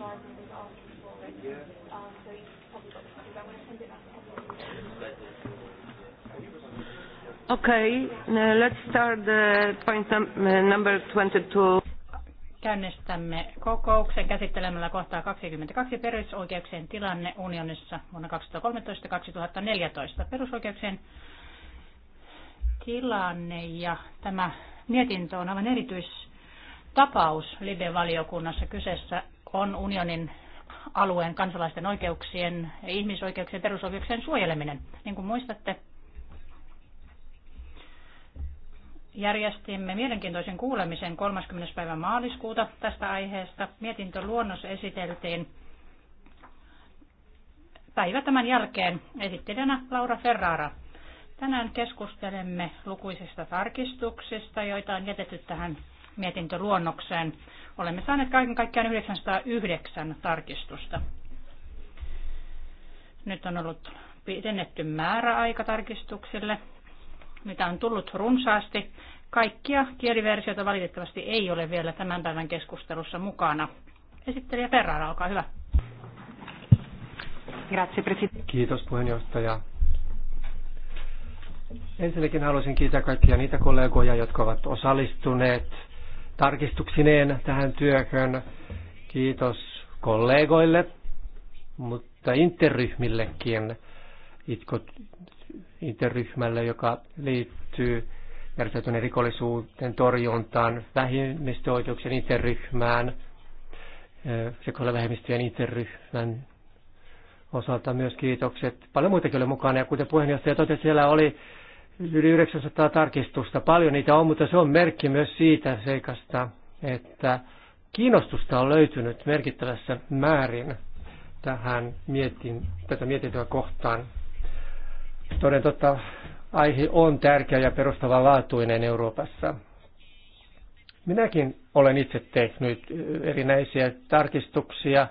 Um, okay, let's start the point number 22. Käynnistämme kokouksen käsittelemällä kohtaa 22 perusoikeuksien tilanne unionissa vuonna 2013-2014. Perusoikeuksien tilanne ja tämä mietintö on aivan erityis tapaus Libe-valiokunnassa. Kyseessä on unionin alueen kansalaisten oikeuksien ja ihmisoikeuksien perusoikeuksien suojeleminen. Niin kuin muistatte, järjestimme mielenkiintoisen kuulemisen 30. päivä maaliskuuta tästä aiheesta. luonnos esiteltiin päivä tämän jälkeen esittelijänä Laura Ferrara. Tänään keskustelemme lukuisista tarkistuksista, joita on jätetty tähän mietintöluonnokseen. Olemme saaneet kaiken kaikkiaan 909 tarkistusta. Nyt on ollut pidennetty määräaika tarkistuksille. Mitä on tullut runsaasti. Kaikkia kieliversioita valitettavasti ei ole vielä tämän päivän keskustelussa mukana. Esittelijä Ferrara, olkaa hyvä. Kiitos puheenjohtaja. Ensinnäkin haluaisin kiittää kaikkia niitä kollegoja, jotka ovat osallistuneet tarkistuksineen tähän työhön. Kiitos kollegoille, mutta interryhmillekin, itko interryhmälle, joka liittyy järjestäytyneen rikollisuuden torjuntaan, vähemmistöoikeuksien interryhmään, eh, seksuaalivähemmistöjen interryhmän osalta myös kiitokset. Paljon muitakin oli mukana ja kuten puheenjohtaja totesi, siellä oli yli 900 tarkistusta. Paljon niitä on, mutta se on merkki myös siitä seikasta, että kiinnostusta on löytynyt merkittävässä määrin tähän mietin, tätä mietintöä kohtaan. Toden totta, aihe on tärkeä ja perustava laatuinen Euroopassa. Minäkin olen itse tehnyt erinäisiä tarkistuksia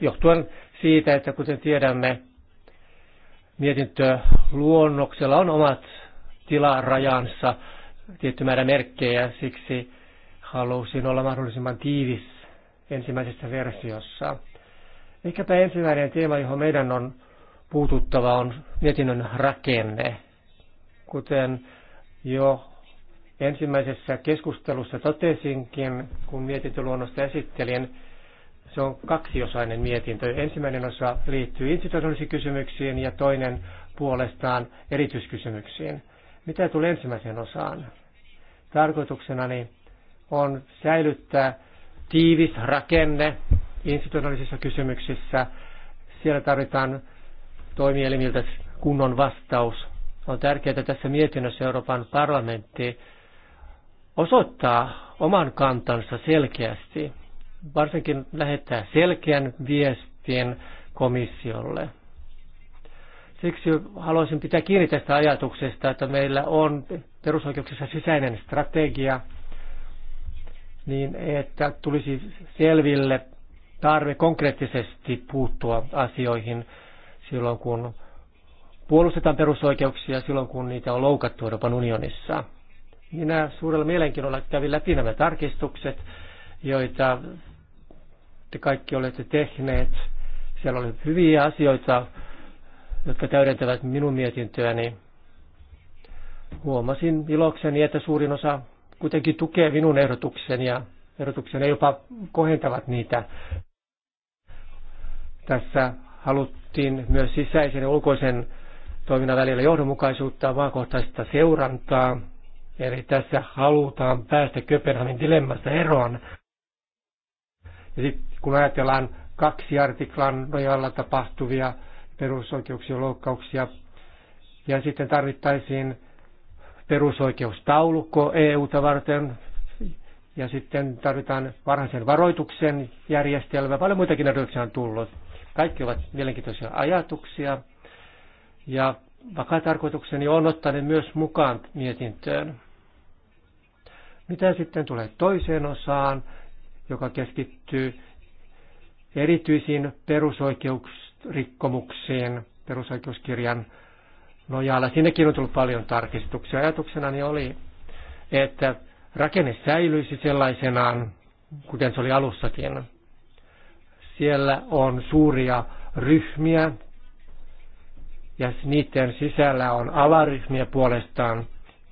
johtuen siitä, että kuten tiedämme, mietintöluonnoksella on omat tilarajansa tietty määrä merkkejä, siksi halusin olla mahdollisimman tiivis ensimmäisessä versiossa. Ehkäpä ensimmäinen teema, johon meidän on puututtava, on mietinnön rakenne. Kuten jo ensimmäisessä keskustelussa totesinkin, kun mietintöluonnosta esittelin, se on kaksiosainen mietintö. Ensimmäinen osa liittyy institutionaalisiin kysymyksiin ja toinen puolestaan erityiskysymyksiin. Mitä tulee ensimmäiseen osaan? Tarkoituksena on säilyttää tiivis rakenne institutionaalisissa kysymyksissä. Siellä tarvitaan toimielimiltä kunnon vastaus. On tärkeää, että tässä mietinnössä Euroopan parlamentti osoittaa oman kantansa selkeästi, varsinkin lähettää selkeän viestin komissiolle. Siksi haluaisin pitää kiinni tästä ajatuksesta, että meillä on perusoikeuksessa sisäinen strategia, niin että tulisi selville tarve konkreettisesti puuttua asioihin silloin, kun puolustetaan perusoikeuksia, silloin kun niitä on loukattu Euroopan unionissa. Minä suurella mielenkiinnolla kävin läpi nämä tarkistukset, joita te kaikki olette tehneet. Siellä oli hyviä asioita jotka täydentävät minun mietintöäni. Huomasin ilokseni, että suurin osa kuitenkin tukee minun ehdotukseni ja ehdotukseni jopa kohentavat niitä. Tässä haluttiin myös sisäisen ja ulkoisen toiminnan välillä johdonmukaisuutta, maakohtaista seurantaa. Eli tässä halutaan päästä Köpenhamin dilemmasta eroon. Ja sitten kun ajatellaan kaksi artiklan nojalla tapahtuvia perusoikeuksien loukkauksia. Ja sitten tarvittaisiin perusoikeustaulukko eu varten ja sitten tarvitaan varhaisen varoituksen järjestelmä. Paljon muitakin ehdotuksia on tullut. Kaikki ovat mielenkiintoisia ajatuksia ja tarkoitukseni on ottaa ne myös mukaan mietintöön. Mitä sitten tulee toiseen osaan, joka keskittyy erityisiin perusoikeuksiin rikkomuksiin perusoikeuskirjan nojalla. Sinnekin on tullut paljon tarkistuksia. Ajatuksena oli, että rakenne säilyisi sellaisenaan, kuten se oli alussakin. Siellä on suuria ryhmiä ja niiden sisällä on alaryhmiä puolestaan,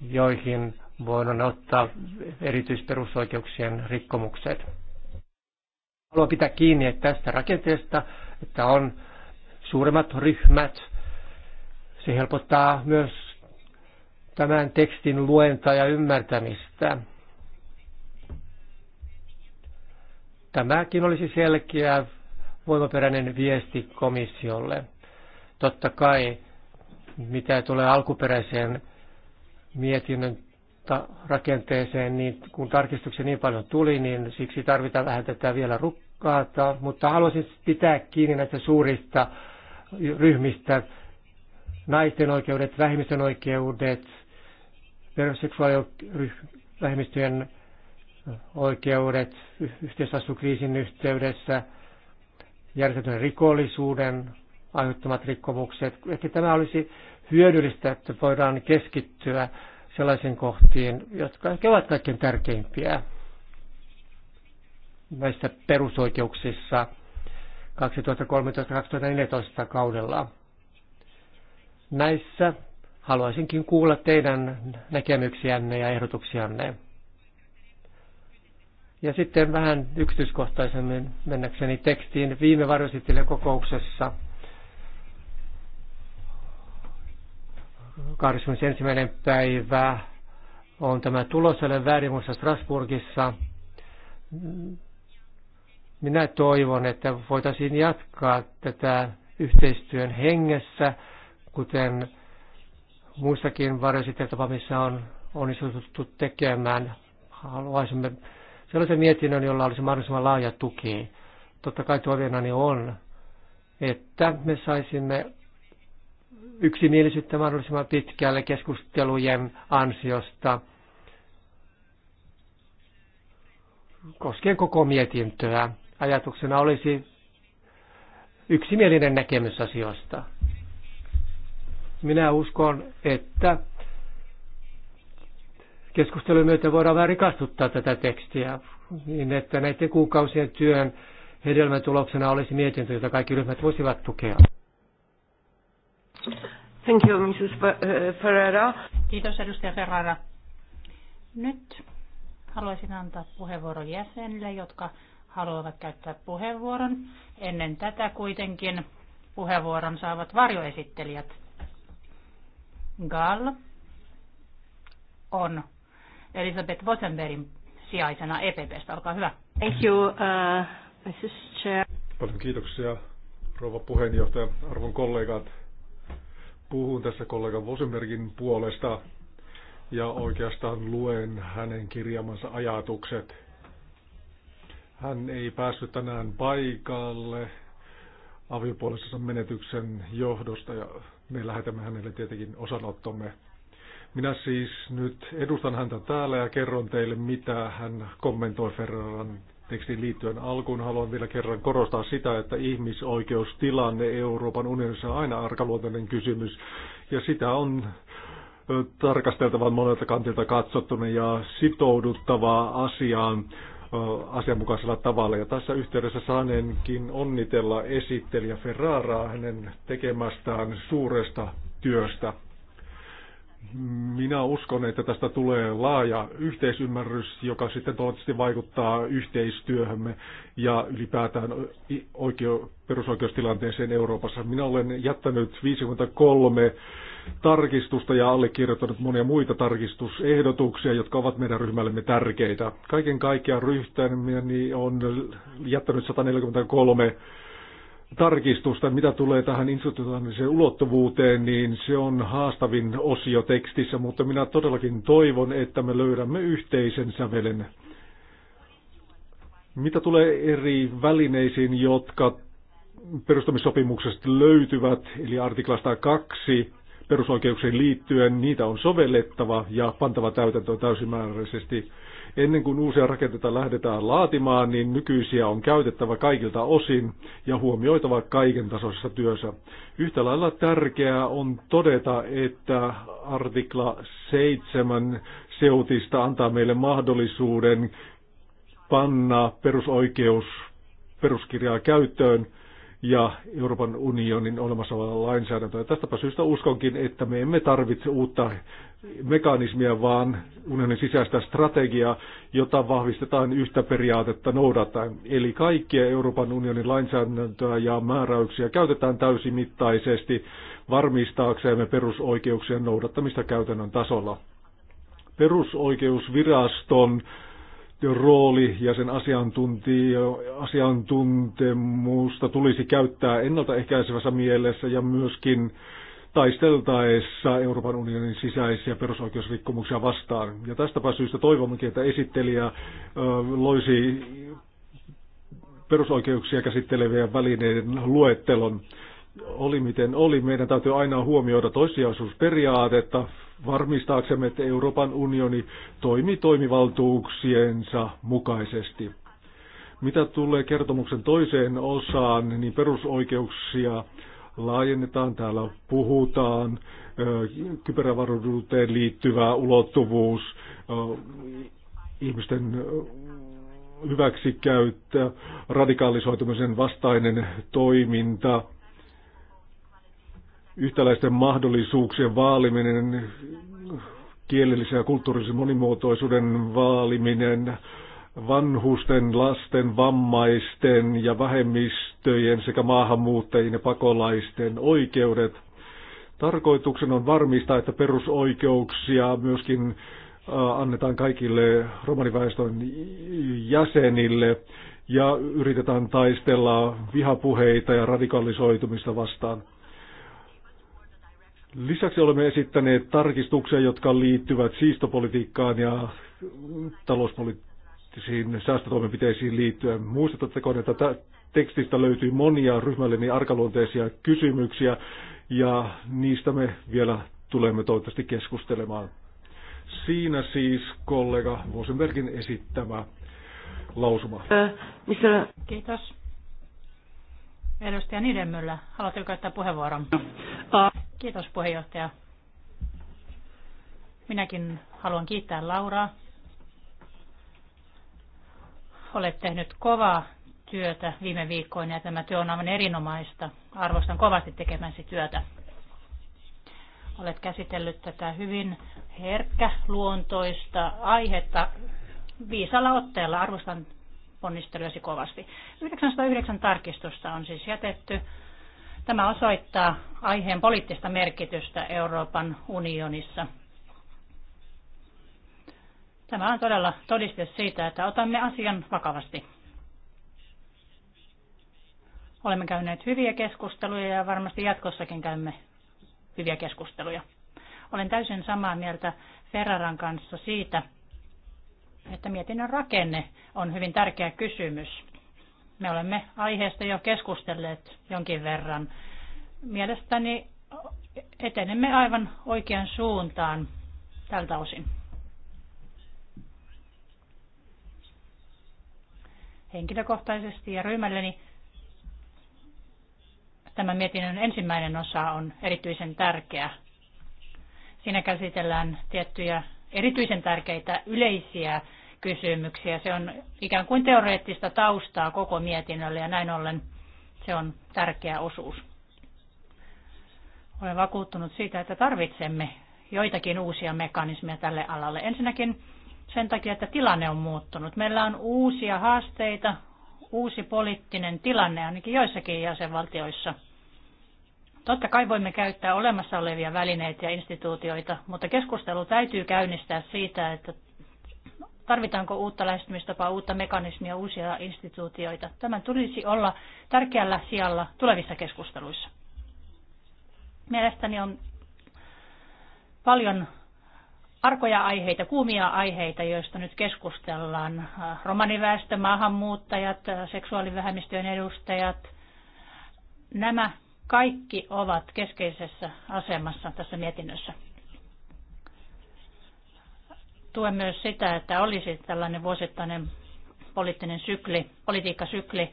joihin voidaan ottaa erityisperusoikeuksien rikkomukset. Haluan pitää kiinni tästä rakenteesta, että on suuremmat ryhmät. Se helpottaa myös tämän tekstin luentaa ja ymmärtämistä. Tämäkin olisi selkeä voimaperäinen viesti komissiolle. Totta kai, mitä tulee alkuperäiseen mietinnön rakenteeseen, niin kun tarkistuksia niin paljon tuli, niin siksi tarvitaan vähän tätä vielä rukkaata, mutta haluaisin pitää kiinni näistä suurista ryhmistä, naisten oikeudet, vähemmistön oikeudet, vähemmistöjen oikeudet yhteisvastuukriisin yhteydessä, järjestetyn rikollisuuden aiheuttamat rikkomukset. Ehkä tämä olisi hyödyllistä, että voidaan keskittyä sellaisiin kohtiin, jotka ehkä ovat kaikkein tärkeimpiä näissä perusoikeuksissa – 2013-2014 kaudella. Näissä haluaisinkin kuulla teidän näkemyksiänne ja ehdotuksianne. Ja sitten vähän yksityiskohtaisemmin mennäkseni tekstiin viime varjosittelijan kokouksessa 21. päivä on tämä tulos, olen väärin Strasburgissa minä toivon, että voitaisiin jatkaa tätä yhteistyön hengessä, kuten muissakin varjoesiteltävämissä on onnistuttu tekemään. Haluaisimme sellaisen mietinnön, jolla olisi mahdollisimman laaja tuki. Totta kai toiveenani on, että me saisimme yksimielisyyttä mahdollisimman pitkälle keskustelujen ansiosta koskien koko mietintöä ajatuksena olisi yksimielinen näkemys asioista. Minä uskon, että keskustelun myötä voidaan vähän rikastuttaa tätä tekstiä, niin että näiden kuukausien työn hedelmän tuloksena olisi mietintö, jota kaikki ryhmät voisivat tukea. Thank you, Mrs. Eh, Ferrara. Kiitos, edustaja Ferrara. Nyt haluaisin antaa puheenvuoron jäsenille, jotka haluavat käyttää puheenvuoron. Ennen tätä kuitenkin puheenvuoron saavat varjoesittelijät. Gall on Elisabeth Vosenbergin sijaisena EPPstä. Olkaa hyvä. Thank you, uh, Mrs. Chair. Paljon kiitoksia, rouva puheenjohtaja, arvon kollegat. Puhun tässä kollega Vosenbergin puolesta ja oikeastaan luen hänen kirjaamansa ajatukset – hän ei päässyt tänään paikalle aviopuolisessa menetyksen johdosta ja me lähetämme hänelle tietenkin osanottomme. Minä siis nyt edustan häntä täällä ja kerron teille, mitä hän kommentoi Ferraran tekstiin liittyen. Alkuun haluan vielä kerran korostaa sitä, että ihmisoikeustilanne Euroopan unionissa on aina arkaluontoinen kysymys ja sitä on tarkasteltavan monelta kantilta katsottuna ja sitouduttavaa asiaan Äh, asianmukaisella tavalla. Ja tässä yhteydessä saaneenkin onnitella esittelijä Ferraraa hänen tekemästään suuresta työstä. Minä uskon, että tästä tulee laaja yhteisymmärrys, joka sitten toivottavasti vaikuttaa yhteistyöhömme ja ylipäätään oikeo, perusoikeustilanteeseen Euroopassa. Minä olen jättänyt 53 tarkistusta ja allekirjoittanut monia muita tarkistusehdotuksia, jotka ovat meidän ryhmällemme tärkeitä. Kaiken kaikkiaan ryhtäni on jättänyt 143 tarkistusta. Mitä tulee tähän institutionaaliseen ulottuvuuteen, niin se on haastavin osio tekstissä, mutta minä todellakin toivon, että me löydämme yhteisen sävelen. Mitä tulee eri välineisiin, jotka perustamissopimuksesta löytyvät, eli artiklasta 2, perusoikeuksiin liittyen, niitä on sovellettava ja pantava täytäntöön täysimääräisesti. Ennen kuin uusia rakenteita lähdetään laatimaan, niin nykyisiä on käytettävä kaikilta osin ja huomioitava kaiken tasoisessa työssä. Yhtä lailla tärkeää on todeta, että artikla 7 seutista antaa meille mahdollisuuden panna perusoikeus peruskirjaa käyttöön – ja Euroopan unionin olemassa olevaa lainsäädäntöä. Tästäpä syystä uskonkin, että me emme tarvitse uutta mekanismia, vaan unionin sisäistä strategiaa, jota vahvistetaan yhtä periaatetta noudattaen. Eli kaikkia Euroopan unionin lainsäädäntöä ja määräyksiä käytetään täysimittaisesti varmistaaksemme perusoikeuksien noudattamista käytännön tasolla. Perusoikeusviraston rooli ja sen asiantuntemusta tulisi käyttää ennaltaehkäisevässä mielessä ja myöskin taisteltaessa Euroopan unionin sisäisiä perusoikeusrikkomuksia vastaan. Ja tästäpä syystä toivommekin, että esittelijä loisi perusoikeuksia käsittelevien välineiden luettelon oli miten oli, meidän täytyy aina huomioida toissijaisuusperiaatetta varmistaaksemme, että Euroopan unioni toimii toimivaltuuksiensa mukaisesti. Mitä tulee kertomuksen toiseen osaan, niin perusoikeuksia laajennetaan. Täällä puhutaan kyberavaruuteen liittyvä ulottuvuus, ihmisten hyväksikäyttö, radikaalisoitumisen vastainen toiminta – yhtäläisten mahdollisuuksien vaaliminen, kielellisen ja kulttuurisen monimuotoisuuden vaaliminen, vanhusten, lasten, vammaisten ja vähemmistöjen sekä maahanmuuttajien ja pakolaisten oikeudet. Tarkoituksen on varmistaa, että perusoikeuksia myöskin äh, annetaan kaikille romaniväestön jäsenille ja yritetään taistella vihapuheita ja radikalisoitumista vastaan. Lisäksi olemme esittäneet tarkistuksia, jotka liittyvät siistopolitiikkaan ja talouspoliittisiin säästötoimenpiteisiin liittyen. Muistatteko, että tekstistä löytyy monia ryhmälleni arkaluonteisia kysymyksiä ja niistä me vielä tulemme toivottavasti keskustelemaan. Siinä siis kollega Vosenbergin esittämä lausuma. Äh, Kiitos. Edustaja Niidemyllä, haluatteko käyttää puheenvuoron? Kiitos puheenjohtaja. Minäkin haluan kiittää Lauraa. Olet tehnyt kovaa työtä viime viikkoina ja tämä työ on aivan erinomaista. Arvostan kovasti tekemäsi työtä. Olet käsitellyt tätä hyvin herkkä luontoista aihetta viisalla otteella. Arvostan ponnistelujasi kovasti. 909 tarkistusta on siis jätetty. Tämä osoittaa aiheen poliittista merkitystä Euroopan unionissa. Tämä on todella todiste siitä, että otamme asian vakavasti. Olemme käyneet hyviä keskusteluja ja varmasti jatkossakin käymme hyviä keskusteluja. Olen täysin samaa mieltä Ferraran kanssa siitä, että mietinnön rakenne on hyvin tärkeä kysymys. Me olemme aiheesta jo keskustelleet jonkin verran. Mielestäni etenemme aivan oikean suuntaan tältä osin. Henkilökohtaisesti ja ryhmälleni tämä mietinnön ensimmäinen osa on erityisen tärkeä. Siinä käsitellään tiettyjä erityisen tärkeitä yleisiä kysymyksiä. Se on ikään kuin teoreettista taustaa koko mietinnölle ja näin ollen se on tärkeä osuus. Olen vakuuttunut siitä, että tarvitsemme joitakin uusia mekanismeja tälle alalle. Ensinnäkin sen takia, että tilanne on muuttunut. Meillä on uusia haasteita, uusi poliittinen tilanne ainakin joissakin jäsenvaltioissa – Totta kai voimme käyttää olemassa olevia välineitä ja instituutioita, mutta keskustelu täytyy käynnistää siitä, että tarvitaanko uutta lähestymistapaa, uutta mekanismia, uusia instituutioita. Tämän tulisi olla tärkeällä sijalla tulevissa keskusteluissa. Mielestäni on paljon arkoja aiheita, kuumia aiheita, joista nyt keskustellaan. Romaniväestö, maahanmuuttajat, seksuaalivähemmistöjen edustajat. Nämä kaikki ovat keskeisessä asemassa tässä mietinnössä. Tuen myös sitä, että olisi tällainen vuosittainen poliittinen sykli, politiikkasykli,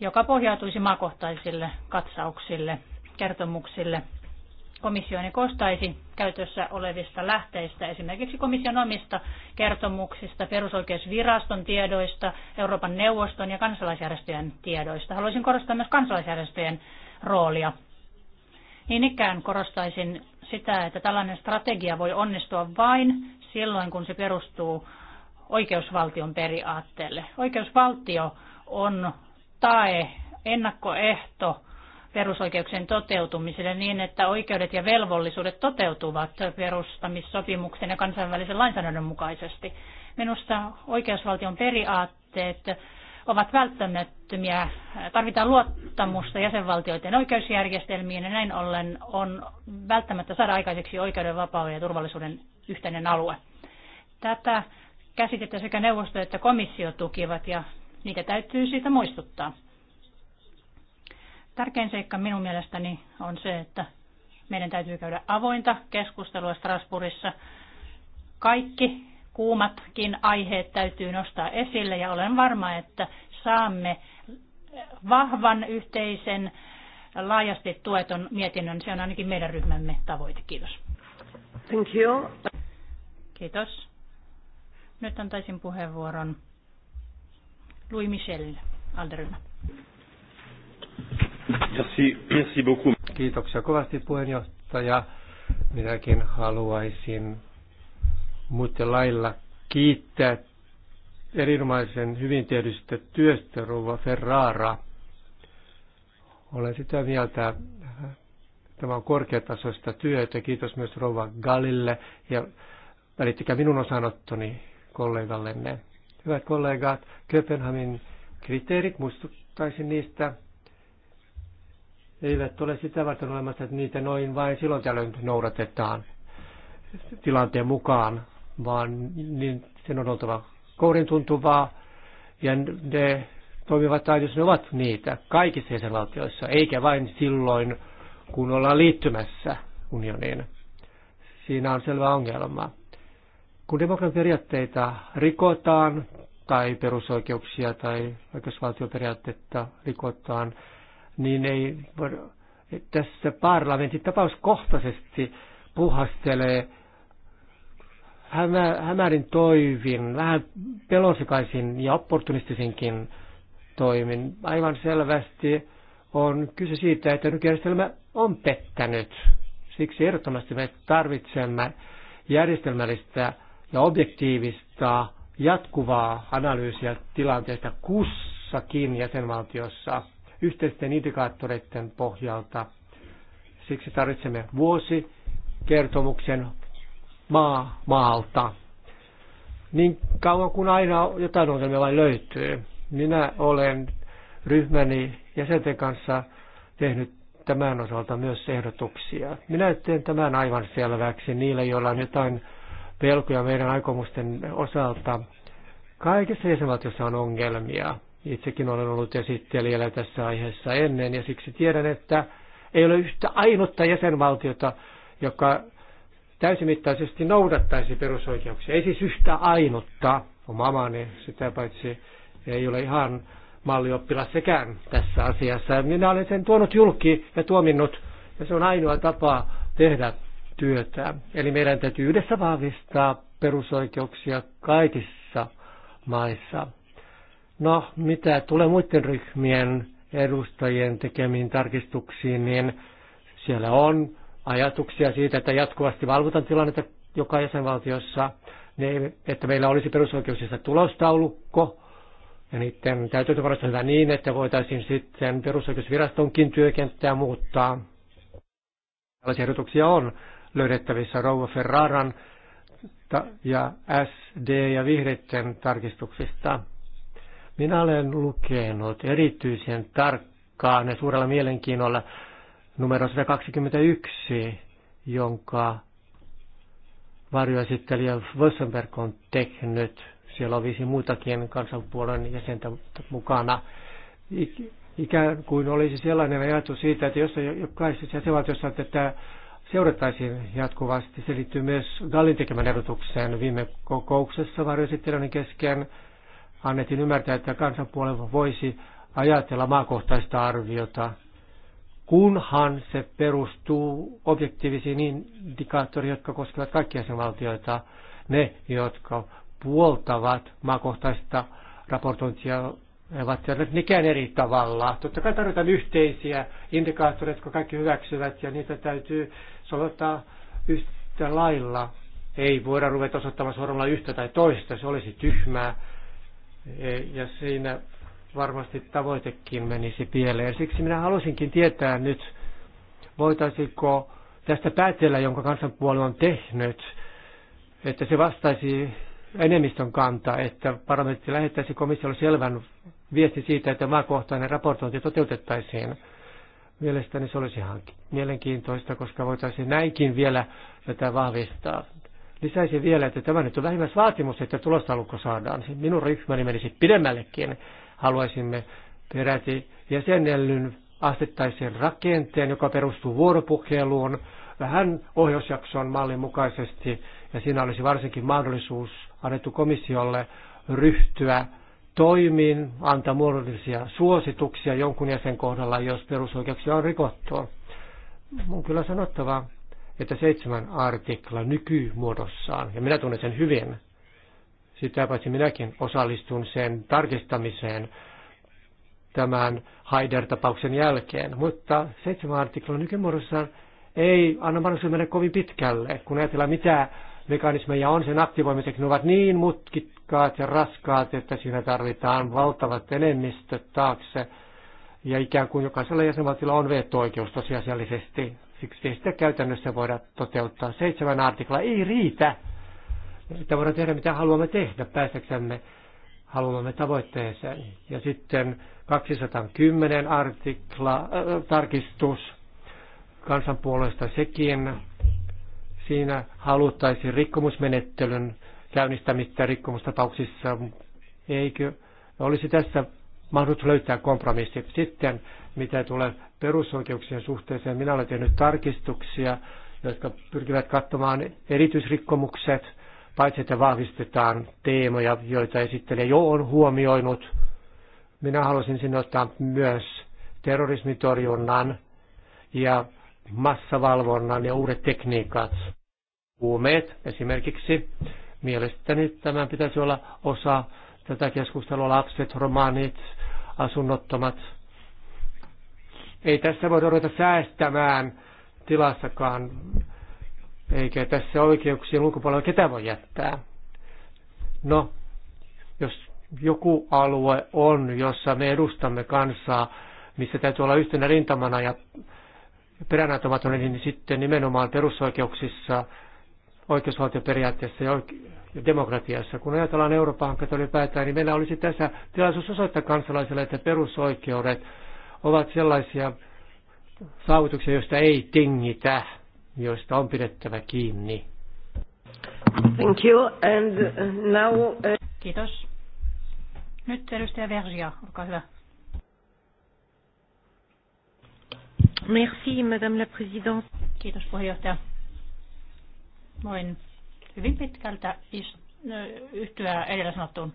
joka pohjautuisi maakohtaisille katsauksille, kertomuksille. Komissioni kostaisi käytössä olevista lähteistä, esimerkiksi komission omista kertomuksista, perusoikeusviraston tiedoista, Euroopan neuvoston ja kansalaisjärjestöjen tiedoista. Haluaisin korostaa myös kansalaisjärjestöjen roolia. Niin ikään korostaisin sitä, että tällainen strategia voi onnistua vain silloin, kun se perustuu oikeusvaltion periaatteelle. Oikeusvaltio on tae, ennakkoehto perusoikeuksien toteutumiselle niin, että oikeudet ja velvollisuudet toteutuvat perustamissopimuksen ja kansainvälisen lainsäädännön mukaisesti. Minusta oikeusvaltion periaatteet ovat välttämättömiä. Tarvitaan luottamusta jäsenvaltioiden oikeusjärjestelmiin ja näin ollen on välttämättä saada aikaiseksi oikeuden, vapauden ja turvallisuuden yhteinen alue. Tätä käsitettä sekä neuvosto että komissio tukivat ja niitä täytyy siitä muistuttaa. Tärkein seikka minun mielestäni on se, että meidän täytyy käydä avointa keskustelua Strasbourgissa. Kaikki kuumatkin aiheet täytyy nostaa esille ja olen varma, että saamme vahvan yhteisen laajasti tueton mietinnön. Se on ainakin meidän ryhmämme tavoite. Kiitos. Thank you. Kiitos. Nyt antaisin puheenvuoron Louis Michel, Alderyhmä. Merci, merci beaucoup. Kiitoksia kovasti puheenjohtaja. Minäkin haluaisin muiden lailla kiittää erinomaisen hyvin tehdystä työstä Rouva Ferrara. Olen sitä mieltä, tämä on korkeatasoista työtä. Kiitos myös Rouva Galille ja välittäkää minun osanottoni kollegallenne. Hyvät kollegat, Köpenhamin kriteerit, muistuttaisin niistä, eivät ole sitä varten olemassa, että niitä noin vain silloin tällöin noudatetaan tilanteen mukaan, vaan niin sen on oltava kourin tuntuvaa ja ne toimivat taidot, ne ovat niitä kaikissa jäsenvaltioissa, eikä vain silloin, kun ollaan liittymässä unioniin. Siinä on selvä ongelma. Kun periaatteita rikotaan tai perusoikeuksia tai oikeusvaltioperiaatteita rikotaan, niin ei tässä tapaus kohtaisesti puhastelee hämä, hämärin toivin, vähän pelosikaisin ja opportunistisinkin toimin. Aivan selvästi on kyse siitä, että nykyjärjestelmä on pettänyt. Siksi ehdottomasti me tarvitsemme järjestelmällistä ja objektiivista jatkuvaa analyysiä tilanteesta kussakin jäsenvaltiossa yhteisten indikaattoreiden pohjalta. Siksi tarvitsemme vuosi kertomuksen maa maalta. Niin kauan kuin aina jotain ongelmia vain löytyy. Minä olen ryhmäni jäsenten kanssa tehnyt tämän osalta myös ehdotuksia. Minä teen tämän aivan selväksi niille, joilla on jotain pelkoja meidän aikomusten osalta. kaikessa jäsenvaltiossa on ongelmia. Itsekin olen ollut esittelijällä tässä aiheessa ennen ja siksi tiedän, että ei ole yhtä ainutta jäsenvaltiota, joka täysimittaisesti noudattaisi perusoikeuksia. Ei siis yhtä ainutta, oma maani sitä paitsi ei ole ihan mallioppilas sekään tässä asiassa. Minä olen sen tuonut julki ja tuominnut, ja se on ainoa tapa tehdä työtä. Eli meidän täytyy yhdessä vahvistaa perusoikeuksia kaikissa maissa. No, mitä tulee muiden ryhmien edustajien tekemiin tarkistuksiin, niin siellä on ajatuksia siitä, että jatkuvasti valvotaan tilannetta joka jäsenvaltiossa, niin että meillä olisi perusoikeuksista tulostaulukko, ja niiden varastaa hyvä niin, että voitaisiin sitten perusoikeusvirastonkin työkenttää muuttaa. Tällaisia ehdotuksia on löydettävissä Rouva Ferraran ja SD ja vihreiden tarkistuksista. Minä olen lukenut erityisen tarkkaan ja suurella mielenkiinnolla numero 121, jonka varjoesittelijä Wössenberg on tehnyt. Siellä on viisi muutakin kansanpuolen jäsentä mukana. Ikään kuin olisi sellainen ajatus siitä, että jos jokaisessa jäsenvaltiossa tätä seurattaisiin jatkuvasti, se liittyy myös Gallin tekemän ehdotukseen viime kokouksessa varjoesittelijöiden kesken. Annettiin ymmärtää, että kansanpuolella voisi ajatella maakohtaista arviota kunhan se perustuu objektiivisiin indikaattoriin, jotka koskevat kaikkia sen valtioita, Ne, jotka puoltavat maakohtaista raportointia, ovat mikään eri tavalla. Totta kai tarvitaan yhteisiä indikaattoreita, jotka kaikki hyväksyvät, ja niitä täytyy soveltaa yhtä lailla. Ei voida ruveta osoittamaan sormella yhtä tai toista, se olisi tyhmää. E, ja siinä varmasti tavoitekin menisi pieleen. Siksi minä halusinkin tietää nyt, voitaisiko tästä päätellä, jonka kansanpuolue on tehnyt, että se vastaisi enemmistön kanta, että parlamentti lähettäisi komissiolle selvän viesti siitä, että maakohtainen raportointi toteutettaisiin. Mielestäni se olisi ihan mielenkiintoista, koska voitaisiin näinkin vielä tätä vahvistaa. Lisäisin vielä, että tämä nyt on vähimmäisvaatimus, että tulostaulukko saadaan. Minun ryhmäni menisi pidemmällekin. Haluaisimme peräti jäsenellyn astettaisen rakenteen, joka perustuu vuoropuheluun vähän ohjausjakson mallin mukaisesti, ja siinä olisi varsinkin mahdollisuus annettu komissiolle ryhtyä toimiin, antaa muodollisia suosituksia jonkun jäsen kohdalla, jos perusoikeuksia on rikottu. On kyllä sanottava, että seitsemän artikla nykymuodossaan, ja minä tunnen sen hyvin, sitä paitsi minäkin osallistun sen tarkistamiseen tämän Haider-tapauksen jälkeen. Mutta seitsemän artiklan nykymuodossa ei anna mahdollisuus mennä kovin pitkälle, kun ajatellaan mitä mekanismeja on sen aktivoimiseksi. Ne ovat niin mutkikkaat ja raskaat, että siinä tarvitaan valtavat enemmistöt taakse. Ja ikään kuin jokaisella jäsenvaltiolla on veto-oikeus tosiasiallisesti. Siksi ei sitä käytännössä voida toteuttaa. Seitsemän artikla ei riitä että voidaan tehdä mitä haluamme tehdä päästäksemme haluamme tavoitteeseen. Ja sitten 210 artikla, äh, tarkistus kansanpuolesta sekin. Siinä haluttaisiin rikkomusmenettelyn käynnistämistä rikkomustapauksissa. Eikö olisi tässä mahdollisuus löytää kompromissi. Sitten mitä tulee perusoikeuksien suhteeseen, minä olen tehnyt tarkistuksia, jotka pyrkivät katsomaan erityisrikkomukset – paitsi että vahvistetaan teemoja, joita esittelijä jo on huomioinut, minä haluaisin sinne ottaa myös terrorismitorjunnan ja massavalvonnan ja uudet tekniikat. Huumeet esimerkiksi. Mielestäni tämän pitäisi olla osa tätä keskustelua. Lapset, romaanit asunnottomat. Ei tässä voi ruveta säästämään tilassakaan eikä tässä oikeuksien ulkopuolella ketään voi jättää. No, jos joku alue on, jossa me edustamme kansaa, missä täytyy olla yhtenä rintamana ja peräänäyttämätön, niin sitten nimenomaan perusoikeuksissa, oikeusvaltioperiaatteessa ja demokratiassa. Kun ajatellaan Euroopan hanketta ylipäätään, niin meillä olisi tässä tilaisuus osoittaa kansalaisille, että perusoikeudet ovat sellaisia saavutuksia, joista ei tingitä joista on pidettävä kiinni. Thank you. And uh, now, uh... Kiitos. Nyt edustaja Vergia, olkaa hyvä. Merci, Madame la Présidente. Kiitos puheenjohtaja. Voin hyvin pitkältä yhtyä edellä sanottuun.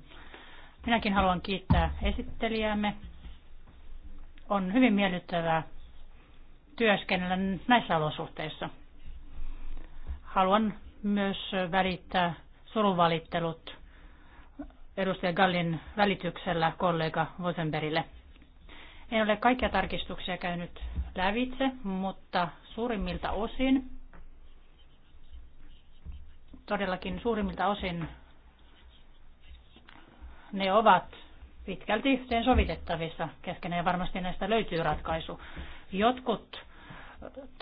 Minäkin haluan kiittää esittelijäämme. On hyvin miellyttävää työskennellä näissä olosuhteissa. Haluan myös välittää surunvalittelut edustaja Gallin välityksellä kollega Vosenberille. En ole kaikkia tarkistuksia käynyt lävitse, mutta suurimmilta osin, todellakin suurimmilta osin, ne ovat pitkälti sovitettavissa keskenään ja varmasti näistä löytyy ratkaisu. Jotkut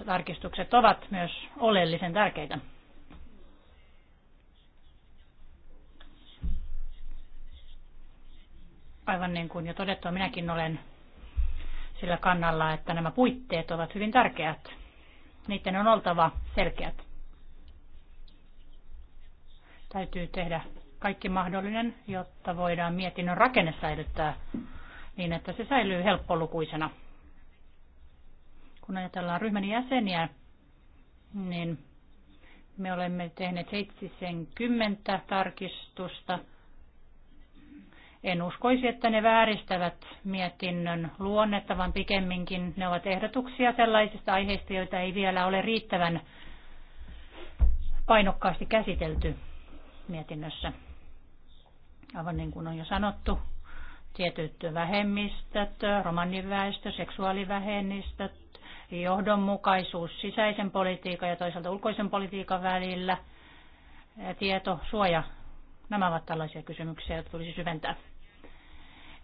tarkistukset ovat myös oleellisen tärkeitä. Aivan niin kuin jo todettu, minäkin olen sillä kannalla, että nämä puitteet ovat hyvin tärkeät. Niiden on oltava selkeät. Täytyy tehdä kaikki mahdollinen, jotta voidaan mietinnön rakenne säilyttää niin, että se säilyy helppolukuisena. Kun ajatellaan ryhmän jäseniä, niin me olemme tehneet 70 tarkistusta. En uskoisi, että ne vääristävät mietinnön luonnetta, vaan pikemminkin ne ovat ehdotuksia sellaisista aiheista, joita ei vielä ole riittävän painokkaasti käsitelty mietinnössä. Aivan niin kuin on jo sanottu, tietyt vähemmistöt, romaniväestö, seksuaalivähemmistöt, johdonmukaisuus sisäisen politiikan ja toisaalta ulkoisen politiikan välillä, tieto, suoja. Nämä ovat tällaisia kysymyksiä, joita tulisi syventää.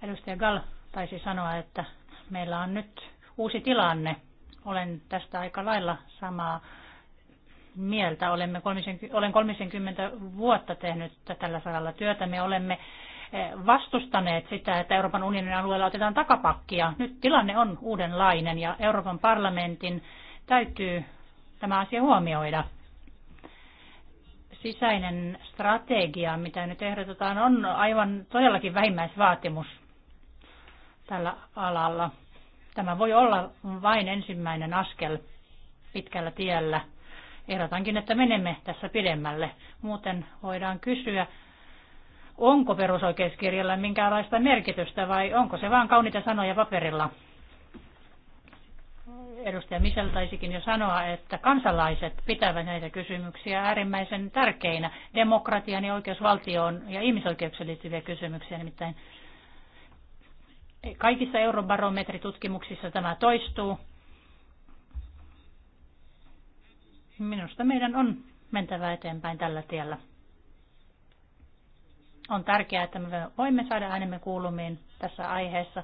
Edustaja Gall taisi sanoa, että meillä on nyt uusi tilanne. Olen tästä aika lailla samaa mieltä. Olemme 30, olen 30 vuotta tehnyt tällä saralla työtä. Me olemme vastustaneet sitä, että Euroopan unionin alueella otetaan takapakkia. Nyt tilanne on uudenlainen ja Euroopan parlamentin täytyy tämä asia huomioida. Sisäinen strategia, mitä nyt ehdotetaan, on aivan todellakin vähimmäisvaatimus tällä alalla. Tämä voi olla vain ensimmäinen askel pitkällä tiellä. Ehdotankin, että menemme tässä pidemmälle. Muuten voidaan kysyä, onko perusoikeuskirjalla minkäänlaista merkitystä vai onko se vain kauniita sanoja paperilla? Edustaja Michel taisikin jo sanoa, että kansalaiset pitävät näitä kysymyksiä äärimmäisen tärkeinä demokratian ja oikeusvaltioon ja ihmisoikeuksiin liittyviä kysymyksiä. Nimittäin kaikissa eurobarometritutkimuksissa tämä toistuu. Minusta meidän on mentävä eteenpäin tällä tiellä. On tärkeää, että me voimme saada äänemme kuulumiin tässä aiheessa.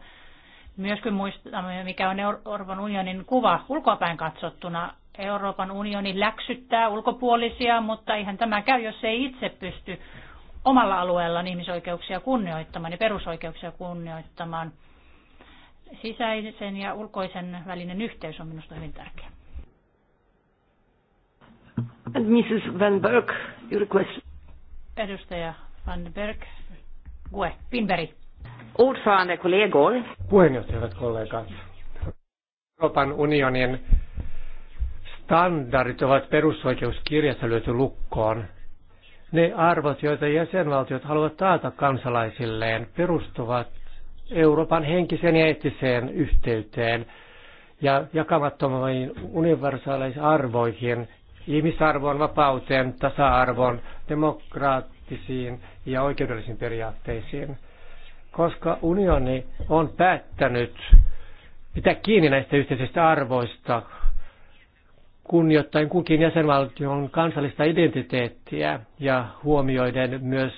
Myöskin muistamme, mikä on Euroopan unionin kuva ulkopäin katsottuna. Euroopan unioni läksyttää ulkopuolisia, mutta ihan tämä käy, jos ei itse pysty omalla alueellaan ihmisoikeuksia kunnioittamaan ja perusoikeuksia kunnioittamaan. Sisäisen ja ulkoisen välinen yhteys on minusta hyvin tärkeä. And Mrs. Van Berg, your question. Edustaja Vandenberg, Gue, Pinberg. Ordförande kollegor. Puheenjohtajat kollegat. Euroopan unionin standardit ovat perusoikeuskirjassa löyty lukkoon. Ne arvot, joita jäsenvaltiot haluavat taata kansalaisilleen, perustuvat Euroopan henkiseen ja eettiseen yhteyteen ja jakamattomiin universaaleisiin arvoihin, ihmisarvoon, vapauteen, tasa-arvoon, demokraattiin poliittisiin ja oikeudellisiin periaatteisiin, koska unioni on päättänyt pitää kiinni näistä yhteisistä arvoista, kunnioittain kunkin jäsenvaltion kansallista identiteettiä ja huomioiden myös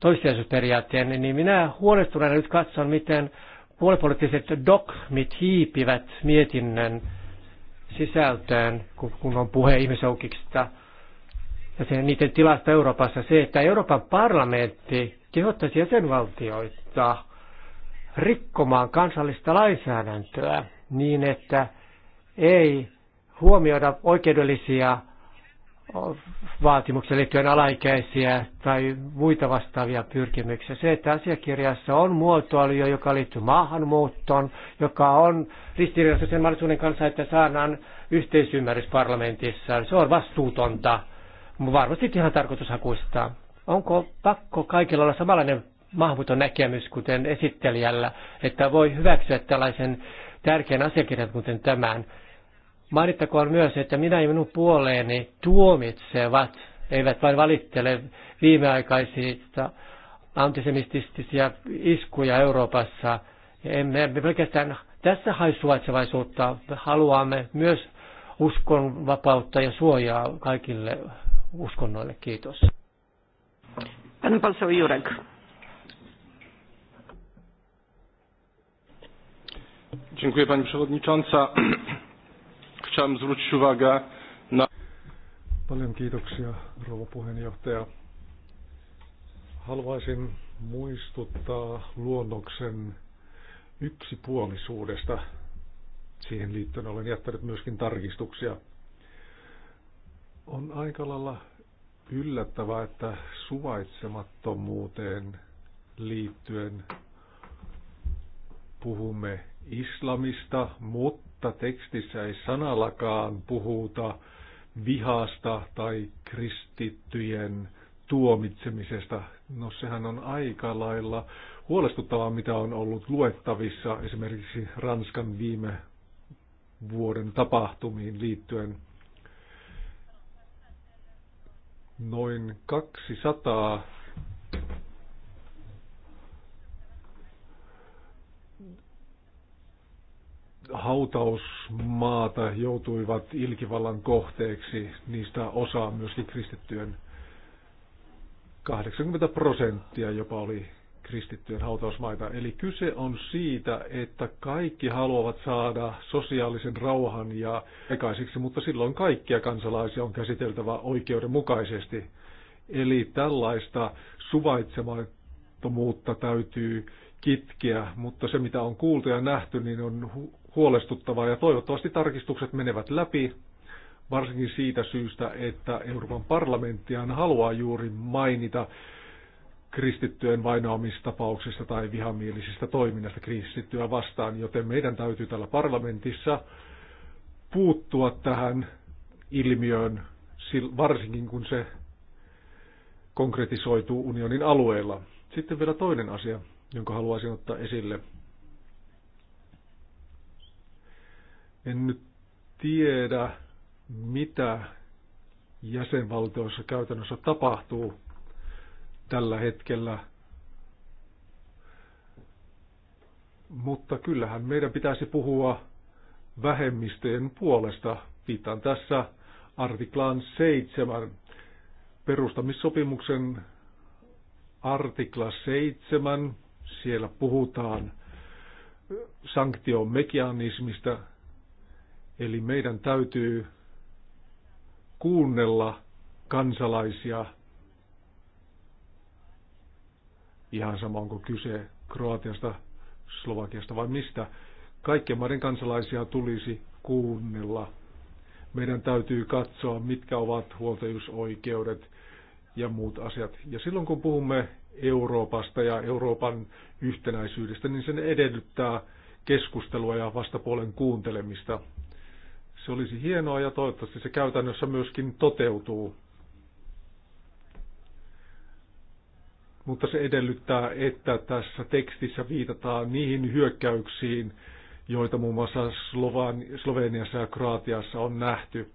toissijaisuusperiaatteen, niin minä huolestuneena nyt katson, miten puolipoliittiset dogmit hiipivät mietinnön sisältöön, kun on puhe ihmisoikeuksista ja sen, niiden tilasta Euroopassa se, että Euroopan parlamentti kehottaisi jäsenvaltioita rikkomaan kansallista lainsäädäntöä niin, että ei huomioida oikeudellisia vaatimuksia liittyen alaikäisiä tai muita vastaavia pyrkimyksiä. Se, että asiakirjassa on muotoilija, joka liittyy maahanmuuttoon, joka on ristiriidassa sen mahdollisuuden kanssa, että saadaan yhteisymmärrys parlamentissa. Se on vastuutonta varmasti ihan tarkoitushakuista. Onko pakko kaikilla olla samanlainen mahdoton näkemys, kuten esittelijällä, että voi hyväksyä tällaisen tärkeän asiakirjan, kuten tämän? Mainittakoon myös, että minä ja minun puoleeni tuomitsevat, eivät vain valittele viimeaikaisista antisemististisiä iskuja Euroopassa. Emme pelkästään tässä hae suvaitsevaisuutta, haluamme myös uskon vapautta ja suojaa kaikille uskonnoille. Kiitos. Pan poseł Jurek. Dziękuję Pani Przewodnicząca. Chciałem zwrócić uwagę na... Paljon kiitoksia, rouva puheenjohtaja. Haluaisin muistuttaa luonnoksen yksipuolisuudesta. Siihen liittyen olen jättänyt myöskin tarkistuksia. On aika lailla yllättävää, että suvaitsemattomuuteen liittyen puhumme islamista, mutta tekstissä ei sanallakaan puhuta vihasta tai kristittyjen tuomitsemisesta. No sehän on aika lailla huolestuttavaa, mitä on ollut luettavissa esimerkiksi Ranskan viime vuoden tapahtumiin liittyen noin 200 hautausmaata joutuivat ilkivallan kohteeksi, niistä osaa myöskin kristittyjen 80 prosenttia jopa oli kristittyjen hautausmaita. Eli kyse on siitä, että kaikki haluavat saada sosiaalisen rauhan ja aikaiseksi, mutta silloin kaikkia kansalaisia on käsiteltävä oikeudenmukaisesti. Eli tällaista suvaitsemattomuutta täytyy kitkeä, mutta se mitä on kuultu ja nähty, niin on huolestuttavaa ja toivottavasti tarkistukset menevät läpi, varsinkin siitä syystä, että Euroopan parlamenttiaan haluaa juuri mainita kristittyjen vainoamistapauksista tai vihamielisistä toiminnasta kristittyä vastaan, joten meidän täytyy täällä parlamentissa puuttua tähän ilmiöön, varsinkin kun se konkretisoituu unionin alueella. Sitten vielä toinen asia, jonka haluaisin ottaa esille. En nyt tiedä, mitä jäsenvaltioissa käytännössä tapahtuu, tällä hetkellä. Mutta kyllähän meidän pitäisi puhua vähemmistöjen puolesta. Viitaan tässä artiklaan 7. Perustamissopimuksen artikla 7. Siellä puhutaan sanktiomekanismista, eli meidän täytyy kuunnella kansalaisia – Ihan sama onko kyse Kroatiasta, Slovakiasta vai mistä. Kaikkien maiden kansalaisia tulisi kuunnella. Meidän täytyy katsoa, mitkä ovat huoltajuusoikeudet ja muut asiat. Ja silloin kun puhumme Euroopasta ja Euroopan yhtenäisyydestä, niin sen edellyttää keskustelua ja vastapuolen kuuntelemista. Se olisi hienoa ja toivottavasti se käytännössä myöskin toteutuu. mutta se edellyttää, että tässä tekstissä viitataan niihin hyökkäyksiin, joita muun muassa Sloveniassa ja Kroatiassa on nähty.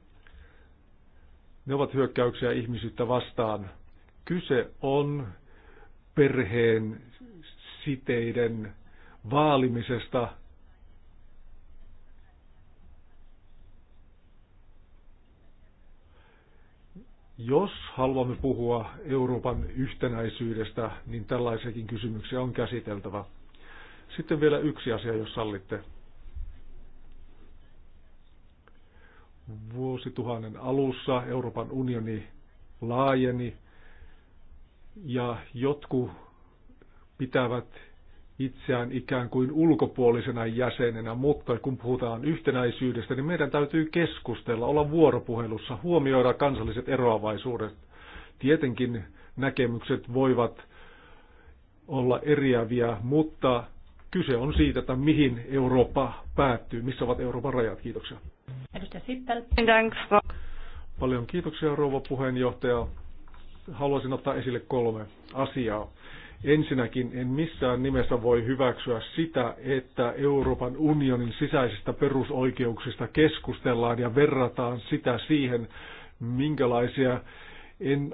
Ne ovat hyökkäyksiä ihmisyyttä vastaan. Kyse on perheen siteiden vaalimisesta Jos haluamme puhua Euroopan yhtenäisyydestä, niin tällaisiakin kysymyksiä on käsiteltävä. Sitten vielä yksi asia, jos sallitte. Vuosituhannen alussa Euroopan unioni laajeni ja jotkut pitävät itseään ikään kuin ulkopuolisena jäsenenä, mutta kun puhutaan yhtenäisyydestä, niin meidän täytyy keskustella, olla vuoropuhelussa, huomioida kansalliset eroavaisuudet. Tietenkin näkemykset voivat olla eriäviä, mutta kyse on siitä, että mihin Eurooppa päättyy, missä ovat Euroopan rajat. Kiitoksia. Edustaja Sippel. Paljon kiitoksia rouva puheenjohtaja. Haluaisin ottaa esille kolme asiaa. Ensinnäkin en missään nimessä voi hyväksyä sitä, että Euroopan unionin sisäisistä perusoikeuksista keskustellaan ja verrataan sitä siihen, minkälaisia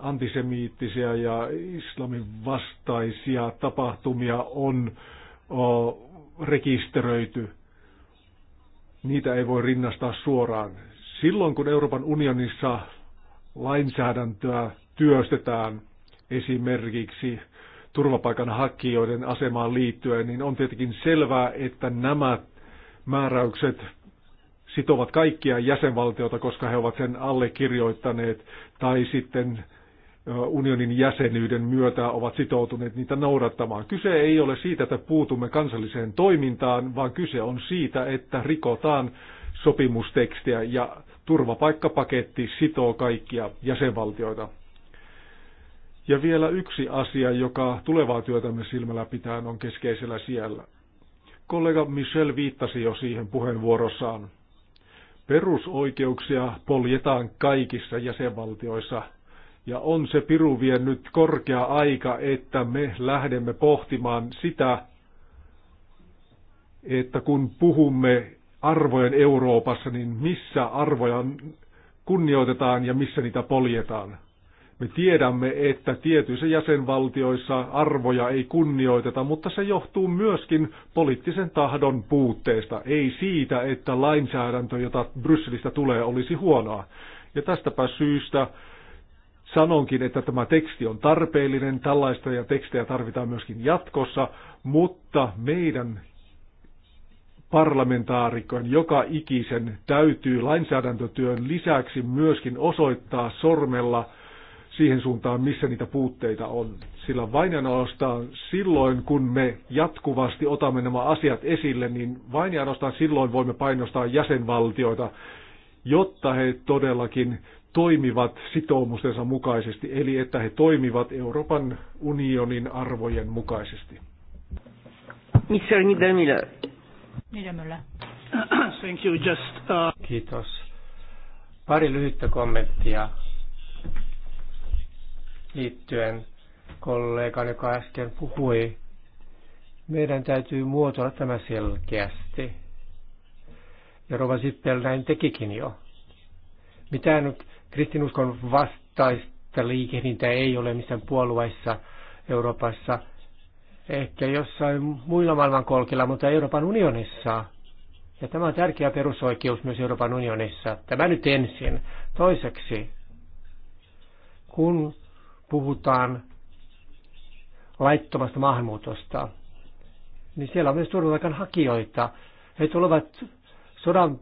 antisemiittisiä ja islamin vastaisia tapahtumia on o, rekisteröity. Niitä ei voi rinnastaa suoraan. Silloin kun Euroopan unionissa lainsäädäntöä työstetään esimerkiksi turvapaikanhakijoiden asemaan liittyen, niin on tietenkin selvää, että nämä määräykset sitovat kaikkia jäsenvaltioita, koska he ovat sen allekirjoittaneet tai sitten unionin jäsenyyden myötä ovat sitoutuneet niitä noudattamaan. Kyse ei ole siitä, että puutumme kansalliseen toimintaan, vaan kyse on siitä, että rikotaan sopimustekstiä ja turvapaikkapaketti sitoo kaikkia jäsenvaltioita. Ja vielä yksi asia, joka tulevaa työtämme silmällä pitäen on keskeisellä siellä. Kollega Michel viittasi jo siihen puheenvuorossaan. Perusoikeuksia poljetaan kaikissa jäsenvaltioissa, ja on se piru vien nyt korkea aika, että me lähdemme pohtimaan sitä, että kun puhumme arvojen Euroopassa, niin missä arvoja kunnioitetaan ja missä niitä poljetaan. Me tiedämme, että tietyissä jäsenvaltioissa arvoja ei kunnioiteta, mutta se johtuu myöskin poliittisen tahdon puutteesta, ei siitä, että lainsäädäntö, jota Brysselistä tulee, olisi huonoa. Ja tästäpä syystä sanonkin, että tämä teksti on tarpeellinen, tällaista ja tekstejä tarvitaan myöskin jatkossa, mutta meidän parlamentaarikon joka ikisen täytyy lainsäädäntötyön lisäksi myöskin osoittaa sormella – siihen suuntaan, missä niitä puutteita on. Sillä vain ja ainoastaan silloin, kun me jatkuvasti otamme nämä asiat esille, niin vain ja ainoastaan silloin voimme painostaa jäsenvaltioita, jotta he todellakin toimivat sitoumustensa mukaisesti, eli että he toimivat Euroopan unionin arvojen mukaisesti. Thank you, just, uh, Kiitos. Pari lyhyttä kommenttia liittyen kollegaan, joka äsken puhui. Meidän täytyy muotoilla tämä selkeästi. Ja Rova Sippel näin tekikin jo. Mitään kristinuskon vastaista liikehdintää ei ole missään puolueissa Euroopassa. Ehkä jossain muilla maailmankolkilla, mutta Euroopan unionissa. Ja tämä on tärkeä perusoikeus myös Euroopan unionissa. Tämä nyt ensin. Toiseksi, kun puhutaan laittomasta maahanmuutosta, niin siellä on myös turvapaikanhakijoita. He tulevat sodan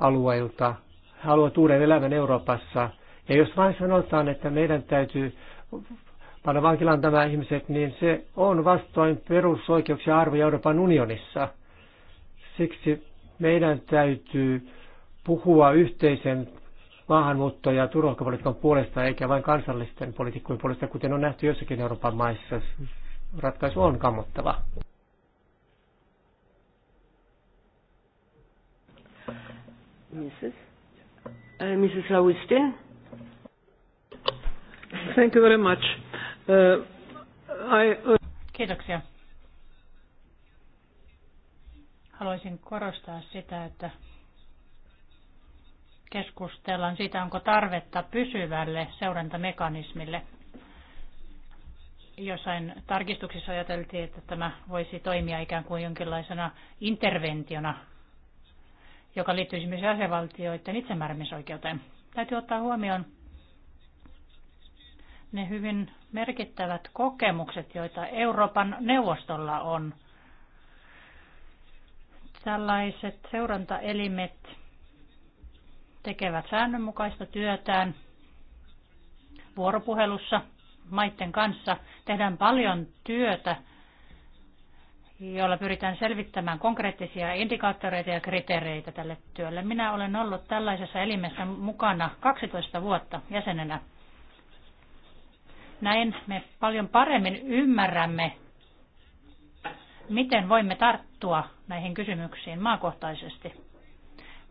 alueilta, he haluavat uuden elämän Euroopassa. Ja jos vain sanotaan, että meidän täytyy panna vankilaan tämä ihmiset, niin se on vastoin perusoikeuksia arvoja Euroopan unionissa. Siksi meidän täytyy puhua yhteisen maahanmuutto- ja turvapaikkapolitiikan puolesta, eikä vain kansallisten poliitikkojen puolesta, kuten on nähty jossakin Euroopan maissa. Ratkaisu on kammottava. Mrs. Uh, Mrs. Lauristin. Thank you very much. Uh, I, uh... Kiitoksia. Haluaisin korostaa sitä, että keskustellaan siitä, onko tarvetta pysyvälle seurantamekanismille. Jossain tarkistuksissa ajateltiin, että tämä voisi toimia ikään kuin jonkinlaisena interventiona, joka liittyisi myös jäsenvaltioiden itsemääräämisoikeuteen. Täytyy ottaa huomioon ne hyvin merkittävät kokemukset, joita Euroopan neuvostolla on. Tällaiset seurantaelimet tekevät säännönmukaista työtään vuoropuhelussa maiden kanssa. Tehdään paljon työtä, jolla pyritään selvittämään konkreettisia indikaattoreita ja kriteereitä tälle työlle. Minä olen ollut tällaisessa elimessä mukana 12 vuotta jäsenenä. Näin me paljon paremmin ymmärrämme, miten voimme tarttua näihin kysymyksiin maakohtaisesti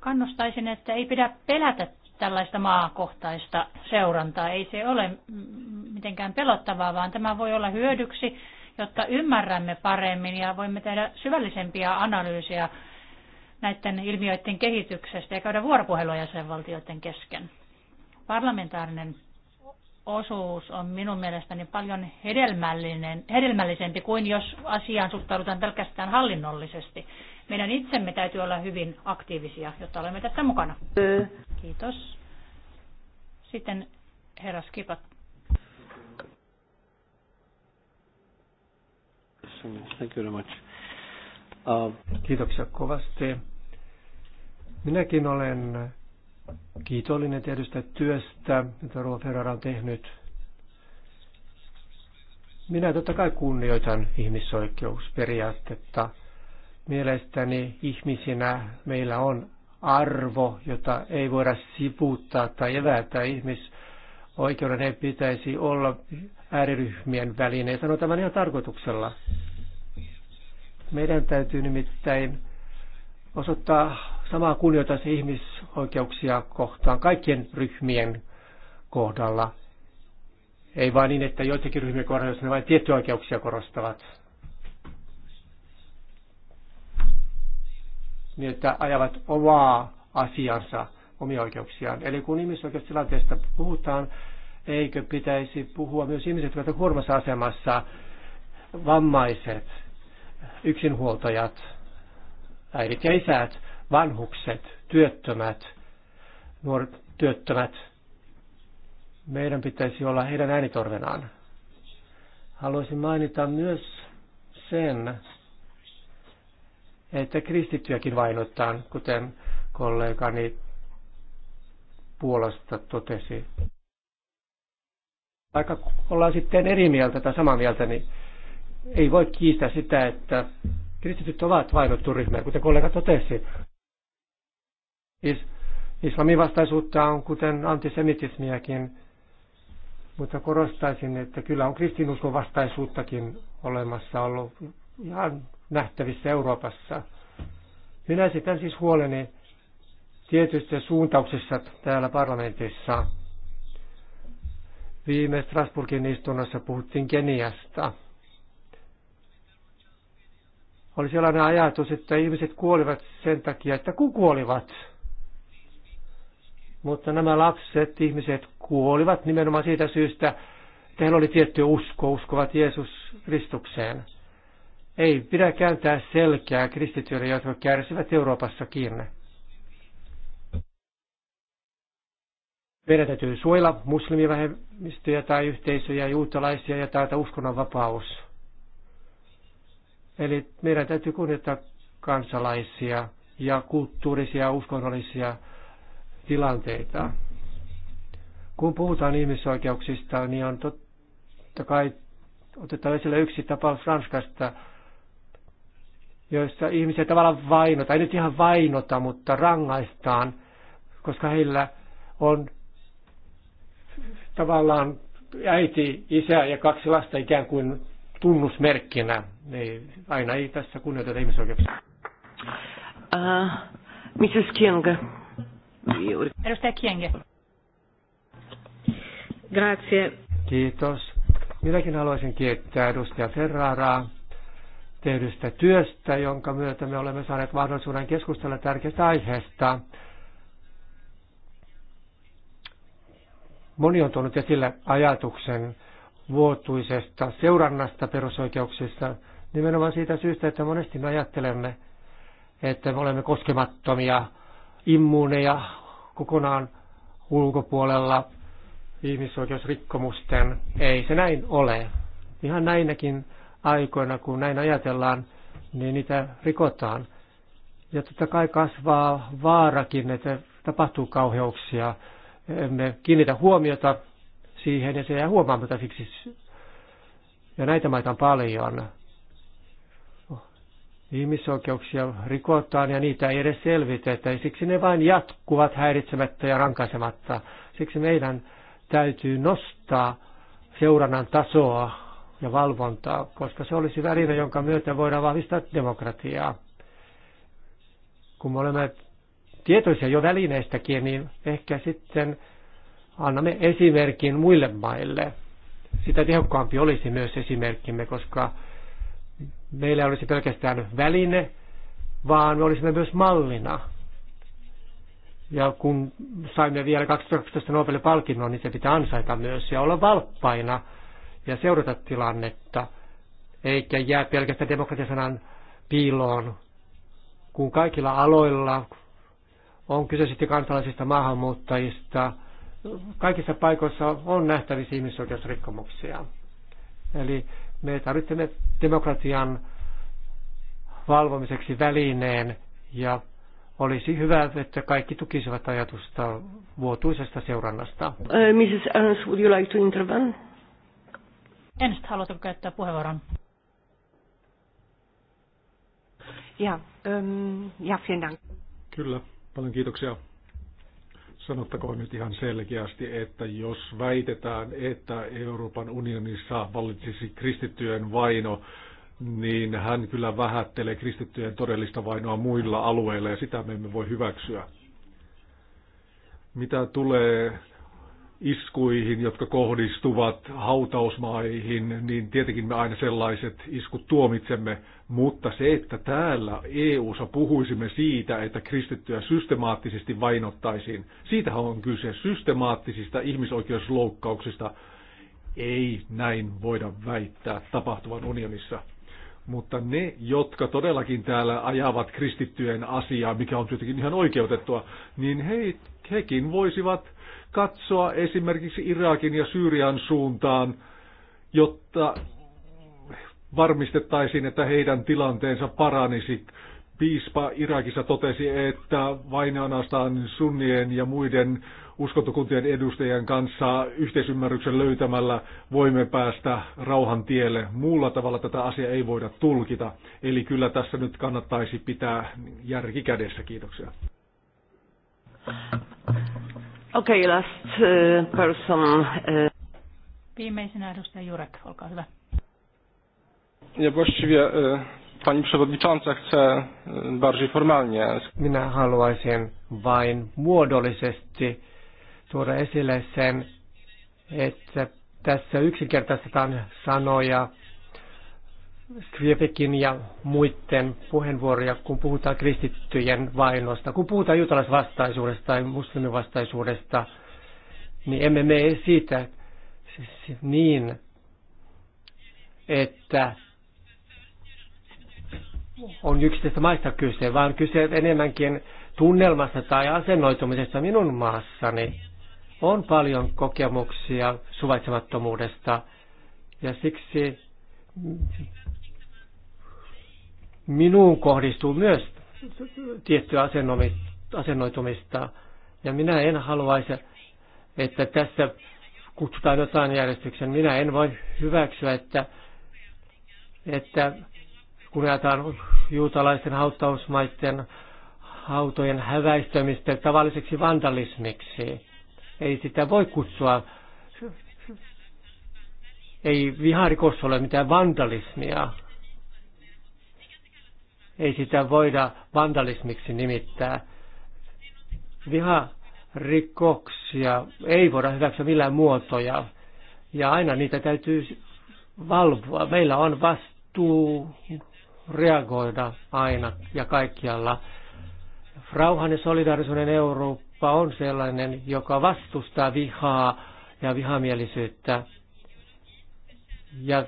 kannustaisin, että ei pidä pelätä tällaista maakohtaista seurantaa. Ei se ole mitenkään pelottavaa, vaan tämä voi olla hyödyksi, jotta ymmärrämme paremmin ja voimme tehdä syvällisempiä analyysiä näiden ilmiöiden kehityksestä ja käydä vuoropuhelua jäsenvaltioiden kesken. Parlamentaarinen osuus on minun mielestäni paljon hedelmällinen, hedelmällisempi kuin jos asiaan suhtaudutaan pelkästään hallinnollisesti meidän itsemme täytyy olla hyvin aktiivisia, jotta olemme tässä mukana. Kiitos. Sitten herra Skipat. Thank you very much. Uh, Kiitoksia kovasti. Minäkin olen kiitollinen tietystä työstä, mitä Ruo Ferrara on tehnyt. Minä totta kai kunnioitan ihmisoikeusperiaatetta – Mielestäni ihmisinä meillä on arvo, jota ei voida sivuuttaa tai evätä. Ihmisoikeuden ei pitäisi olla ääriryhmien väline. Ja sanon tämän ihan tarkoituksella. Meidän täytyy nimittäin osoittaa samaa kunnioitusta ihmisoikeuksia kohtaan kaikkien ryhmien kohdalla. Ei vain niin, että joitakin ryhmien kohdalla, jos ne vain tiettyjä oikeuksia korostavat. niin että ajavat omaa asiansa, omia oikeuksiaan. Eli kun ihmisoikeustilanteesta puhutaan, eikö pitäisi puhua myös ihmiset, jotka ovat huonommassa asemassa, vammaiset, yksinhuoltajat, äidit ja isät, vanhukset, työttömät, nuoret työttömät. Meidän pitäisi olla heidän äänitorvenaan. Haluaisin mainita myös sen, että kristittyjäkin vainotaan, kuten kollegani Puolasta totesi. Vaikka ollaan sitten eri mieltä tai samaa mieltä, niin ei voi kiistää sitä, että kristityt ovat vainottu ryhmä, kuten kollega totesi. islamin vastaisuutta on kuten antisemitismiäkin, mutta korostaisin, että kyllä on kristinuskon vastaisuuttakin olemassa ollut ihan nähtävissä Euroopassa. Minä esitän siis huoleni tietyissä suuntauksissa täällä parlamentissa. Viime Strasburgin istunnossa puhuttiin Keniasta. Oli sellainen ajatus, että ihmiset kuolivat sen takia, että kun kuolivat. Mutta nämä lapset, ihmiset kuolivat nimenomaan siitä syystä, että heillä oli tietty usko, uskovat Jeesus Kristukseen. Ei pidä kääntää selkää kristityille, jotka kärsivät Euroopassakin. Meidän täytyy suojella muslimivähemmistöjä tai yhteisöjä, juutalaisia ja taata uskonnonvapaus. Eli meidän täytyy kunnioittaa kansalaisia ja kulttuurisia ja uskonnollisia tilanteita. Kun puhutaan ihmisoikeuksista, niin on totta kai otetaan esille yksi tapaus Ranskasta, joissa ihmisiä tavallaan vainota, ei nyt ihan vainota, mutta rangaistaan, koska heillä on tavallaan äiti, isä ja kaksi lasta ikään kuin tunnusmerkkinä. niin aina ei tässä kunnioiteta ihmisoikeuksia. Uh, äh, Mrs. Kienge. Edustaja Kienge. Grazie. Kiitos. Minäkin haluaisin kiittää edustaja Ferraraa tehdystä työstä, jonka myötä me olemme saaneet mahdollisuuden keskustella tärkeästä aiheesta. Moni on tuonut esille ajatuksen vuotuisesta seurannasta perusoikeuksissa nimenomaan siitä syystä, että monesti me ajattelemme, että me olemme koskemattomia, immuuneja kokonaan ulkopuolella ihmisoikeusrikkomusten. Ei se näin ole. Ihan näinäkin aikoina, kun näin ajatellaan, niin niitä rikotaan. Ja totta kai kasvaa vaarakin, että tapahtuu kauheuksia. Emme kiinnitä huomiota siihen ja se jää huomaamatta siksi. Ja näitä maita on paljon. Ihmisoikeuksia rikotaan ja niitä ei edes selvitetä. Ja siksi ne vain jatkuvat häiritsemättä ja rankaisematta. Siksi meidän täytyy nostaa seurannan tasoa ja valvontaa, koska se olisi väline, jonka myötä voidaan vahvistaa demokratiaa. Kun me olemme tietoisia jo välineistäkin, niin ehkä sitten annamme esimerkin muille maille. Sitä tehokkaampi olisi myös esimerkkimme, koska meillä olisi pelkästään väline, vaan me olisimme myös mallina. Ja kun saimme vielä 2012 Nobelin palkinnon, niin se pitää ansaita myös ja olla valppaina – ja seurata tilannetta, eikä jää pelkästään demokratiasanan piiloon, kun kaikilla aloilla on kyse sitten kansalaisista maahanmuuttajista, kaikissa paikoissa on nähtävissä ihmisoikeusrikkomuksia. Eli me tarvitsemme demokratian valvomiseksi välineen ja olisi hyvä, että kaikki tukisivat ajatusta vuotuisesta seurannasta. Uh, Mrs. Ernst, would you like to intervene? Ernst, haluatko käyttää puheenvuoron? Ja, um, ja vielen dank. Kyllä, paljon kiitoksia. Sanottakoon nyt ihan selkeästi, että jos väitetään, että Euroopan unionissa vallitsisi kristittyjen vaino, niin hän kyllä vähättelee kristittyjen todellista vainoa muilla alueilla ja sitä me emme voi hyväksyä. Mitä tulee iskuihin, jotka kohdistuvat hautausmaihin, niin tietenkin me aina sellaiset iskut tuomitsemme, mutta se, että täällä EU-ssa puhuisimme siitä, että kristittyä systemaattisesti vainottaisiin, siitähän on kyse systemaattisista ihmisoikeusloukkauksista, ei näin voida väittää tapahtuvan unionissa. Mutta ne, jotka todellakin täällä ajavat kristittyjen asiaa, mikä on tietenkin ihan oikeutettua, niin he, hekin voisivat katsoa esimerkiksi Irakin ja Syyrian suuntaan, jotta varmistettaisiin, että heidän tilanteensa paranisi. Piispa Irakissa totesi, että vain ainoastaan sunnien ja muiden uskontokuntien edustajien kanssa yhteisymmärryksen löytämällä voimme päästä rauhan tielle. Muulla tavalla tätä asiaa ei voida tulkita. Eli kyllä tässä nyt kannattaisi pitää järki kädessä. Kiitoksia. Okei, okay, last uh, person. Uh, Viimeisenä edustaja Jurek, olkaa hyvä. Ja właściwie e, pani przewodnicząca chce e, bardziej formalnie. Minä haluaisin vain muodollisesti tuoda esille sen, että tässä yksinkertaistetaan sanoja Skrivekin ja muiden puheenvuoroja, kun puhutaan kristittyjen vainosta, kun puhutaan juutalaisvastaisuudesta tai muslimivastaisuudesta, niin emme me esitä siis niin, että on yksittäistä maista kyse, vaan kyse enemmänkin tunnelmasta tai asennoitumisesta minun maassani. On paljon kokemuksia suvaitsemattomuudesta ja siksi minuun kohdistuu myös tiettyä asennoitumista. Ja minä en haluaisi, että tässä kutsutaan jotain järjestyksen. Minä en voi hyväksyä, että, että kun ajatellaan juutalaisten hautausmaiden hautojen häväistämistä tavalliseksi vandalismiksi, ei sitä voi kutsua. Ei viharikossa ole mitään vandalismia. Ei sitä voida vandalismiksi nimittää. Viha rikoksia ei voida hyväksyä millään muotoja. Ja aina niitä täytyy valvoa. Meillä on vastuu reagoida aina ja kaikkialla. Rauhan ja solidaarisuuden Eurooppa on sellainen, joka vastustaa vihaa ja vihamielisyyttä ja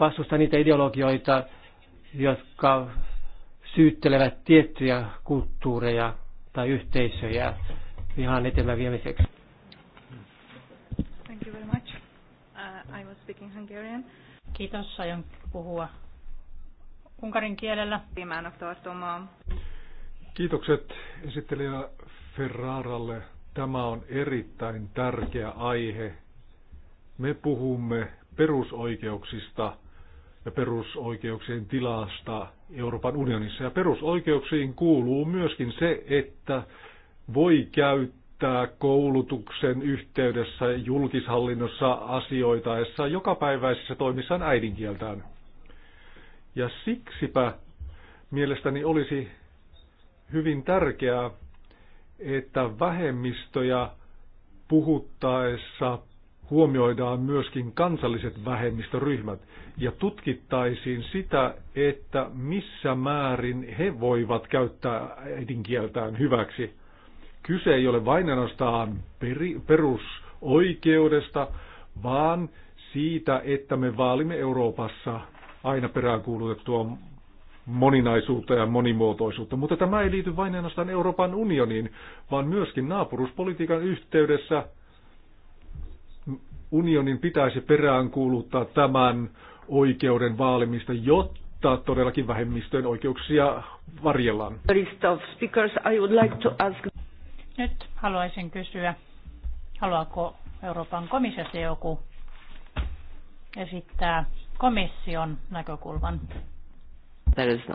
vastustaa niitä ideologioita, jotka syyttelevät tiettyjä kulttuureja tai yhteisöjä ihan eteenpäin viemiseksi. Thank you very much. Uh, I was speaking Hungarian. Kiitos, aion puhua unkarin kielellä. Kiitokset esittelijä Ferraralle. Tämä on erittäin tärkeä aihe. Me puhumme perusoikeuksista – ja perusoikeuksien tilasta Euroopan unionissa. Ja perusoikeuksiin kuuluu myöskin se, että voi käyttää koulutuksen yhteydessä, julkishallinnossa asioitaessa, jokapäiväisissä toimissaan äidinkieltään. Ja siksipä mielestäni olisi hyvin tärkeää, että vähemmistöjä puhuttaessa huomioidaan myöskin kansalliset vähemmistöryhmät ja tutkittaisiin sitä, että missä määrin he voivat käyttää äidinkieltään hyväksi. Kyse ei ole vain ainoastaan peri, perusoikeudesta, vaan siitä, että me vaalimme Euroopassa aina peräänkuulutettua moninaisuutta ja monimuotoisuutta. Mutta tämä ei liity vain ainoastaan Euroopan unioniin, vaan myöskin naapuruspolitiikan yhteydessä – unionin pitäisi peräänkuuluttaa tämän oikeuden vaalimista, jotta todellakin vähemmistöjen oikeuksia varjellaan. Nyt haluaisin kysyä, haluaako Euroopan komissiossa joku esittää komission näkökulman? There is no.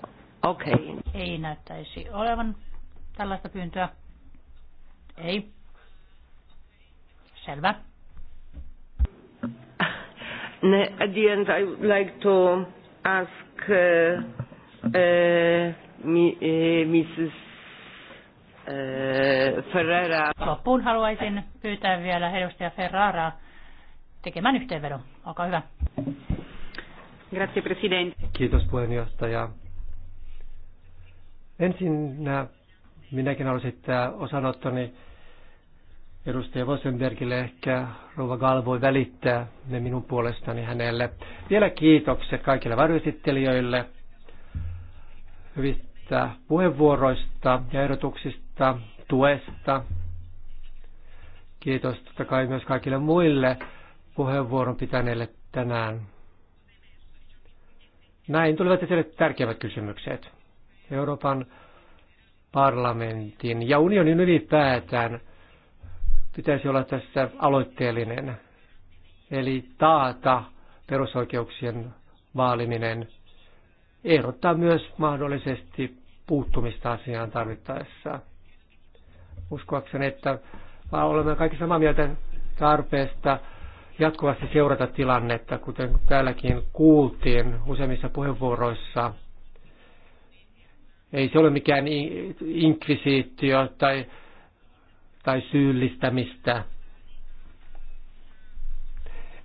Okay. Ei näyttäisi olevan tällaista pyyntöä. Ei. Selvä. At the end, I would like to ask uh, uh, mi, uh, Mrs. Uh, Ferrara. Loppuun haluaisin pyytää vielä edustaja Ferrara tekemään yhteenvedon. Olkaa hyvä. Grazie, Presidente. Kiitos puheenjohtaja. Ensin minäkin haluaisin osanottoni edustaja Vosenbergille ehkä Rova Gal voi välittää ne minun puolestani hänelle. Vielä kiitokset kaikille varjoesittelijöille hyvistä puheenvuoroista ja ehdotuksista, tuesta. Kiitos totta kai myös kaikille muille puheenvuoron pitäneille tänään. Näin tulivat esille tärkeimmät kysymykset. Euroopan parlamentin ja unionin ylipäätään – pitäisi olla tässä aloitteellinen, eli taata perusoikeuksien vaaliminen, ehdottaa myös mahdollisesti puuttumista asiaan tarvittaessa. Uskoakseni, että olemme kaikki samaa mieltä tarpeesta jatkuvasti seurata tilannetta, kuten täälläkin kuultiin useimmissa puheenvuoroissa. Ei se ole mikään inkvisiittio tai tai syyllistämistä.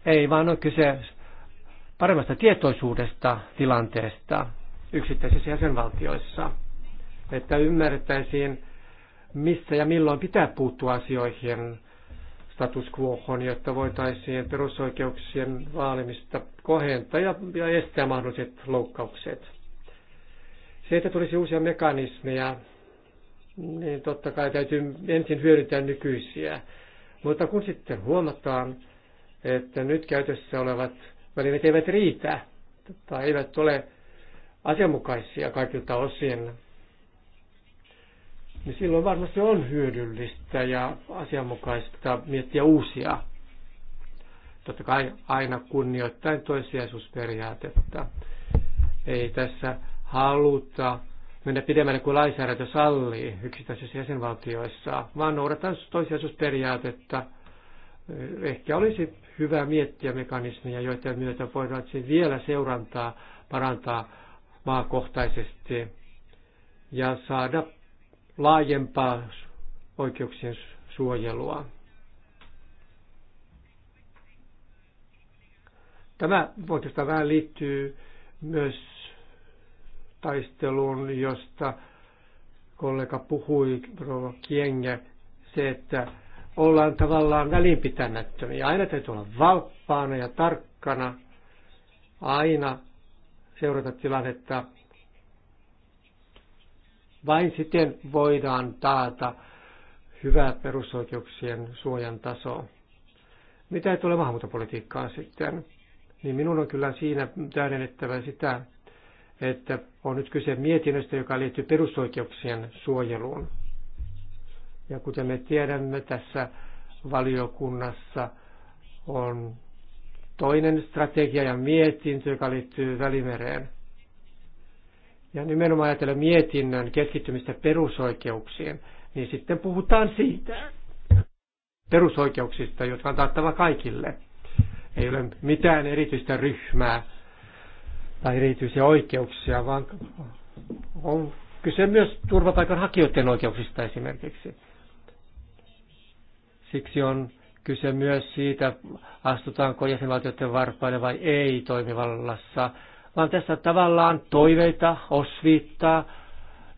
Ei, vaan on kyse paremmasta tietoisuudesta tilanteesta yksittäisissä jäsenvaltioissa, että ymmärrettäisiin, missä ja milloin pitää puuttua asioihin status quohon, jotta voitaisiin perusoikeuksien vaalimista kohentaa ja, ja estää mahdolliset loukkaukset. Se, että tulisi uusia mekanismeja niin totta kai täytyy ensin hyödyntää nykyisiä. Mutta kun sitten huomataan, että nyt käytössä olevat välineet eivät riitä tai eivät ole asianmukaisia kaikilta osin, niin silloin varmasti on hyödyllistä ja asianmukaista miettiä uusia. Totta kai aina kunnioittain toisiaisuusperiaatetta. Ei tässä haluta mennä pidemmälle kuin lainsäädäntö sallii yksittäisissä jäsenvaltioissa, vaan noudataan toisiasuusperiaatetta. Ehkä olisi hyvä miettiä mekanismeja, joiden myötä voidaan vielä seurantaa parantaa maakohtaisesti ja saada laajempaa oikeuksien suojelua. Tämä oikeastaan vähän liittyy myös taisteluun, josta kollega puhui, Rova Kienge, se, että ollaan tavallaan välinpitämättömiä. Aina täytyy olla valppaana ja tarkkana, aina seurata tilannetta. Vain siten voidaan taata hyvää perusoikeuksien suojan taso. Mitä ei tule maahanmuuttopolitiikkaan sitten, niin minun on kyllä siinä täydennettävä sitä, että on nyt kyse mietinnöstä, joka liittyy perusoikeuksien suojeluun. Ja kuten me tiedämme, tässä valiokunnassa on toinen strategia ja mietintö, joka liittyy välimereen. Ja nimenomaan ajatella mietinnön keskittymistä perusoikeuksiin, niin sitten puhutaan siitä perusoikeuksista, jotka on taattava kaikille. Ei ole mitään erityistä ryhmää, tai erityisiä oikeuksia, vaan on kyse myös turvapaikanhakijoiden oikeuksista esimerkiksi. Siksi on kyse myös siitä, astutaanko jäsenvaltioiden varpaille vai ei toimivallassa, vaan tässä tavallaan toiveita, osviittaa,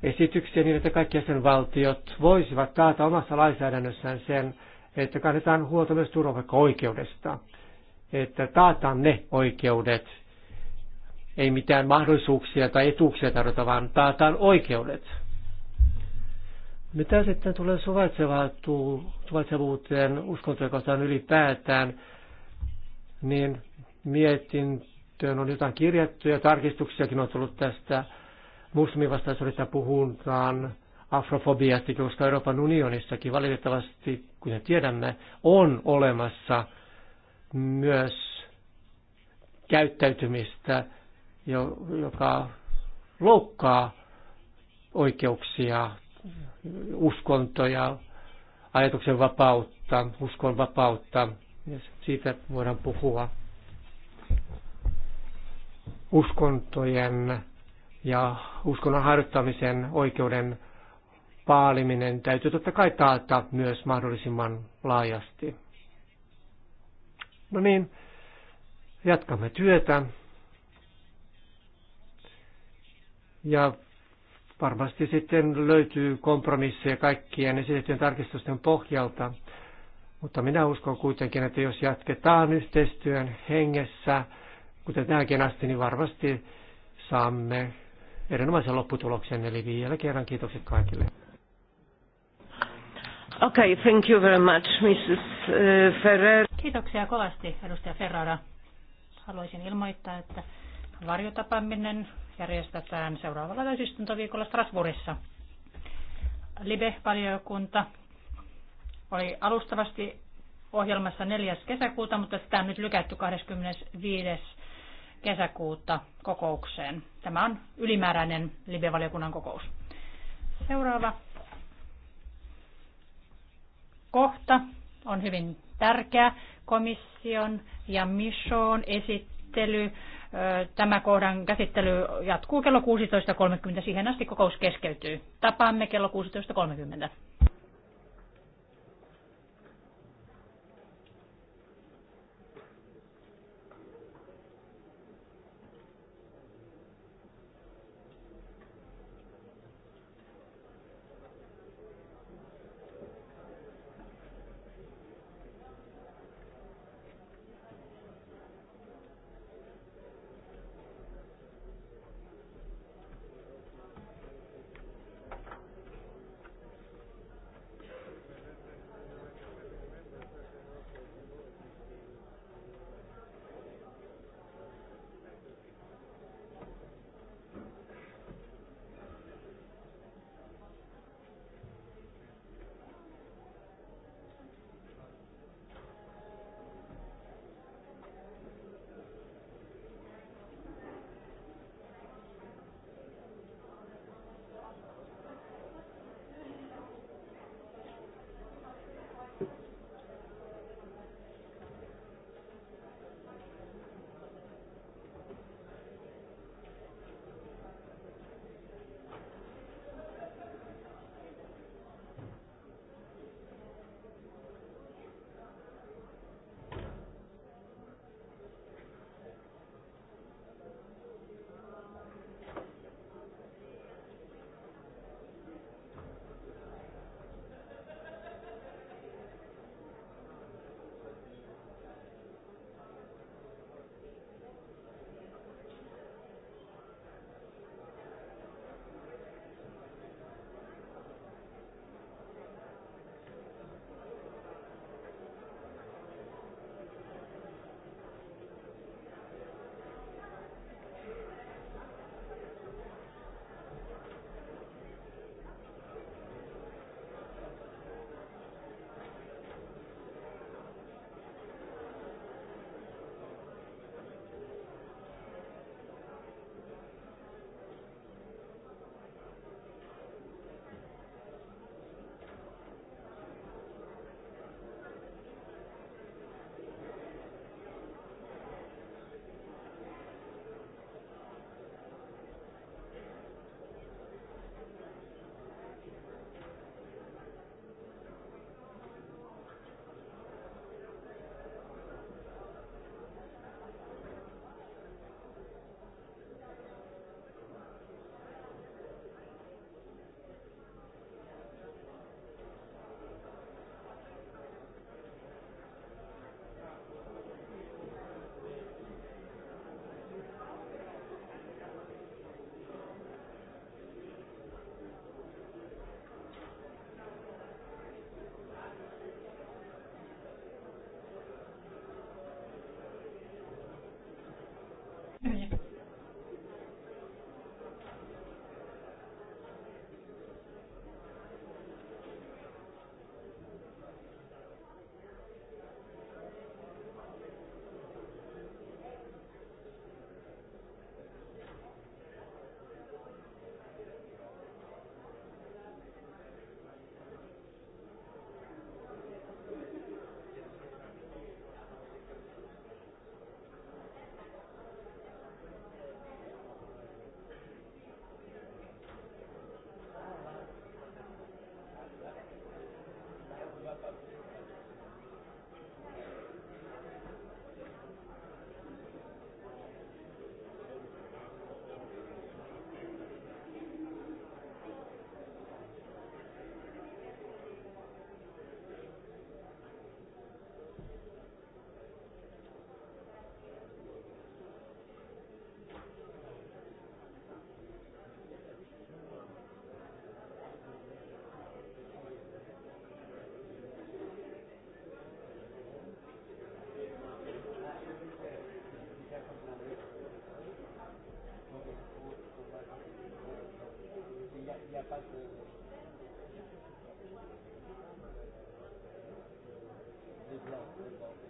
esityksiä niin, että kaikki jäsenvaltiot voisivat taata omassa lainsäädännössään sen, että kannetaan huolta myös turvapaikka-oikeudesta, että taataan ne oikeudet, ei mitään mahdollisuuksia tai etuuksia tarjota, vaan taataan oikeudet. Mitä sitten tulee suvaitsevuuteen uskontojen kohtaan ylipäätään, niin mietintöön on jotain kirjattu ja tarkistuksiakin on tullut tästä muslimivastaisuudesta puhuntaan afrofobiasta, koska Euroopan unionissakin valitettavasti, kuten tiedämme, on olemassa myös käyttäytymistä, joka loukkaa oikeuksia, uskontoja, ajatuksen vapautta, uskon vapautta. Ja siitä voidaan puhua uskontojen ja uskonnon harjoittamisen oikeuden paaliminen täytyy totta kai taata myös mahdollisimman laajasti. No niin, jatkamme työtä. Ja varmasti sitten löytyy kompromisseja kaikkien esitettyjen tarkistusten pohjalta. Mutta minä uskon kuitenkin, että jos jatketaan yhteistyön hengessä, kuten tähänkin asti, niin varmasti saamme erinomaisen lopputuloksen. Eli vielä kerran kiitokset kaikille. Okay, thank you very much, Mrs. Uh, Ferrer. Kiitoksia kovasti, edustaja Ferrara. Haluaisin ilmoittaa, että varjotapaaminen järjestetään seuraavalla täysistuntoviikolla Strasbourgissa. Libe-valiokunta oli alustavasti ohjelmassa 4. kesäkuuta, mutta sitä on nyt lykätty 25. kesäkuuta kokoukseen. Tämä on ylimääräinen Libe-valiokunnan kokous. Seuraava kohta on hyvin tärkeä komission ja mission esittely Tämä kohdan käsittely jatkuu kello 16.30. Siihen asti kokous keskeytyy. Tapaamme kello 16.30. n'y a pas de. Les blancs, les blancs.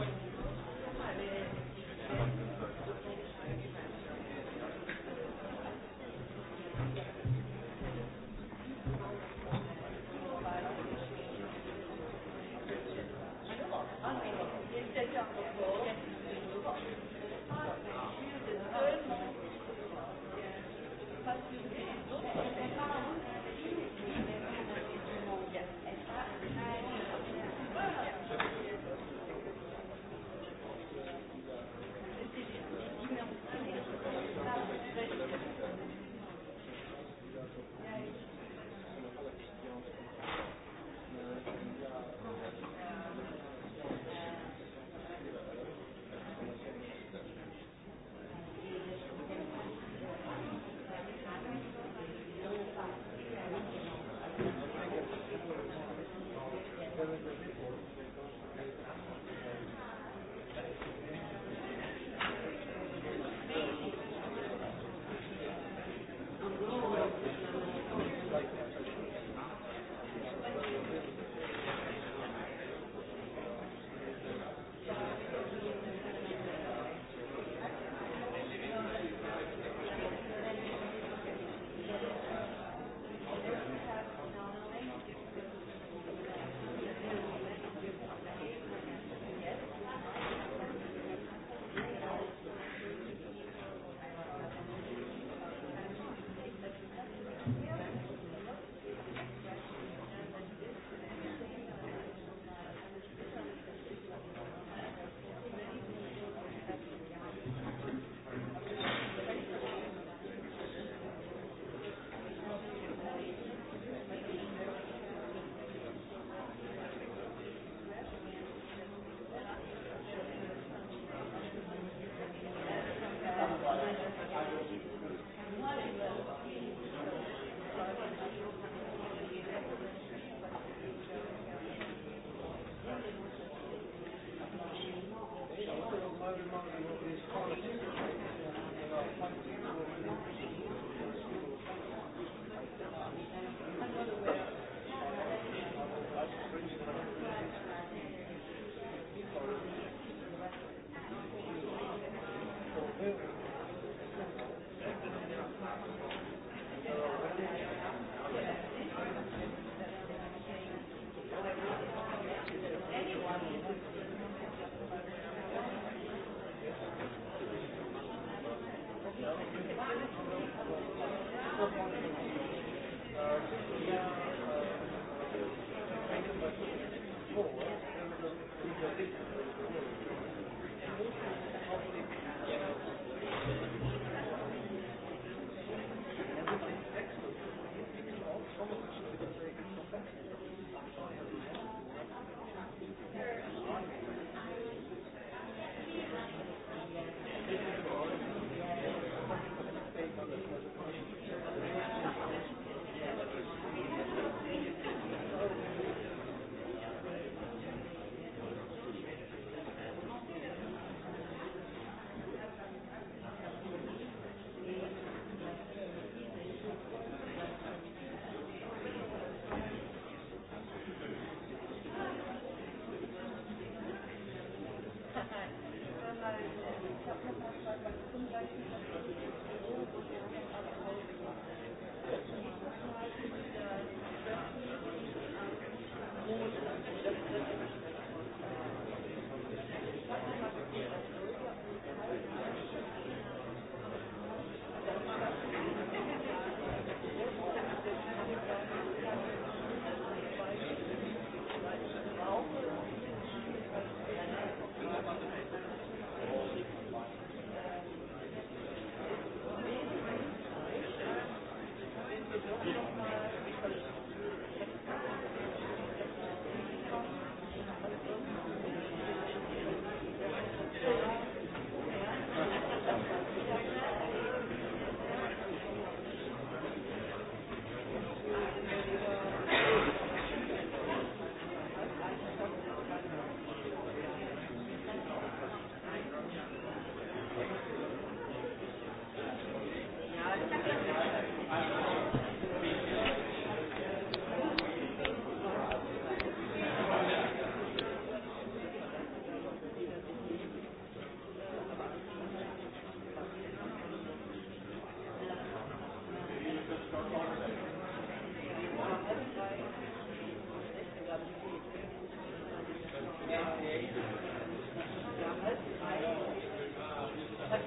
Okay.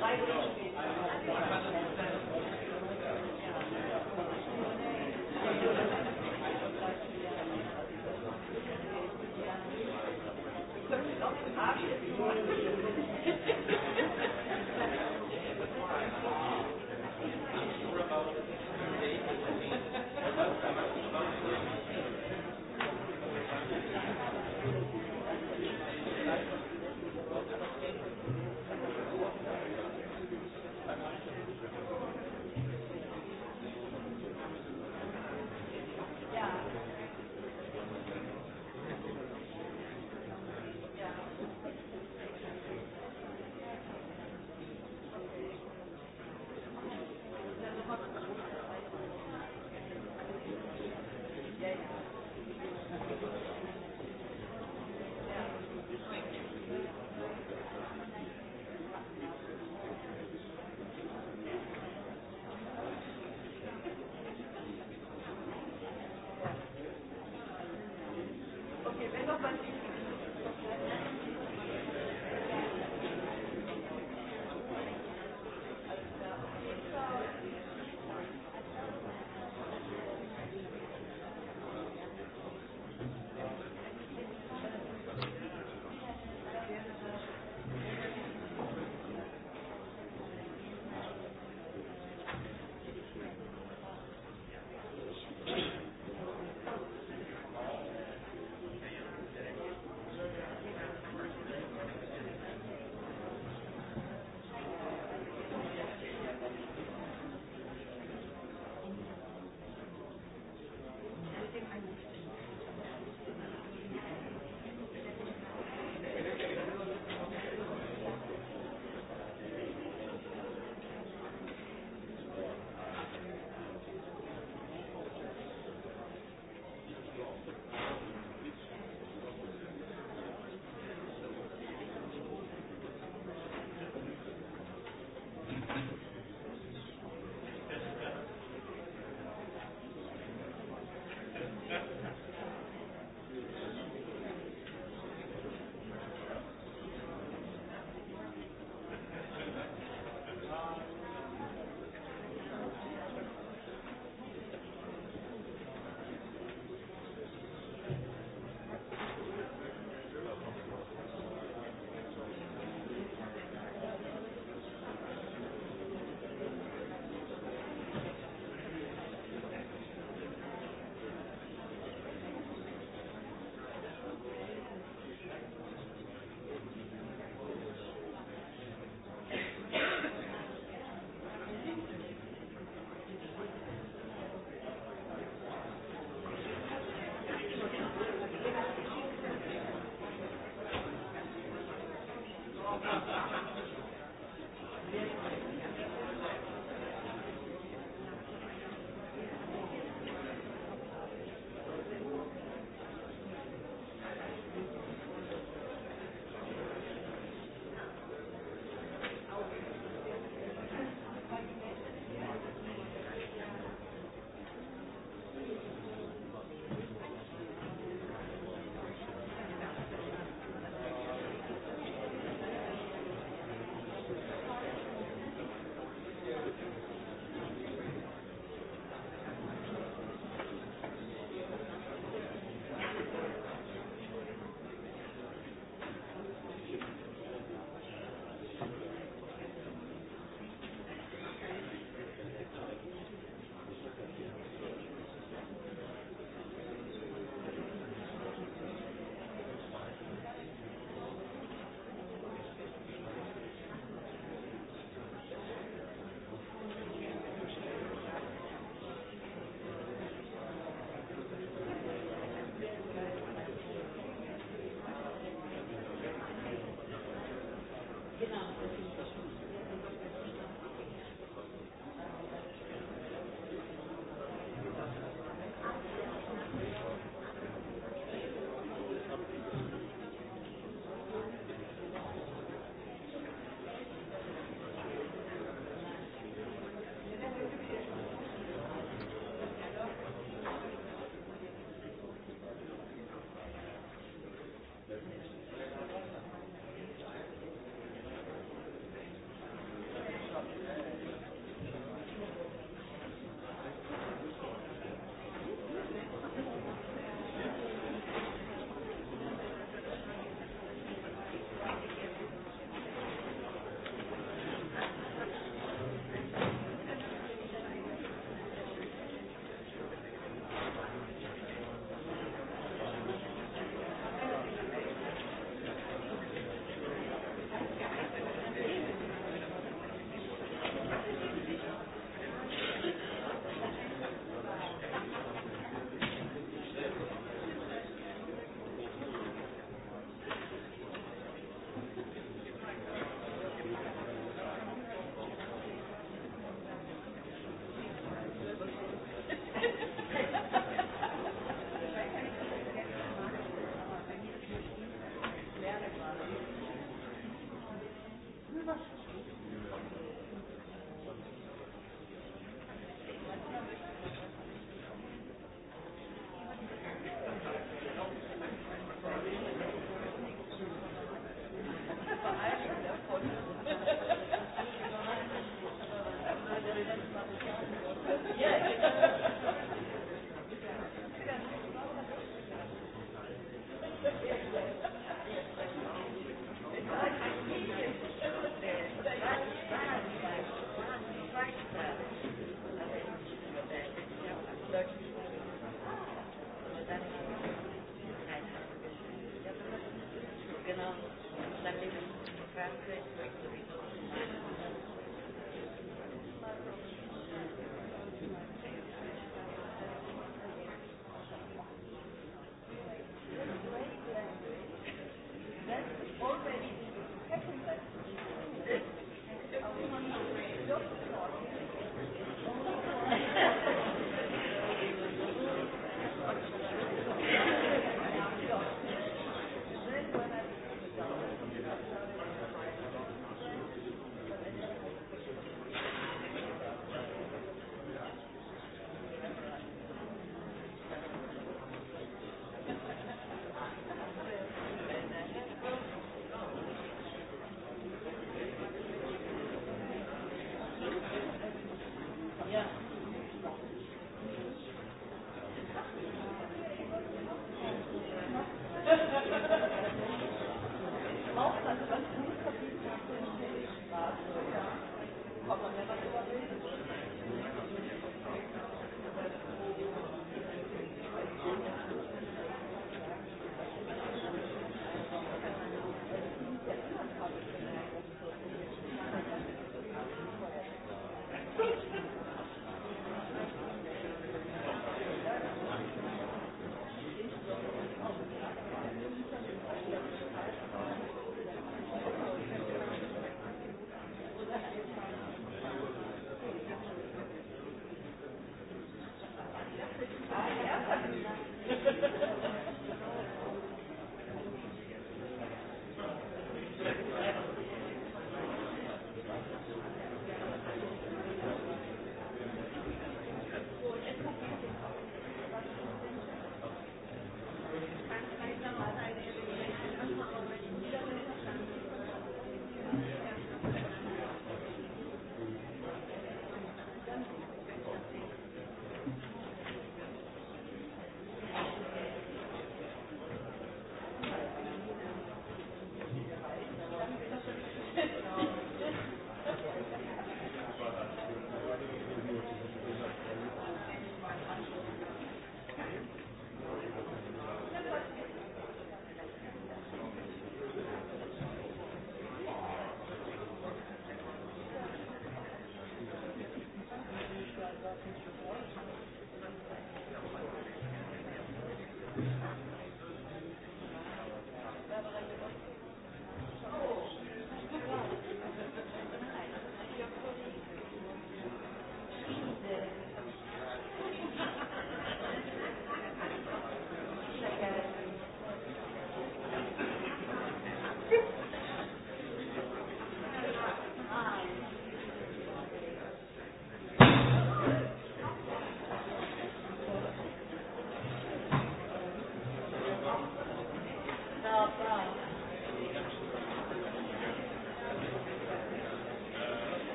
Thank you.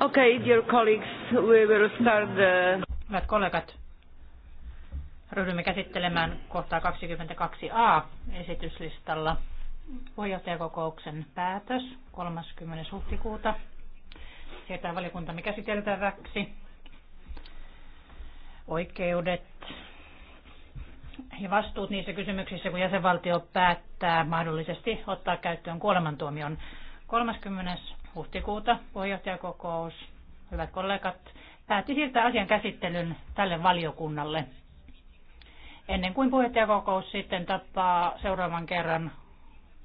Okay, dear colleagues, we will start the... Hyvät kollegat, ryhdymme käsittelemään kohtaa 22a esityslistalla puheenjohtajakokouksen päätös 30. huhtikuuta. Sieltä valiokuntamme käsiteltäväksi oikeudet ja vastuut niissä kysymyksissä, kun jäsenvaltio päättää mahdollisesti ottaa käyttöön kuolemantuomion 30 huhtikuuta puheenjohtajakokous, hyvät kollegat, päätti siirtää asian käsittelyn tälle valiokunnalle. Ennen kuin puheenjohtajakokous sitten tapaa seuraavan kerran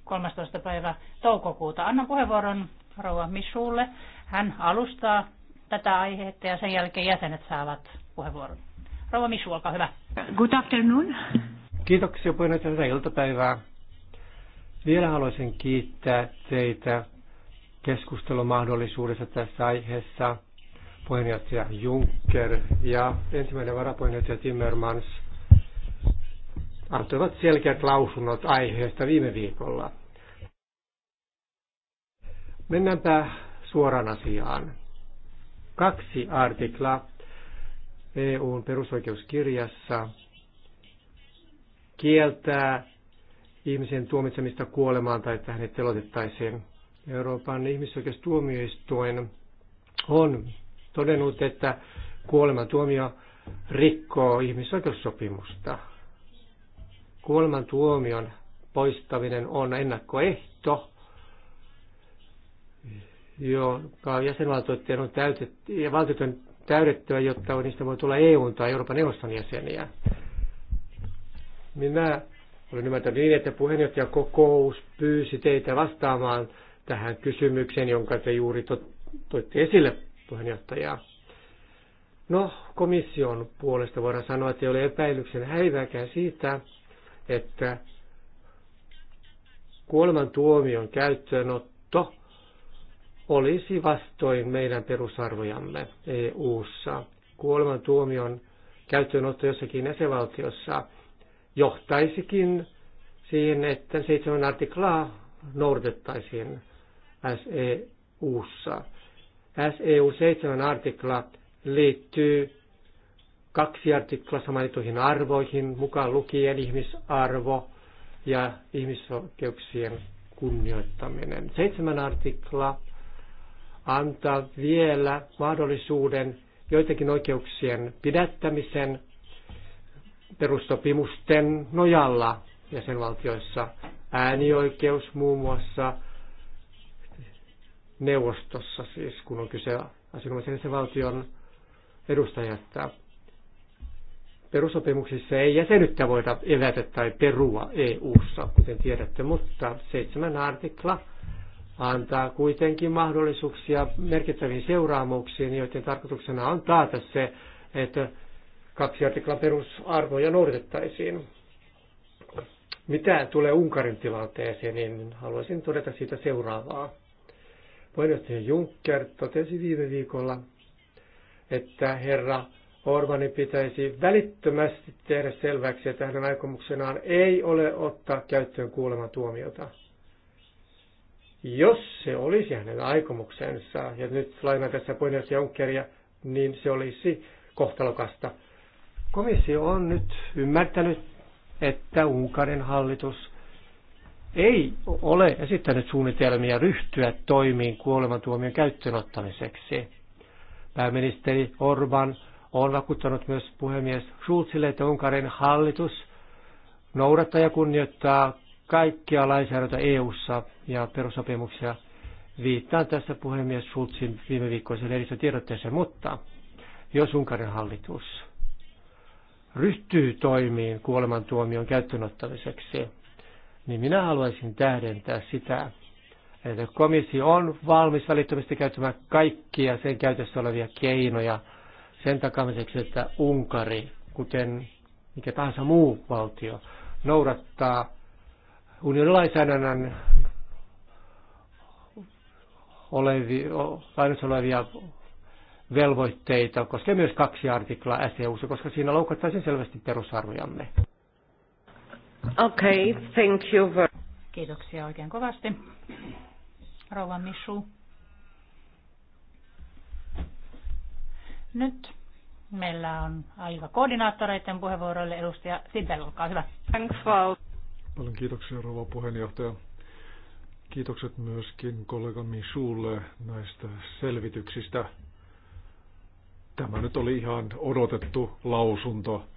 13. päivä toukokuuta. Annan puheenvuoron rouva Missuulle. Hän alustaa tätä aihetta ja sen jälkeen jäsenet saavat puheenvuoron. Rouva Missu, olkaa hyvä. Good afternoon. Kiitoksia puheenjohtaja tätä iltapäivää. Vielä haluaisin kiittää teitä keskustelumahdollisuudesta tässä aiheessa. Puheenjohtaja Juncker ja ensimmäinen varapuheenjohtaja Timmermans antoivat selkeät lausunnot aiheesta viime viikolla. Mennäänpä suoraan asiaan. Kaksi artiklaa EUn perusoikeuskirjassa kieltää ihmisen tuomitsemista kuolemaan tai että hänet telotettaisiin. Euroopan ihmisoikeustuomioistuin on todennut, että kuolemantuomio rikkoo ihmisoikeussopimusta. Kuolemantuomion poistaminen on ennakkoehto, joka jäsenvaltioiden on täytetty, ja valtioiden täydettyä, jotta niistä voi tulla EU- tai Euroopan neuvoston jäseniä. Minä olen ymmärtänyt niin, että puheenjohtajakokous pyysi teitä vastaamaan tähän kysymykseen, jonka te juuri to, toitte esille, puheenjohtaja. No, komission puolesta voidaan sanoa, että ei ole epäilyksen häivääkään siitä, että kuolemantuomion käyttöönotto olisi vastoin meidän perusarvojamme EU-ssa. Kuolemantuomion käyttöönotto jossakin jäsenvaltiossa johtaisikin siihen, että seitsemän artiklaa noudatettaisiin SEUssa. SEU 7 artikla liittyy kaksi artiklassa mainittuihin arvoihin, mukaan lukien ihmisarvo ja ihmisoikeuksien kunnioittaminen. Seitsemän artikla antaa vielä mahdollisuuden joitakin oikeuksien pidättämisen perussopimusten nojalla jäsenvaltioissa. Äänioikeus muun muassa neuvostossa, siis kun on kyse asianomaisen valtion edustajasta. Perusopimuksissa ei jäsenyyttä voida evätä tai perua EU-ssa, kuten tiedätte, mutta seitsemän artikla antaa kuitenkin mahdollisuuksia merkittäviin seuraamuksiin, joiden tarkoituksena on taata se, että kaksi artiklan perusarvoja noudatettaisiin. Mitä tulee Unkarin tilanteeseen, niin haluaisin todeta siitä seuraavaa. Puheenjohtaja Juncker totesi viime viikolla, että herra Orbanin pitäisi välittömästi tehdä selväksi, että hänen aikomuksenaan ei ole ottaa käyttöön kuolemantuomiota. Jos se olisi hänen aikomuksensa, ja nyt lainaan tässä puheenjohtaja Junckeria, niin se olisi kohtalokasta. Komissio on nyt ymmärtänyt, että Unkarin hallitus ei ole esittänyt suunnitelmia ryhtyä toimiin kuolemantuomion käyttöönottamiseksi. Pääministeri Orban on vakuuttanut myös puhemies Schulzille, että Unkarin hallitus noudattaa ja kunnioittaa kaikkia lainsäädäntöä EU-ssa ja perusopimuksia. Viittaan tässä puhemies Schulzin viime viikkoisen lehdistötiedotteeseen, mutta jos Unkarin hallitus ryhtyy toimiin kuolemantuomion käyttöönottamiseksi, niin minä haluaisin tähdentää sitä, että komissio on valmis välittömästi käyttämään kaikkia sen käytössä olevia keinoja sen takamiseksi, että Unkari, kuten mikä tahansa muu valtio, noudattaa unionin lainsäädännön olevia, olevia velvoitteita, koskee myös kaksi artiklaa SEU, koska siinä loukattaisiin selvästi perusarvojamme. Okay, thank you very... Kiitoksia oikein kovasti. Rouva Mishu. Nyt meillä on aika koordinaattoreiden puheenvuoroille. Edustaja Sibel, olkaa hyvä. Thanks, Val. Paljon kiitoksia, rouva puheenjohtaja. Kiitokset myöskin kollega Mishulle näistä selvityksistä. Tämä nyt oli ihan odotettu lausunto.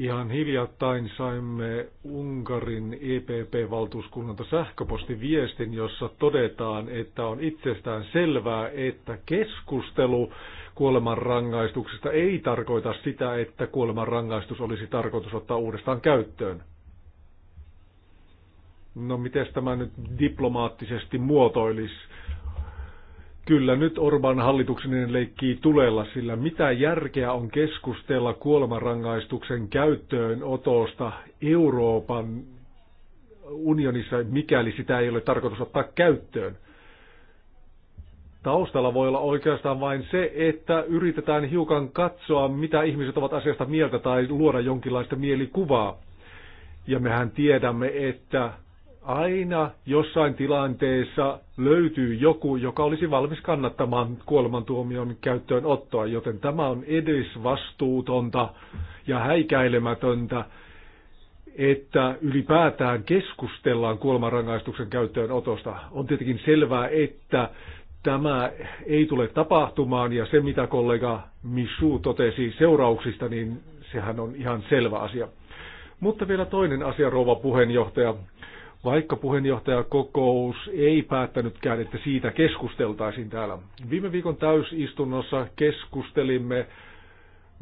Ihan hiljattain saimme Unkarin EPP-valtuuskunnalta sähköpostiviestin, jossa todetaan, että on itsestään selvää, että keskustelu kuolemanrangaistuksesta ei tarkoita sitä, että kuolemanrangaistus olisi tarkoitus ottaa uudestaan käyttöön. No miten tämä nyt diplomaattisesti muotoilisi? Kyllä nyt Orban hallituksinen leikkii tulella, sillä mitä järkeä on keskustella kuolemanrangaistuksen otosta Euroopan unionissa, mikäli sitä ei ole tarkoitus ottaa käyttöön. Taustalla voi olla oikeastaan vain se, että yritetään hiukan katsoa, mitä ihmiset ovat asiasta mieltä tai luoda jonkinlaista mielikuvaa. Ja mehän tiedämme, että aina jossain tilanteessa löytyy joku, joka olisi valmis kannattamaan kuolemantuomion käyttöönottoa, joten tämä on edes vastuutonta ja häikäilemätöntä, että ylipäätään keskustellaan kuolemanrangaistuksen käyttöönotosta. On tietenkin selvää, että tämä ei tule tapahtumaan ja se mitä kollega Misu totesi seurauksista, niin sehän on ihan selvä asia. Mutta vielä toinen asia, rouva puheenjohtaja vaikka puheenjohtajakokous ei päättänytkään, että siitä keskusteltaisiin täällä. Viime viikon täysistunnossa keskustelimme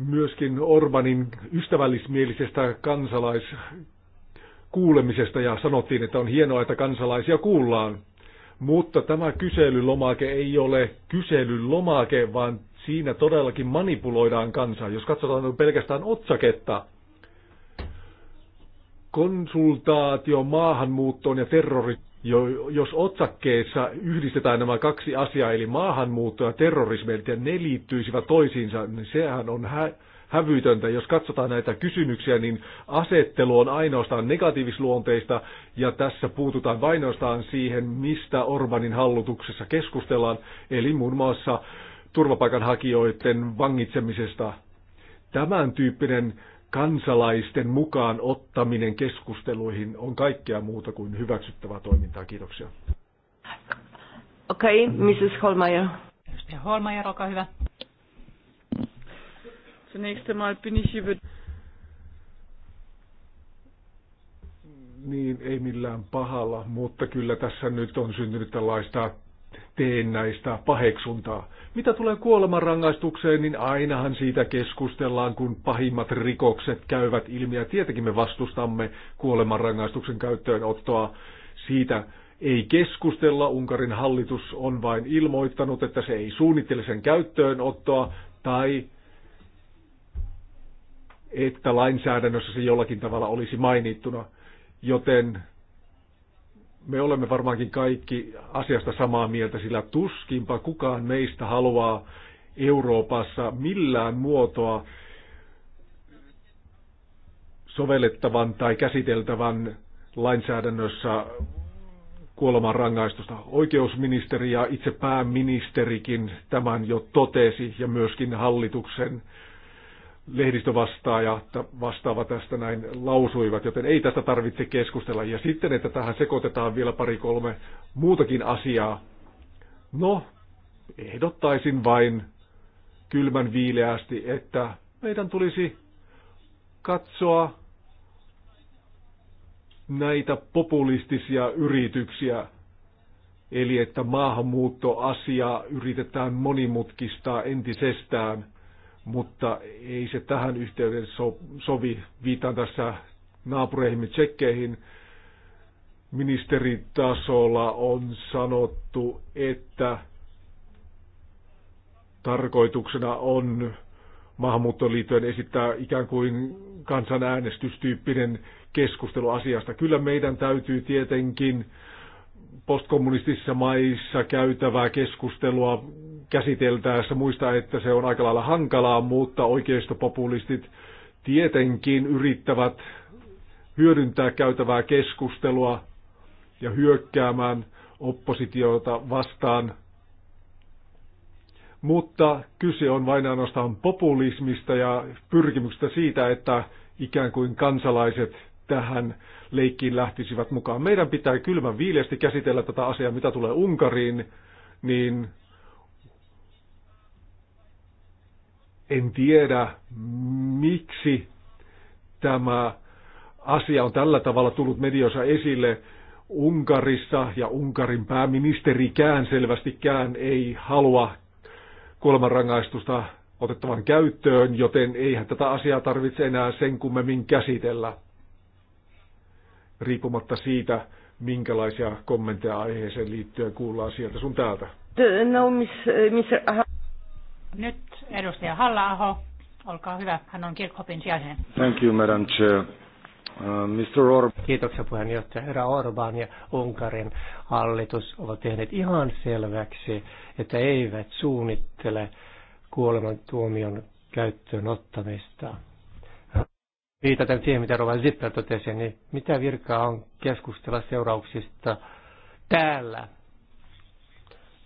myöskin Orbanin ystävällismielisestä kansalaiskuulemisesta ja sanottiin, että on hienoa, että kansalaisia kuullaan. Mutta tämä kyselylomake ei ole kyselylomake, vaan siinä todellakin manipuloidaan kansaa. Jos katsotaan pelkästään otsaketta, konsultaatio maahanmuuttoon ja terrori, Jo, jos otsakkeessa yhdistetään nämä kaksi asiaa, eli maahanmuutto ja terrorismi, ja ne liittyisivät toisiinsa, niin sehän on hä- hävytöntä. Jos katsotaan näitä kysymyksiä, niin asettelu on ainoastaan negatiivisluonteista, ja tässä puututaan ainoastaan siihen, mistä Orbanin hallituksessa keskustellaan, eli muun muassa turvapaikanhakijoiden vangitsemisesta. Tämän tyyppinen kansalaisten mukaan ottaminen keskusteluihin on kaikkea muuta kuin hyväksyttävää toimintaa. Kiitoksia. Okei, okay, Mrs. Holmeyer. Edustaja Holmeyer, olkaa hyvä. Zunächst einmal bin ich über... Niin, ei millään pahalla, mutta kyllä tässä nyt on syntynyt tällaista teennäistä paheksuntaa. Mitä tulee kuolemanrangaistukseen, niin ainahan siitä keskustellaan, kun pahimmat rikokset käyvät ilmi. Ja tietenkin me vastustamme kuolemanrangaistuksen käyttöönottoa. Siitä ei keskustella. Unkarin hallitus on vain ilmoittanut, että se ei suunnittele sen käyttöönottoa tai että lainsäädännössä se jollakin tavalla olisi mainittuna. Joten me olemme varmaankin kaikki asiasta samaa mieltä, sillä tuskinpa kukaan meistä haluaa Euroopassa millään muotoa sovellettavan tai käsiteltävän lainsäädännössä kuoleman rangaistusta. Oikeusministeri ja itse pääministerikin tämän jo totesi ja myöskin hallituksen lehdistövastaaja, vastaava tästä näin lausuivat, joten ei tästä tarvitse keskustella. Ja sitten, että tähän sekoitetaan vielä pari kolme muutakin asiaa. No, ehdottaisin vain kylmän viileästi, että meidän tulisi katsoa näitä populistisia yrityksiä, eli että maahanmuuttoasia yritetään monimutkistaa entisestään – mutta ei se tähän yhteyteen so, sovi. Viitaan tässä naapureihin tsekkeihin. Ministeritasolla on sanottu, että tarkoituksena on maahanmuuttoon liittyen esittää ikään kuin kansanäänestystyyppinen keskustelu asiasta. Kyllä meidän täytyy tietenkin postkommunistisissa maissa käytävää keskustelua käsiteltäessä muista, että se on aika lailla hankalaa, mutta oikeistopopulistit tietenkin yrittävät hyödyntää käytävää keskustelua ja hyökkäämään oppositiota vastaan. Mutta kyse on vain ainoastaan populismista ja pyrkimyksestä siitä, että ikään kuin kansalaiset tähän leikkiin lähtisivät mukaan. Meidän pitää kylmän viileästi käsitellä tätä asiaa, mitä tulee Unkariin, niin En tiedä, miksi tämä asia on tällä tavalla tullut mediossa esille. Unkarissa ja Unkarin pääministerikään selvästikään ei halua kuolemanrangaistusta otettavan käyttöön, joten eihän tätä asiaa tarvitse enää sen kummemmin käsitellä, riippumatta siitä, minkälaisia kommentteja aiheeseen liittyen kuullaan sieltä sun täältä. No, miss, miss... Nyt Edustaja Halla-aho, olkaa hyvä. Hän on Kirkhopin sijaisen. Thank you, Madam Chair. Uh, Mr. Orban. Kiitoksia puheenjohtaja. Herra Orban ja Unkarin hallitus ovat tehneet ihan selväksi, että eivät suunnittele kuolemantuomion käyttöön ottamista. Viitaten siihen, mitä Rova Zippel totesi, niin mitä virkaa on keskustella seurauksista täällä.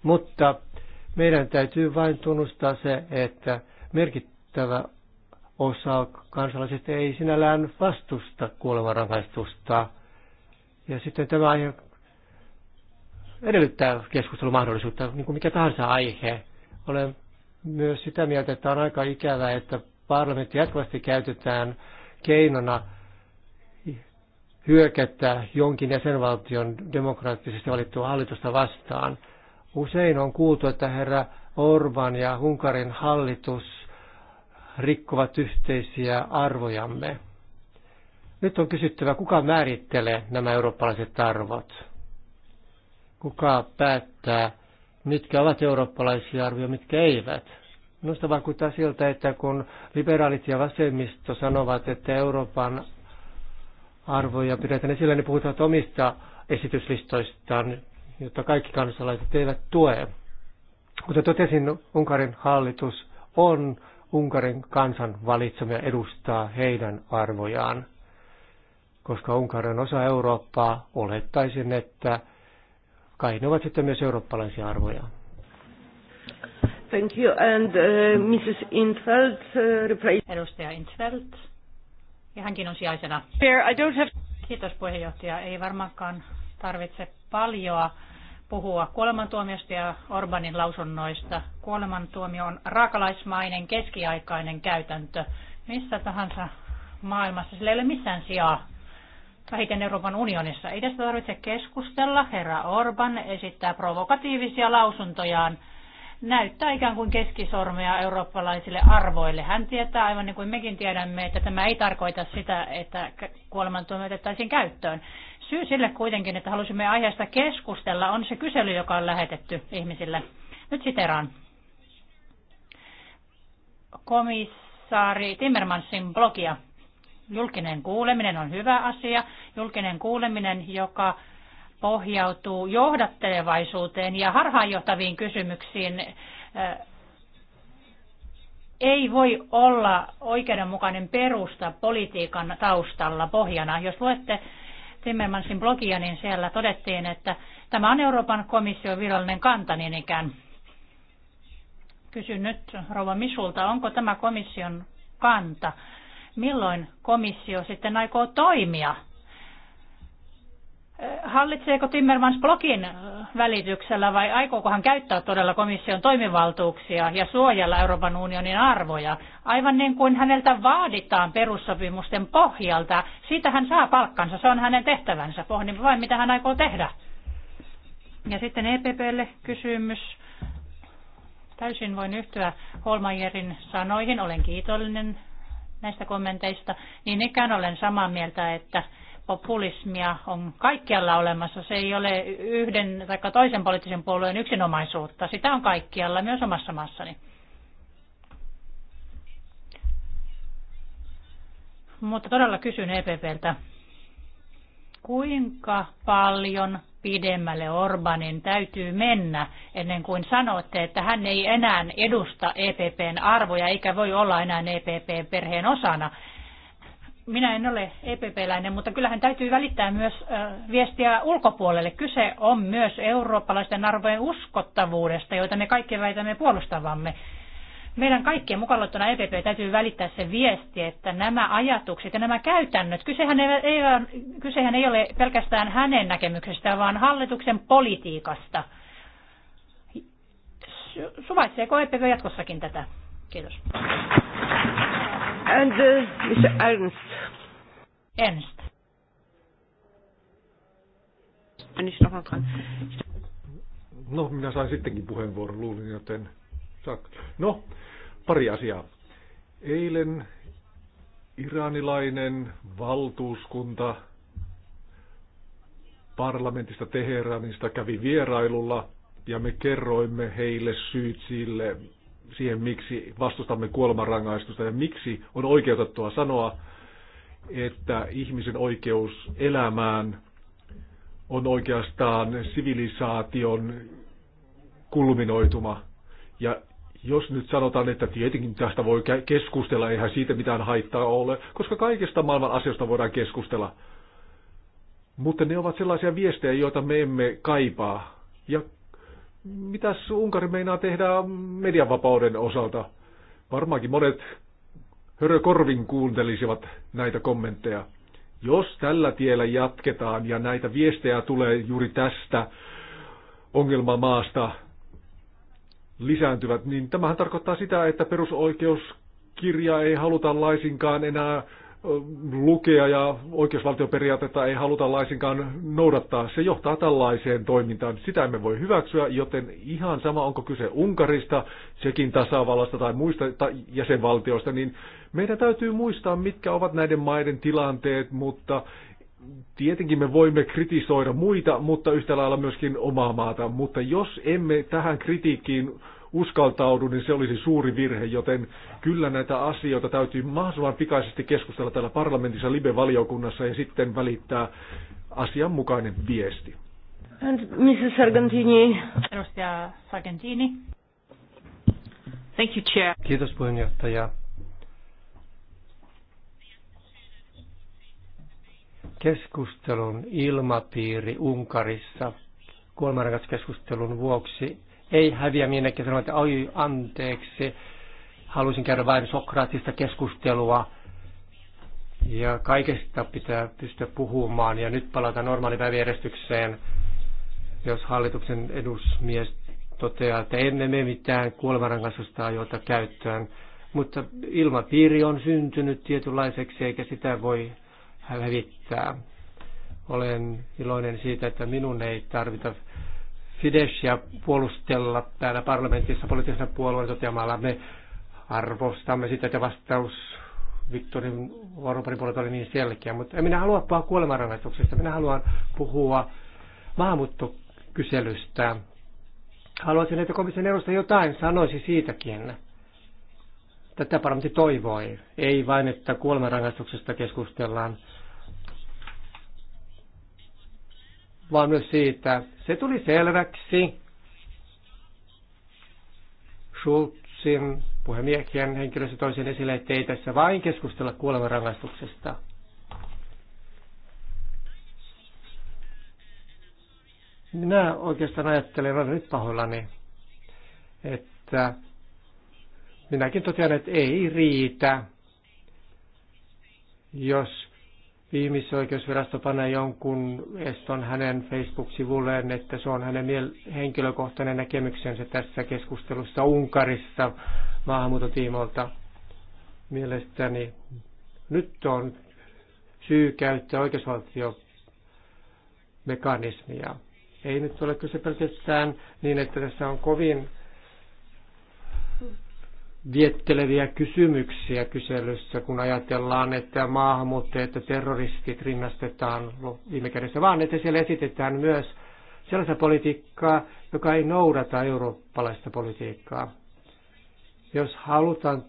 Mutta meidän täytyy vain tunnustaa se, että merkittävä osa kansalaisista ei sinällään vastusta kuolemanrangaistusta. Ja sitten tämä aihe edellyttää keskustelumahdollisuutta, niin kuin mikä tahansa aihe. Olen myös sitä mieltä, että on aika ikävää, että parlamentti jatkuvasti käytetään keinona hyökätä jonkin jäsenvaltion demokraattisesti valittua hallitusta vastaan – Usein on kuultu, että herra Orban ja Unkarin hallitus rikkovat yhteisiä arvojamme. Nyt on kysyttävä, kuka määrittelee nämä eurooppalaiset arvot? Kuka päättää, mitkä ovat eurooppalaisia arvoja, mitkä eivät? Minusta vaikuttaa siltä, että kun liberaalit ja vasemmisto sanovat, että Euroopan arvoja pidetään esillä, niin puhutaan omista esityslistoistaan jota kaikki kansalaiset eivät tue. Kuten totesin, Unkarin hallitus on Unkarin kansan valitsema ja edustaa heidän arvojaan. Koska Unkari on osa Eurooppaa, olettaisin, että kai ne ovat sitten myös eurooppalaisia arvoja. Thank you. And uh, Mrs. Infeld, uh, reply. Edustaja Infeld. Ja hänkin on sijaisena. Chair, I don't have... Kiitos puheenjohtaja. Ei varmaankaan tarvitse paljoa puhua kuolemantuomiosta ja Orbanin lausunnoista. Kuolemantuomio on raakalaismainen keskiaikainen käytäntö missä tahansa maailmassa. Sillä ei ole missään sijaa vähiten Euroopan unionissa. Ei tästä tarvitse keskustella. Herra Orban esittää provokatiivisia lausuntojaan. Näyttää ikään kuin keskisormea eurooppalaisille arvoille. Hän tietää, aivan niin kuin mekin tiedämme, että tämä ei tarkoita sitä, että kuolemantuomio otettaisiin käyttöön. Syy sille kuitenkin, että halusimme aiheesta keskustella, on se kysely, joka on lähetetty ihmisille. Nyt siteraan. Komissaari Timmermansin blogia. Julkinen kuuleminen on hyvä asia. Julkinen kuuleminen, joka pohjautuu johdattelevaisuuteen ja harhaanjohtaviin kysymyksiin, eh, ei voi olla oikeudenmukainen perusta politiikan taustalla pohjana. Jos luette Timmermansin blogia, niin siellä todettiin, että tämä on Euroopan komission virallinen kanta niin ikään. Kysyn nyt Rova Misulta, onko tämä komission kanta? Milloin komissio sitten aikoo toimia Hallitseeko Timmermans blogin äh, välityksellä vai aikooko hän käyttää todella komission toimivaltuuksia ja suojella Euroopan unionin arvoja? Aivan niin kuin häneltä vaaditaan perussopimusten pohjalta, siitä hän saa palkkansa, se on hänen tehtävänsä. Pohdin vai mitä hän aikoo tehdä. Ja sitten EPPlle kysymys. Täysin voin yhtyä Holmajerin sanoihin, olen kiitollinen näistä kommenteista. Niin ikään olen samaa mieltä, että populismia on kaikkialla olemassa. Se ei ole yhden tai toisen poliittisen puolueen yksinomaisuutta. Sitä on kaikkialla, myös omassa maassani. Mutta todella kysyn EPPltä, kuinka paljon pidemmälle Orbanin täytyy mennä ennen kuin sanotte, että hän ei enää edusta EPPn arvoja eikä voi olla enää EPP:n perheen osana minä en ole EPP-läinen, mutta kyllähän täytyy välittää myös viestiä ulkopuolelle. Kyse on myös eurooppalaisten arvojen uskottavuudesta, joita me kaikki väitämme puolustavamme. Meidän kaikkien mukaan EPP e täytyy välittää se viesti, että nämä ajatukset ja nämä käytännöt, kysehän ei, ei, kysehän ei ole pelkästään hänen näkemyksestään, vaan hallituksen politiikasta. Suvaitseeko EPP jatkossakin tätä? Kiitos. And uh, Mr. Ernst. Ernst. Bin ich noch mal dran? No, minä sain sittenkin puheenvuoron, luulin, joten... No, pari asiaa. Eilen iranilainen valtuuskunta parlamentista Teheranista kävi vierailulla ja me kerroimme heille syyt sille, siihen, miksi vastustamme kuolemanrangaistusta ja miksi on oikeutettua sanoa, että ihmisen oikeus elämään on oikeastaan sivilisaation kulminoituma. Ja jos nyt sanotaan, että tietenkin tästä voi keskustella, eihän siitä mitään haittaa ole, koska kaikista maailman asioista voidaan keskustella. Mutta ne ovat sellaisia viestejä, joita me emme kaipaa. Ja mitäs Unkari meinaa tehdä medianvapauden osalta? Varmaankin monet hörökorvin kuuntelisivat näitä kommentteja. Jos tällä tiellä jatketaan ja näitä viestejä tulee juuri tästä ongelmamaasta lisääntyvät, niin tämähän tarkoittaa sitä, että perusoikeuskirja ei haluta laisinkaan enää lukea ja oikeusvaltioperiaatetta ei haluta laisinkaan noudattaa. Se johtaa tällaiseen toimintaan. Sitä emme voi hyväksyä, joten ihan sama onko kyse Unkarista, sekin tasavallasta tai muista jäsenvaltioista, niin meidän täytyy muistaa, mitkä ovat näiden maiden tilanteet, mutta tietenkin me voimme kritisoida muita, mutta yhtä lailla myöskin omaa maata. Mutta jos emme tähän kritiikkiin uskaltaudu, niin se olisi suuri virhe, joten kyllä näitä asioita täytyy mahdollisimman pikaisesti keskustella täällä parlamentissa Libe-valiokunnassa ja sitten välittää asianmukainen viesti. And Mrs. Sargentini. Edustaja Sargentini. Thank you, Chair. Kiitos puheenjohtaja. Keskustelun ilmapiiri Unkarissa kolmannen keskustelun vuoksi ei häviä minnekin sanoa, että oi anteeksi, halusin käydä vain sokraattista keskustelua. Ja kaikesta pitää pystyä puhumaan ja nyt palata päiväjärjestykseen, jos hallituksen edusmies toteaa, että emme me mitään kuolemanrangaistusta ajoita käyttöön, mutta ilmapiiri on syntynyt tietynlaiseksi eikä sitä voi hävittää. Olen iloinen siitä, että minun ei tarvita Fideshia puolustella täällä parlamentissa poliittisena puolueen toteamalla, me arvostamme sitä, että vastaus Viktorin Orbanin puolelta oli niin selkeä. Mutta en minä halua puhua kuolemanrangaistuksesta, minä haluan puhua maahanmuuttokyselystä. Haluaisin, että komission edustaja jotain sanoisi siitäkin. Tätä parlamentti toivoi. Ei vain, että kuolemanrangaistuksesta keskustellaan vaan myös siitä. Se tuli selväksi Schulzin puhemiehen henkilössä toisen esille, että ei tässä vain keskustella kuolemanrangaistuksesta. Minä oikeastaan ajattelen, olen nyt pahoillani, että minäkin totean, että ei riitä, jos ihmisoikeusvirasto panee jonkun eston hänen Facebook-sivulleen, että se on hänen henkilökohtainen näkemyksensä tässä keskustelussa Unkarissa maahanmuutotiimolta. Mielestäni nyt on syy käyttää oikeusvaltiomekanismia. Ei nyt ole kyse pelkästään niin, että tässä on kovin vietteleviä kysymyksiä kyselyssä, kun ajatellaan, että maahanmuuttajat että terroristit rinnastetaan viime kädessä, vaan että siellä esitetään myös sellaista politiikkaa, joka ei noudata eurooppalaista politiikkaa. Jos halutaan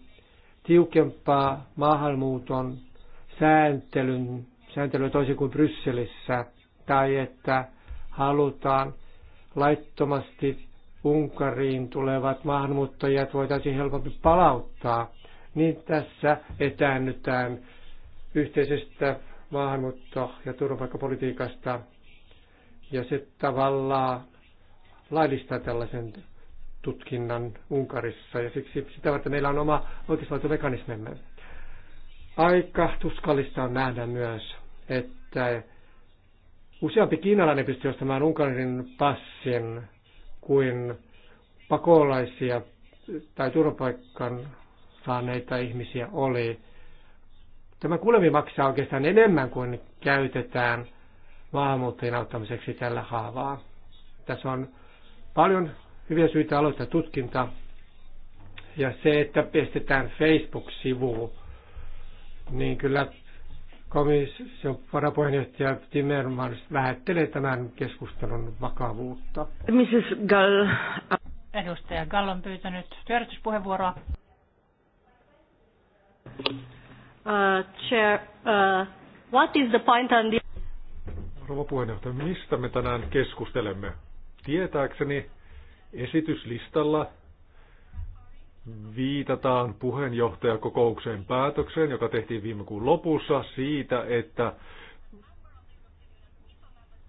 tiukempaa maahanmuuton sääntelyn, sääntelyä toisin kuin Brysselissä, tai että halutaan laittomasti Unkariin tulevat maahanmuuttajat voitaisiin helpompi palauttaa, niin tässä etäännytään yhteisestä maahanmuutto- ja turvapaikkapolitiikasta. Ja se tavallaan laillistaa tällaisen tutkinnan Unkarissa ja siksi sitä varten meillä on oma oikeusvaltiomekanismimme. Aika tuskallista on nähdä myös, että useampi kiinalainen pystyy ostamaan Unkarin passin kuin pakolaisia tai turvapaikan saaneita ihmisiä oli. Tämä kulemi maksaa oikeastaan enemmän kuin käytetään maahanmuuttajien auttamiseksi tällä haavaa. Tässä on paljon hyviä syitä aloittaa tutkinta ja se, että pestetään Facebook-sivu, niin kyllä komission varapuheenjohtaja Timmermans vähättelee tämän keskustelun vakavuutta. Mrs. Gall. Edustaja Gall on pyytänyt työjärjestyspuheenvuoroa. Uh, chair, uh, what is the point on the... Rouva puheenjohtaja, mistä me tänään keskustelemme? Tietääkseni esityslistalla viitataan puheenjohtajakokoukseen päätökseen, joka tehtiin viime kuun lopussa siitä, että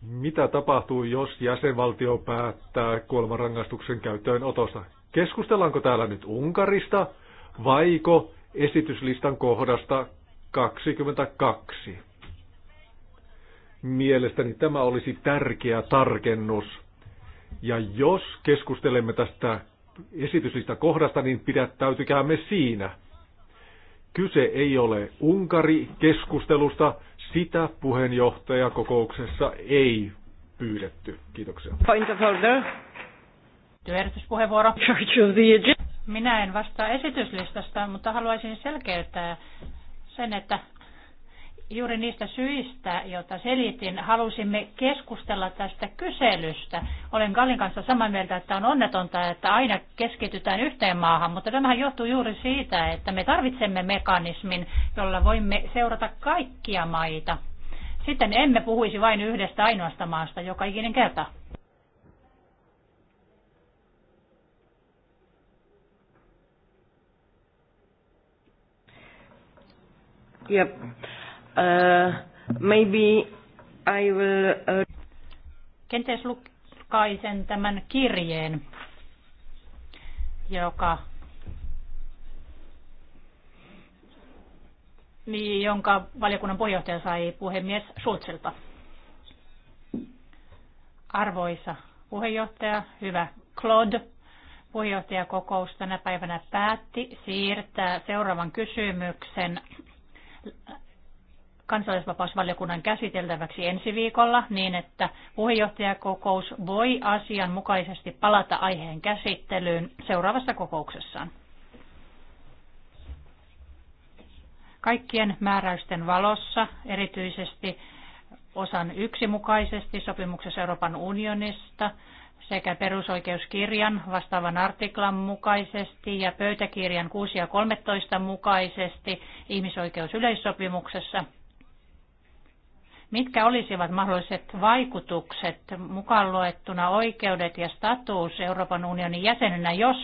mitä tapahtuu, jos jäsenvaltio päättää kuolemanrangaistuksen otosta? Keskustellaanko täällä nyt Unkarista vaiko esityslistan kohdasta 22? Mielestäni tämä olisi tärkeä tarkennus. Ja jos keskustelemme tästä esityslista kohdasta, niin pidättäytykäämme siinä. Kyse ei ole Unkari-keskustelusta, sitä puheenjohtajakokouksessa ei pyydetty. Kiitoksia. Point of order. Työjärjestyspuheenvuoro. Minä en vastaa esityslistasta, mutta haluaisin selkeyttää sen, että juuri niistä syistä, joita selitin, halusimme keskustella tästä kyselystä. Olen Kallin kanssa samaa mieltä, että on onnetonta, että aina keskitytään yhteen maahan, mutta tämähän johtuu juuri siitä, että me tarvitsemme mekanismin, jolla voimme seurata kaikkia maita. Sitten emme puhuisi vain yhdestä ainoasta maasta joka ikinen kerta. Yep. Uh, maybe I will... Uh... Kenties lukaisen tämän kirjeen, joka niin, jonka valiokunnan puheenjohtaja sai puhemies Schulzilta. Arvoisa puheenjohtaja, hyvä Claude, puheenjohtajakokous tänä päivänä päätti siirtää seuraavan kysymyksen kansalaisvapausvaliokunnan käsiteltäväksi ensi viikolla niin, että puheenjohtajakokous voi asianmukaisesti palata aiheen käsittelyyn seuraavassa kokouksessaan. Kaikkien määräysten valossa, erityisesti osan yksimukaisesti sopimuksessa Euroopan unionista sekä perusoikeuskirjan vastaavan artiklan mukaisesti ja pöytäkirjan 6 ja 13 mukaisesti ihmisoikeusyleissopimuksessa Mitkä olisivat mahdolliset vaikutukset mukaan luettuna oikeudet ja status Euroopan unionin jäsenenä, jos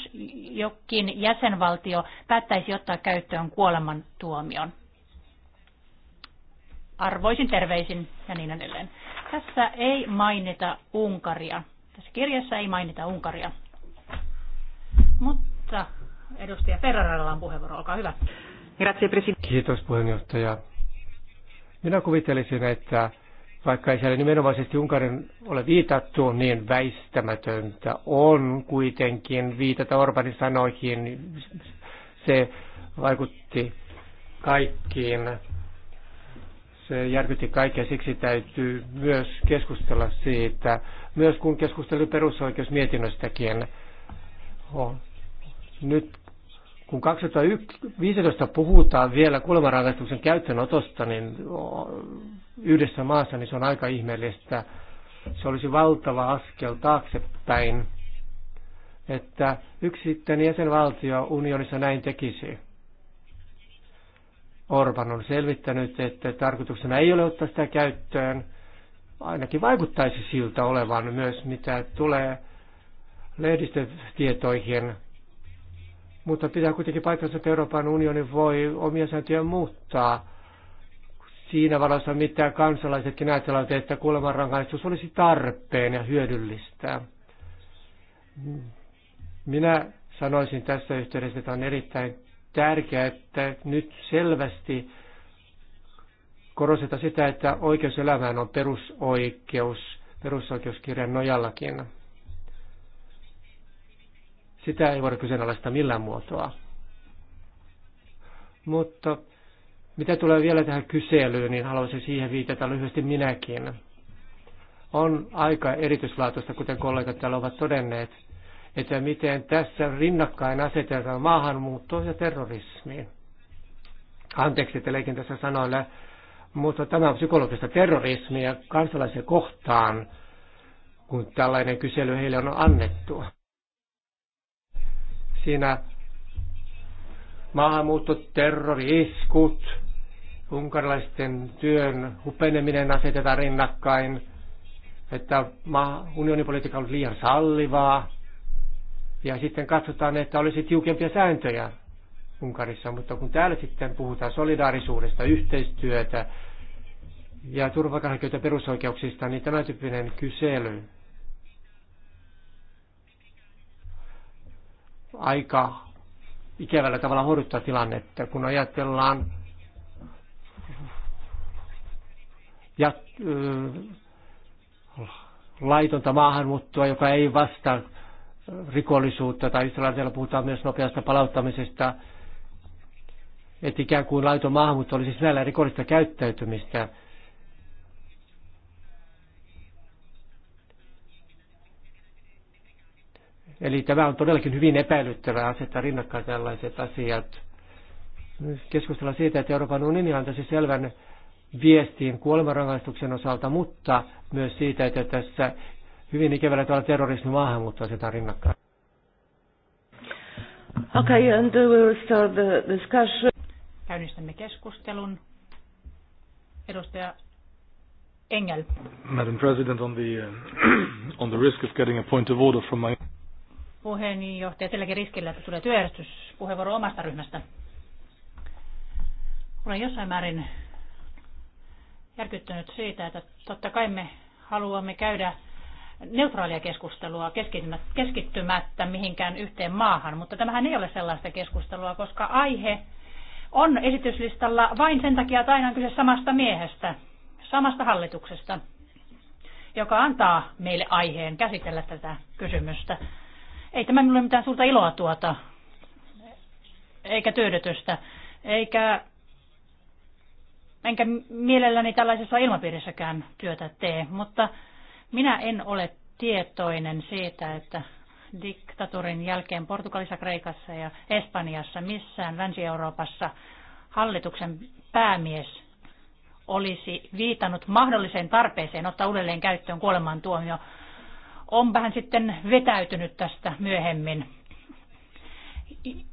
jokin jäsenvaltio päättäisi ottaa käyttöön kuolemantuomion? Arvoisin terveisin ja niin edelleen. Tässä ei mainita Unkaria. Tässä kirjassa ei mainita Unkaria. Mutta edustaja Ferraralla on puheenvuoro, olkaa hyvä. Kiitos puheenjohtaja. Minä kuvittelisin, että vaikka ei siellä nimenomaisesti Unkarin ole viitattu, niin väistämätöntä on kuitenkin viitata Orbanin sanoihin. Se vaikutti kaikkiin. Se järkytti kaikkia, siksi täytyy myös keskustella siitä. Myös kun keskustelin perusoikeusmietinnöstäkin, on. nyt kun 2015 puhutaan vielä kuolemanrangaistuksen käyttöönotosta, niin yhdessä maassa niin se on aika ihmeellistä. Se olisi valtava askel taaksepäin, että yksittäinen jäsenvaltio unionissa näin tekisi. Orban on selvittänyt, että tarkoituksena ei ole ottaa sitä käyttöön. Ainakin vaikuttaisi siltä olevan myös, mitä tulee lehdistötietoihin mutta pitää kuitenkin paikkansa, että Euroopan unioni voi omia sääntöjä muuttaa siinä valossa, mitä kansalaisetkin ajattelevat, että kuolemanrangaistus olisi tarpeen ja hyödyllistä. Minä sanoisin tässä yhteydessä, että on erittäin tärkeää, että nyt selvästi korosteta sitä, että oikeus elämään on perusoikeus, perusoikeuskirjan nojallakin. Sitä ei voida kyseenalaista millään muotoa. Mutta mitä tulee vielä tähän kyselyyn, niin haluaisin siihen viitata lyhyesti minäkin. On aika erityislaatuista, kuten kollegat täällä ovat todenneet, että miten tässä rinnakkain asetetaan maahanmuutto ja terrorismi. Anteeksi, että leikin tässä sanoilla, mutta tämä on psykologista terrorismia kansalaisia kohtaan, kun tällainen kysely heille on annettu. Siinä maahanmuutot, terrori-iskut, unkarilaisten työn hupeneminen asetetaan rinnakkain, että unionipolitiikka on liian sallivaa. Ja sitten katsotaan, että olisi tiukempia sääntöjä Unkarissa, mutta kun täällä sitten puhutaan solidaarisuudesta, yhteistyötä ja turvapaikanhakijoita perusoikeuksista, niin tämä tyyppinen kysely aika ikävällä tavalla horjuttaa tilannetta, kun ajatellaan ja, äh, laitonta maahanmuuttoa, joka ei vastaa rikollisuutta, tai Israelilla puhutaan myös nopeasta palauttamisesta, että ikään kuin laiton maahanmuutto olisi sinällään rikollista käyttäytymistä, Eli tämä on todellakin hyvin epäilyttävää asettaa rinnakkain tällaiset asiat. Keskustellaan siitä, että Euroopan unioni antaisi selvän viestiin kuolemanrangaistuksen osalta, mutta myös siitä, että tässä hyvin ikävällä tavalla terrorismi maahanmuutto asetetaan rinnakkain. Okay, and we will start the discussion. Käynnistämme keskustelun. Edustaja Engel. Madam President, on the, uh, on the risk of getting a point of order from my puheenjohtaja silläkin riskillä, että tulee työjärjestyspuheenvuoro omasta ryhmästä. Olen jossain määrin järkyttynyt siitä, että totta kai me haluamme käydä neutraalia keskustelua keskittymättä mihinkään yhteen maahan, mutta tämähän ei ole sellaista keskustelua, koska aihe on esityslistalla vain sen takia, että aina on kyse samasta miehestä, samasta hallituksesta, joka antaa meille aiheen käsitellä tätä kysymystä. Ei tämä minulle mitään suurta iloa tuota, eikä tyydytystä, eikä enkä mielelläni tällaisessa ilmapiirissäkään työtä tee, mutta minä en ole tietoinen siitä, että diktatuurin jälkeen Portugalissa, Kreikassa ja Espanjassa, missään Länsi-Euroopassa hallituksen päämies olisi viitannut mahdolliseen tarpeeseen ottaa uudelleen käyttöön kuolemantuomio on vähän sitten vetäytynyt tästä myöhemmin.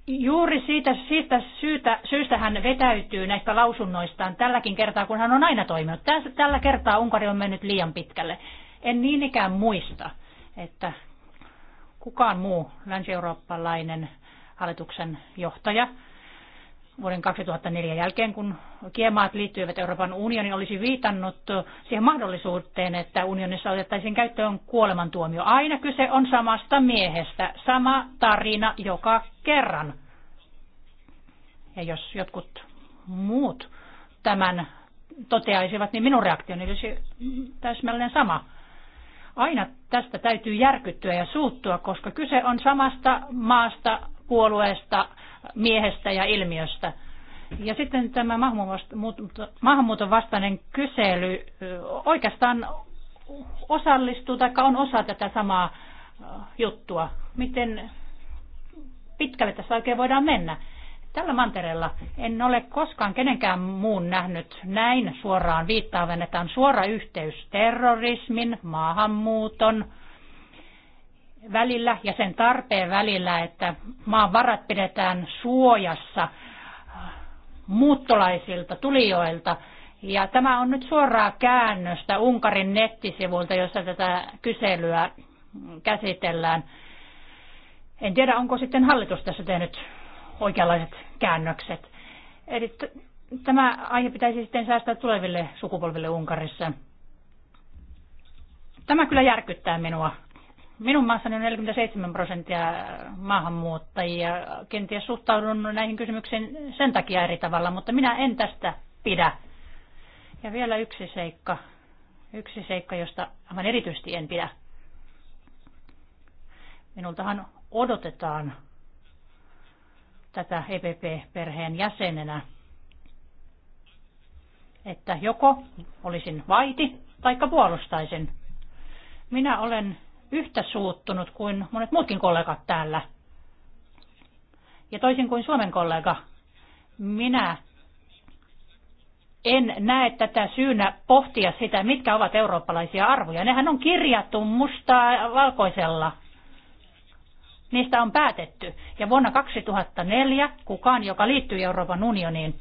Juuri siitä, siitä syytä, syystä hän vetäytyy näistä lausunnoistaan tälläkin kertaa, kun hän on aina toiminut. Tässä, tällä kertaa Unkari on mennyt liian pitkälle. En niin ikään muista, että kukaan muu länsi-eurooppalainen hallituksen johtaja vuoden 2004 jälkeen, kun kiemaat liittyivät Euroopan unionin, olisi viitannut siihen mahdollisuuteen, että unionissa otettaisiin käyttöön kuolemantuomio. Aina kyse on samasta miehestä, sama tarina joka kerran. Ja jos jotkut muut tämän toteaisivat, niin minun reaktioni olisi täsmälleen sama. Aina tästä täytyy järkyttyä ja suuttua, koska kyse on samasta maasta, puolueesta, miehestä ja ilmiöstä. Ja sitten tämä maahanmuuton vastainen kysely oikeastaan osallistuu tai on osa tätä samaa juttua. Miten pitkälle tässä oikein voidaan mennä? Tällä mantereella en ole koskaan kenenkään muun nähnyt näin suoraan viittaavan, että on suora yhteys terrorismin, maahanmuuton, välillä ja sen tarpeen välillä, että maan varat pidetään suojassa äh, muuttolaisilta, tulijoilta. Ja tämä on nyt suoraa käännöstä Unkarin nettisivulta, jossa tätä kyselyä käsitellään. En tiedä, onko sitten hallitus tässä tehnyt oikeanlaiset käännökset. Eli tämä aihe pitäisi sitten säästää tuleville sukupolville Unkarissa. Tämä kyllä järkyttää minua. Minun maassani on 47 prosenttia maahanmuuttajia. Kenties suhtaudun näihin kysymyksiin sen takia eri tavalla, mutta minä en tästä pidä. Ja vielä yksi seikka, yksi seikka josta aivan erityisesti en pidä. Minultahan odotetaan tätä EPP-perheen jäsenenä, että joko olisin vaiti tai puolustaisin. Minä olen yhtä suuttunut kuin monet muutkin kollegat täällä. Ja toisin kuin Suomen kollega, minä en näe tätä syynä pohtia sitä, mitkä ovat eurooppalaisia arvoja. Nehän on kirjattu mustaa valkoisella. Niistä on päätetty. Ja vuonna 2004 kukaan, joka liittyy Euroopan unioniin,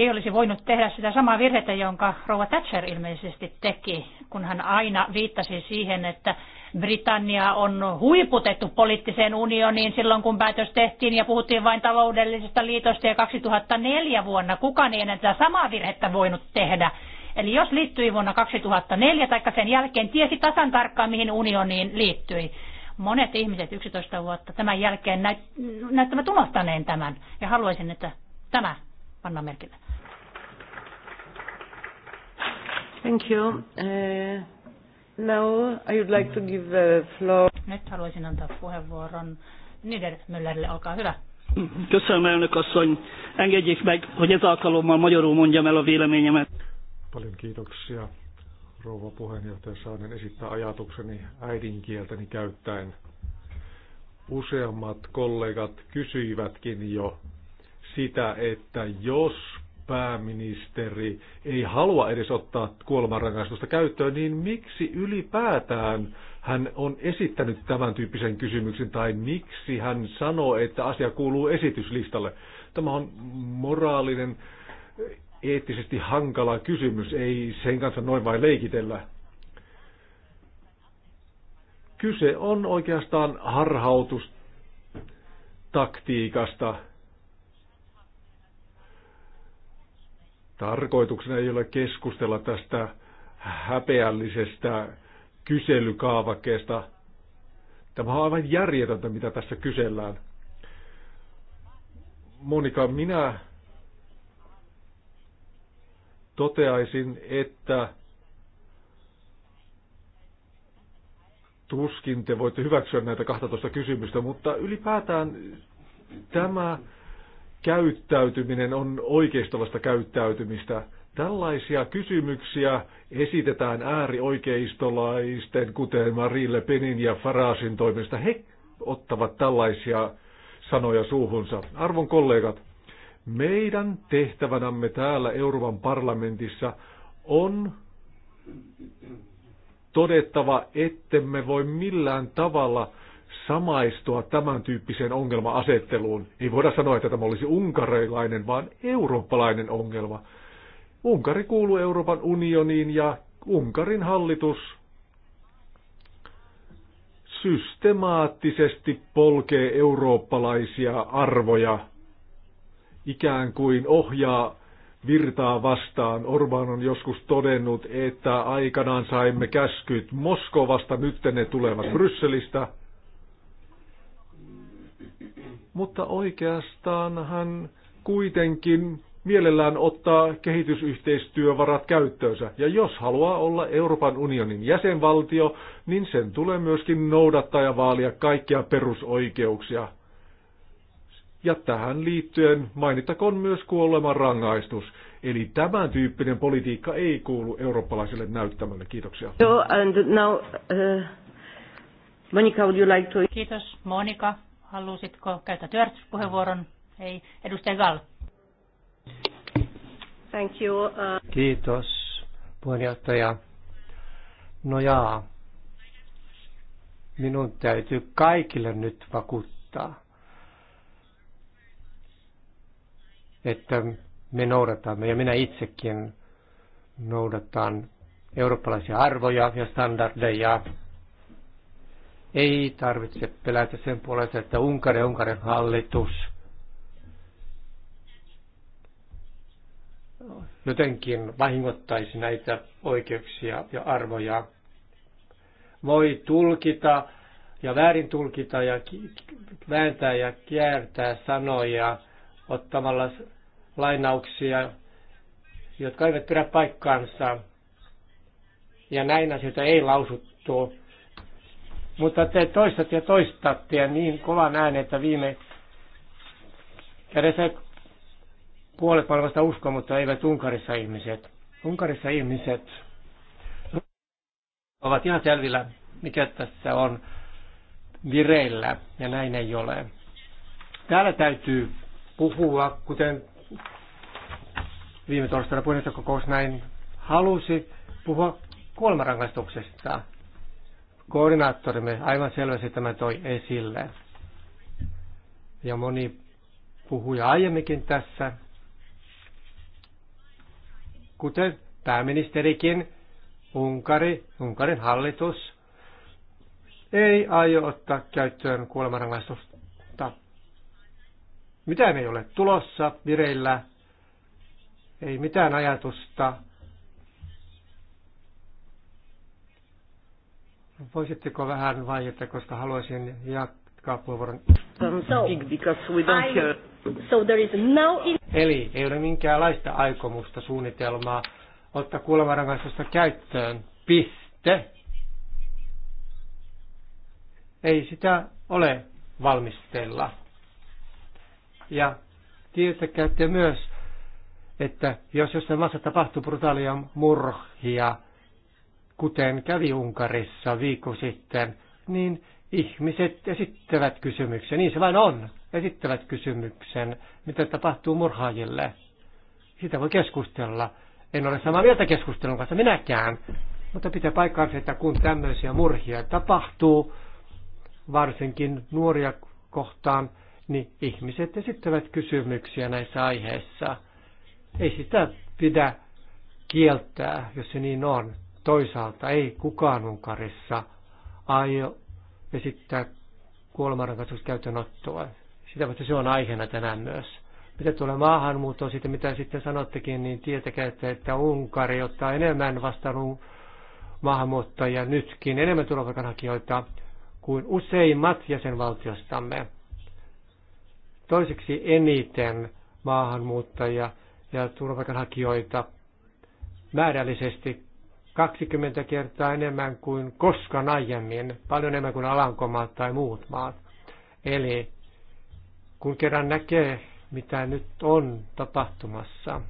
ei olisi voinut tehdä sitä samaa virhettä, jonka Rova Thatcher ilmeisesti teki, kun hän aina viittasi siihen, että Britannia on huiputettu poliittiseen unioniin silloin, kun päätös tehtiin ja puhuttiin vain taloudellisesta liitosta ja 2004 vuonna. Kukaan ei enää tätä samaa virhettä voinut tehdä. Eli jos liittyi vuonna 2004 tai sen jälkeen, tiesi tasan tarkkaan, mihin unioniin liittyi. Monet ihmiset 11 vuotta tämän jälkeen näyttävät unohtaneen tämän ja haluaisin, että tämä panna merkille. Thank you. Uh, now I would like to give the floor. Nyt haluaisin antaa puheenvuoron Niedermüllerille, olkaa hyvä. Köszönöm, elnök asszony. Engedjék meg, hogy ez alkalommal magyarul mondjam el a véleményemet. Paljon kiitoksia, rouva puheenjohtaja Saanen esittää ajatukseni äidinkieltäni käyttäen. Useammat kollegat kysyivätkin jo sitä, että jos pääministeri ei halua edes ottaa kuolemanrangaistusta käyttöön, niin miksi ylipäätään hän on esittänyt tämän tyyppisen kysymyksen tai miksi hän sanoo, että asia kuuluu esityslistalle? Tämä on moraalinen, eettisesti hankala kysymys, ei sen kanssa noin vain leikitellä. Kyse on oikeastaan harhautustaktiikasta. taktiikasta Tarkoituksena ei ole keskustella tästä häpeällisestä kyselykaavakkeesta. Tämä on aivan järjetöntä, mitä tässä kysellään. Monika, minä toteaisin, että tuskin te voitte hyväksyä näitä 12 kysymystä, mutta ylipäätään tämä käyttäytyminen on oikeistolasta käyttäytymistä. Tällaisia kysymyksiä esitetään äärioikeistolaisten, kuten Marille Penin ja Farasin toimesta. He ottavat tällaisia sanoja suuhunsa. Arvon kollegat, meidän tehtävänämme täällä Euroopan parlamentissa on todettava, ettemme voi millään tavalla samaistua tämän tyyppiseen ongelma-asetteluun. Ei voida sanoa, että tämä olisi unkarilainen, vaan eurooppalainen ongelma. Unkari kuuluu Euroopan unioniin ja Unkarin hallitus systemaattisesti polkee eurooppalaisia arvoja, ikään kuin ohjaa virtaa vastaan. Orban on joskus todennut, että aikanaan saimme käskyt Moskovasta, nyt ne tulevat Brysselistä – mutta oikeastaan hän kuitenkin mielellään ottaa kehitysyhteistyövarat käyttöönsä. Ja jos haluaa olla Euroopan unionin jäsenvaltio, niin sen tulee myöskin noudattaa ja vaalia kaikkia perusoikeuksia. Ja tähän liittyen mainittakoon myös kuoleman rangaistus. Eli tämän tyyppinen politiikka ei kuulu eurooppalaiselle näyttämölle. Kiitoksia. So, and now, uh, Monica, would you like to... Kiitos, Monika. Haluaisitko käyttää työjärjestyspuheenvuoron? Ei. Edustaja Gall. Thank you. Uh... Kiitos, puheenjohtaja. No jaa, minun täytyy kaikille nyt vakuuttaa, että me noudatamme ja minä itsekin noudatan eurooppalaisia arvoja ja standardeja ei tarvitse pelätä sen puolesta, että Unkari ja Unkarin hallitus jotenkin vahingoittaisi näitä oikeuksia ja arvoja. Voi tulkita ja väärin tulkita ja vääntää ja kiertää sanoja ottamalla lainauksia, jotka eivät pidä paikkaansa. Ja näin asioita ei lausuttu mutta te toistat ja toistatte ja niin kova näen, että viime kädessä puolet maailmasta usko, mutta eivät Unkarissa ihmiset. Unkarissa ihmiset ovat ihan selvillä, mikä tässä on vireillä, ja näin ei ole. Täällä täytyy puhua, kuten viime torstaina puheenjohtajakokous näin halusi, puhua kuolemanrangaistuksesta. Koordinaattorimme aivan selvästi tämän toi esille. Ja moni puhui aiemminkin tässä, kuten pääministerikin, Unkari, Unkarin hallitus ei aio ottaa käyttöön kuolemanrangaistusta. Mitään ei ole tulossa vireillä, ei mitään ajatusta Voisitteko vähän vaieta, koska haluaisin jatkaa puheenvuoron. Um, no Eli ei ole minkäänlaista aikomusta suunnitelmaa ottaa kanssa käyttöön. Piste. Ei sitä ole valmistella. Ja tietäkäätte myös, että jos jossain maassa tapahtuu brutaalia murhia, kuten kävi Unkarissa viikko sitten, niin ihmiset esittävät kysymyksen, niin se vain on, esittävät kysymyksen, mitä tapahtuu murhaajille. Sitä voi keskustella. En ole samaa mieltä keskustelun kanssa minäkään, mutta pitää paikkaansa, että kun tämmöisiä murhia tapahtuu, varsinkin nuoria kohtaan, niin ihmiset esittävät kysymyksiä näissä aiheissa. Ei sitä pidä kieltää, jos se niin on. Toisaalta ei kukaan Unkarissa aio esittää kuolemanrangaistuskäytönottoa. Sitä vasta se on aiheena tänään myös. Mitä tulee maahanmuuttoon, siitä mitä sitten sanottekin, niin tietäkää, että, että Unkari ottaa enemmän vastaan maahanmuuttajia nytkin, enemmän turvapaikanhakijoita kuin useimmat jäsenvaltiostamme. Toiseksi eniten maahanmuuttajia ja turvapaikanhakijoita määrällisesti 20 kertaa enemmän kuin koskaan aiemmin, paljon enemmän kuin Alankomaat tai muut maat. Eli kun kerran näkee, mitä nyt on tapahtumassa,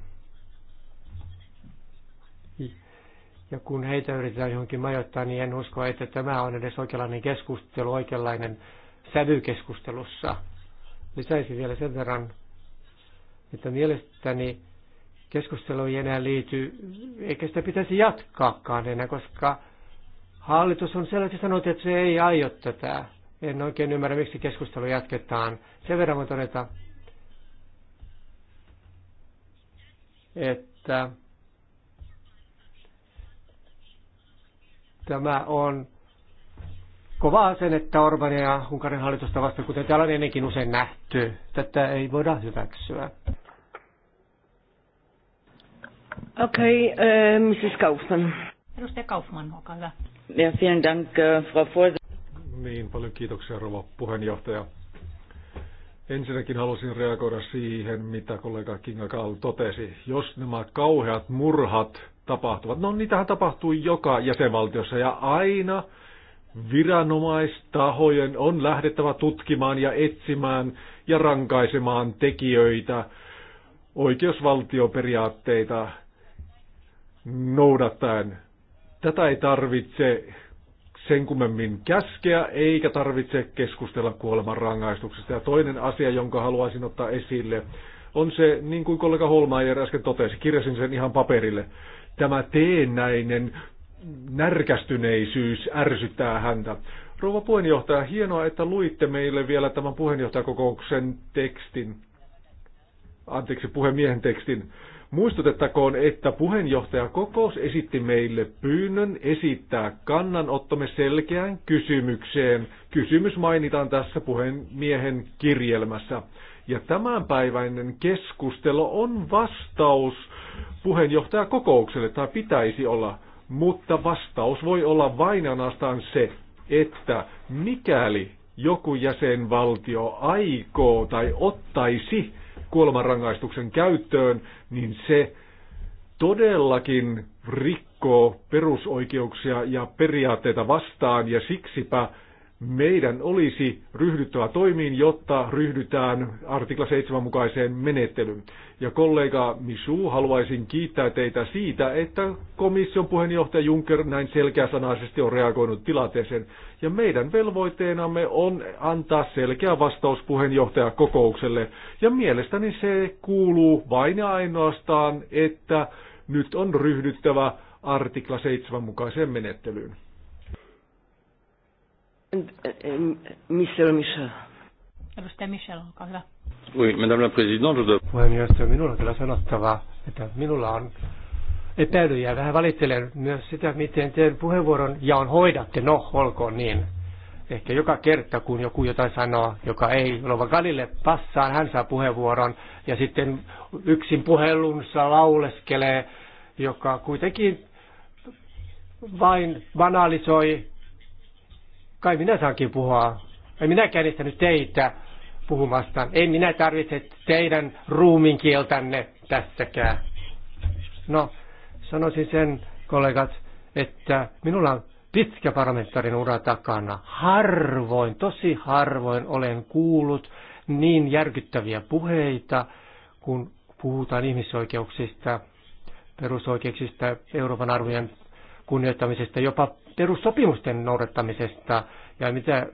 ja kun heitä yritetään johonkin majoittaa, niin en usko, että tämä on edes oikeanlainen keskustelu, oikeanlainen sävy keskustelussa. Lisäisin vielä sen verran, että mielestäni keskustelu ei enää liity, eikä sitä pitäisi jatkaakaan enää, koska hallitus on selvästi sanonut, että se ei aio tätä. En oikein ymmärrä, miksi keskustelu jatketaan. Sen verran voin todeta, että tämä on kova että Orbania ja Unkarin hallitusta vastaan, kuten täällä on ennenkin usein nähty. Tätä ei voida hyväksyä. Okei, okay, äh, eh, Mrs. Kaufmann. Edustaja Kaufmann, olkaa hyvä. Ja vielen dank, eh, Frau Vorsitz. Niin, paljon kiitoksia, rouva puheenjohtaja. Ensinnäkin halusin reagoida siihen, mitä kollega Kinga Kaal totesi. Jos nämä kauheat murhat tapahtuvat, no niitähän tapahtuu joka jäsenvaltiossa ja aina viranomaistahojen on lähdettävä tutkimaan ja etsimään ja rankaisemaan tekijöitä, oikeusvaltioperiaatteita noudattaen. Tätä ei tarvitse sen kummemmin käskeä, eikä tarvitse keskustella kuoleman rangaistuksesta. Ja toinen asia, jonka haluaisin ottaa esille, on se, niin kuin kollega Holmaier äsken totesi, kirjasin sen ihan paperille, tämä teennäinen närkästyneisyys ärsyttää häntä. Rouva puheenjohtaja, hienoa, että luitte meille vielä tämän puheenjohtajakokouksen tekstin, anteeksi, puhemiehen tekstin. Muistutettakoon, että kokous esitti meille pyynnön esittää kannanottomme selkeään kysymykseen. Kysymys mainitaan tässä puhemiehen kirjelmässä. Ja tämänpäiväinen keskustelu on vastaus kokoukselle, tai pitäisi olla, mutta vastaus voi olla vain ainoastaan se, että mikäli joku jäsenvaltio aikoo tai ottaisi kuolemanrangaistuksen käyttöön, niin se todellakin rikkoo perusoikeuksia ja periaatteita vastaan ja siksipä meidän olisi ryhdyttävä toimiin, jotta ryhdytään artikla 7 mukaiseen menettelyyn. Ja kollega Misu haluaisin kiittää teitä siitä, että komission puheenjohtaja Juncker näin selkeäsanaisesti on reagoinut tilanteeseen. Ja meidän velvoitteenamme on antaa selkeä vastaus puheenjohtajakokoukselle. Ja mielestäni se kuuluu vain ja ainoastaan, että nyt on ryhdyttävä artikla 7 mukaiseen menettelyyn. Mr. Michel. Edustaja Michel, olkaa hyvä. Oui, madame la présidente, je dois... minulla on kyllä sanottava, että minulla on epäilyjä vähän valittelen myös sitä, miten teidän puheenvuoron on hoidatte. No, olkoon niin. Ehkä joka kerta, kun joku jotain sanoo, joka ei ole Galille passaan, hän saa puheenvuoron ja sitten yksin puhelunsa lauleskelee, joka kuitenkin vain banalisoi Kai minä saankin puhua. En minäkään estänyt teitä puhumasta. Ei minä tarvitse teidän ruumin kieltänne tässäkään. No, sanoisin sen, kollegat, että minulla on pitkä parlamentaarinen ura takana. Harvoin, tosi harvoin olen kuullut niin järkyttäviä puheita, kun puhutaan ihmisoikeuksista, perusoikeuksista, Euroopan arvojen kunnioittamisesta, jopa perussopimusten noudattamisesta. Ja mitä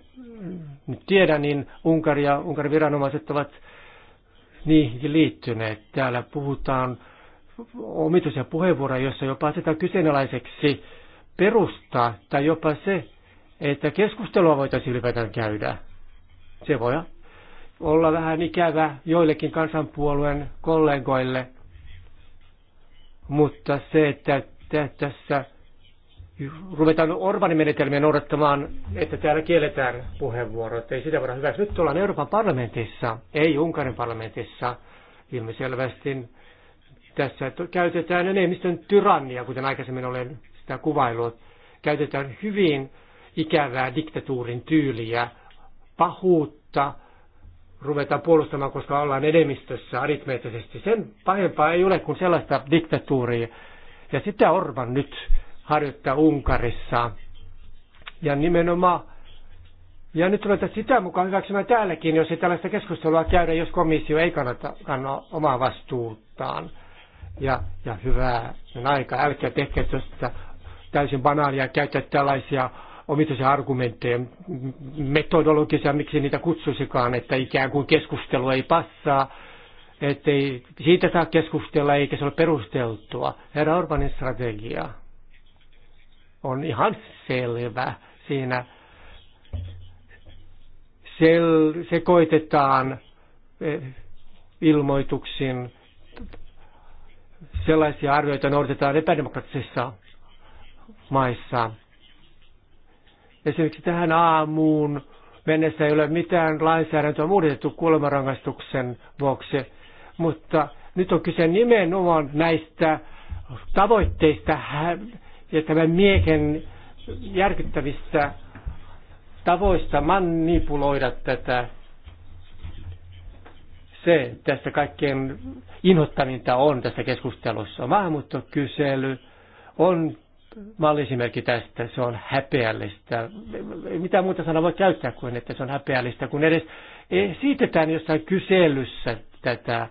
nyt tiedän, niin Unkari ja Unkarin viranomaiset ovat niihin liittyneet. Täällä puhutaan omituisia puheenvuoroja, joissa jopa asetetaan kyseenalaiseksi perusta tai jopa se, että keskustelua voitaisiin ylipäätään käydä. Se voi olla vähän ikävä joillekin kansanpuolueen kollegoille, mutta se, että tässä ruvetaan Orbanin menetelmiä noudattamaan, että täällä kielletään puheenvuorot. Ei sitä voida hyväksyä. Nyt ollaan Euroopan parlamentissa, ei Unkarin parlamentissa ilmiselvästi. Tässä käytetään enemmistön tyrannia, kuten aikaisemmin olen sitä kuvailut. Käytetään hyvin ikävää diktatuurin tyyliä, pahuutta, ruvetaan puolustamaan, koska ollaan enemmistössä aritmeettisesti. Sen pahempaa ei ole kuin sellaista diktatuuria. Ja sitä Orban nyt harjoittaa Unkarissa. Ja nimenomaan, ja nyt ruvetaan sitä mukaan hyväksymään täälläkin, jos ei tällaista keskustelua käydä, jos komissio ei kannata, kannata omaa vastuuttaan. Ja, ja hyvää sen aikaa, älkää tehkää tuosta täysin banaalia käyttää tällaisia omituisia argumentteja, metodologisia, miksi niitä kutsuisikaan, että ikään kuin keskustelu ei passaa, ei siitä saa keskustella eikä se ole perusteltua. Herra Orbanin strategiaa on ihan selvä. Siinä sel- koitetaan eh, ilmoituksin sellaisia arvioita noudatetaan epädemokraattisissa maissa. Esimerkiksi tähän aamuun mennessä ei ole mitään lainsäädäntöä muutettu kuolemanrangaistuksen vuoksi, mutta nyt on kyse nimenomaan näistä tavoitteista ja tämän miehen järkyttävistä tavoista manipuloida tätä. Se tässä kaikkein inhottavinta on tässä keskustelussa. Maahanmuuttokysely on malliesimerkki tästä, se on häpeällistä. Mitä muuta sanaa voi käyttää kuin, että se on häpeällistä, kun edes esitetään jossain kyselyssä tätä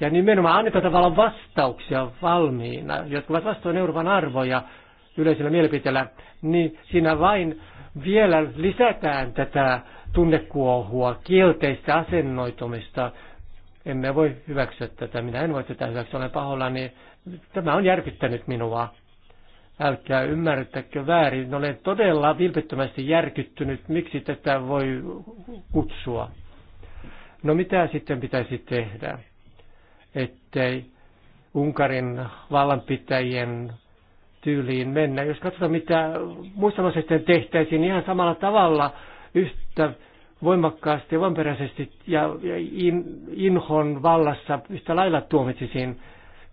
ja nimenomaan annetaan tavallaan vastauksia valmiina, jotka ovat vastoin Euroopan arvoja yleisellä mielipiteellä, niin siinä vain vielä lisätään tätä tunnekuohua, kielteistä asennoitumista. Emme voi hyväksyä tätä, minä en voi tätä hyväksyä, olen niin Tämä on järkyttänyt minua. Älkää ymmärrettäkö väärin, olen todella vilpittömästi järkyttynyt, miksi tätä voi kutsua. No mitä sitten pitäisi tehdä? ettei Unkarin vallanpitäjien tyyliin mennä. Jos katsotaan, mitä muissa maissa sitten tehtäisiin, niin ihan samalla tavalla yhtä voimakkaasti ja voimaperäisesti ja in, inhon vallassa yhtä lailla tuomitsisiin,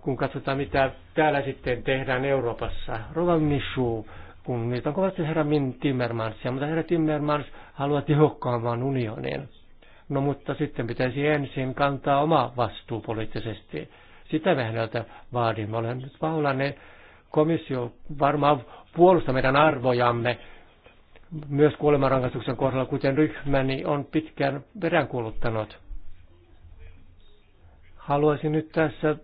kun katsotaan, mitä täällä sitten tehdään Euroopassa. Rovan Michu, kun niitä on kovasti herra Min Timmermansia, mutta herra Timmermans haluaa tehokkaamman unionin. No mutta sitten pitäisi ensin kantaa oma vastuu poliittisesti. Sitä me häneltä vaadimme. Olen nyt vaulainen Komissio varmaan puolustaa meidän arvojamme myös kuolemanrangaistuksen kohdalla, kuten ryhmäni on pitkään peräänkuuluttanut. Haluaisin nyt tässä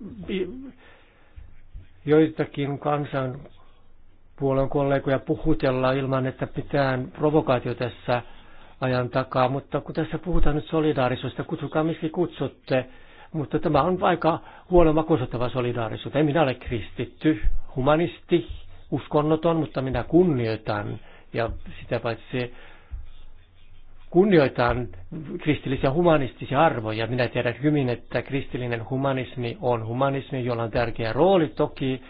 joitakin kansan puolen kollegoja puhutella ilman, että mitään provokaatio tässä ajan takaa, mutta kun tässä puhutaan nyt solidaarisuudesta, kutsukaa miksi kutsutte, mutta tämä on aika huono makuusottava solidaarisuutta. En minä ole kristitty, humanisti, uskonnoton, mutta minä kunnioitan ja sitä paitsi kunnioitan kristillisiä humanistisia arvoja. Minä tiedän hyvin, että kristillinen humanismi on humanismi, jolla on tärkeä rooli toki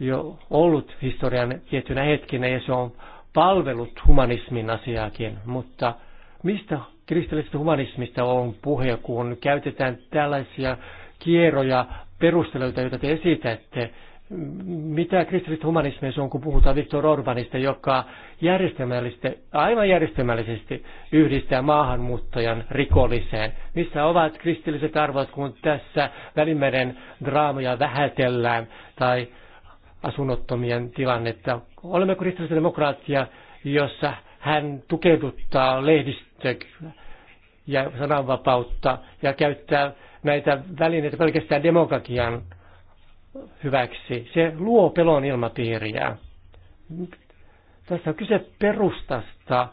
jo ollut historian tiettynä hetkinä ja se on palvelut humanismin asiaakin, mutta mistä kristillisestä humanismista on puhe, kun käytetään tällaisia kierroja, perusteluita, joita te esitätte? Mitä kristillistä humanismia on, kun puhutaan Viktor Orbanista, joka järjestelmällisesti, aivan järjestelmällisesti yhdistää maahanmuuttajan rikolliseen? Missä ovat kristilliset arvot, kun tässä Välimeren draamoja vähätellään tai asunnottomien tilannetta. Olemme kristillisen demokraattia, jossa hän tukeuduttaa lehdistö ja sananvapautta ja käyttää näitä välineitä pelkästään demokratian hyväksi. Se luo pelon ilmapiiriä. Tässä on kyse perustasta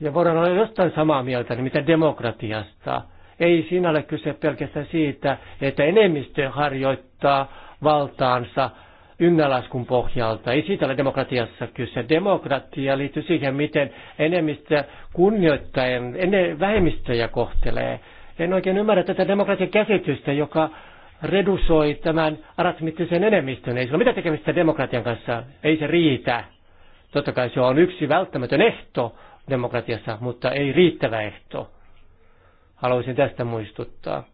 ja voidaan olla jostain samaa mieltä, niin mitä demokratiasta. Ei siinä ole kyse pelkästään siitä, että enemmistö harjoittaa valtaansa ynnälaskun pohjalta. Ei siitä ole demokratiassa kyse. Demokratia liittyy siihen, miten enemmistö kunnioittaen ennen vähemmistöjä kohtelee. En oikein ymmärrä tätä demokratian käsitystä, joka redusoi tämän aritmeettisen enemmistön. Ei sillä ole tekemistä demokratian kanssa. Ei se riitä. Totta kai se on yksi välttämätön ehto demokratiassa, mutta ei riittävä ehto. Haluaisin tästä muistuttaa.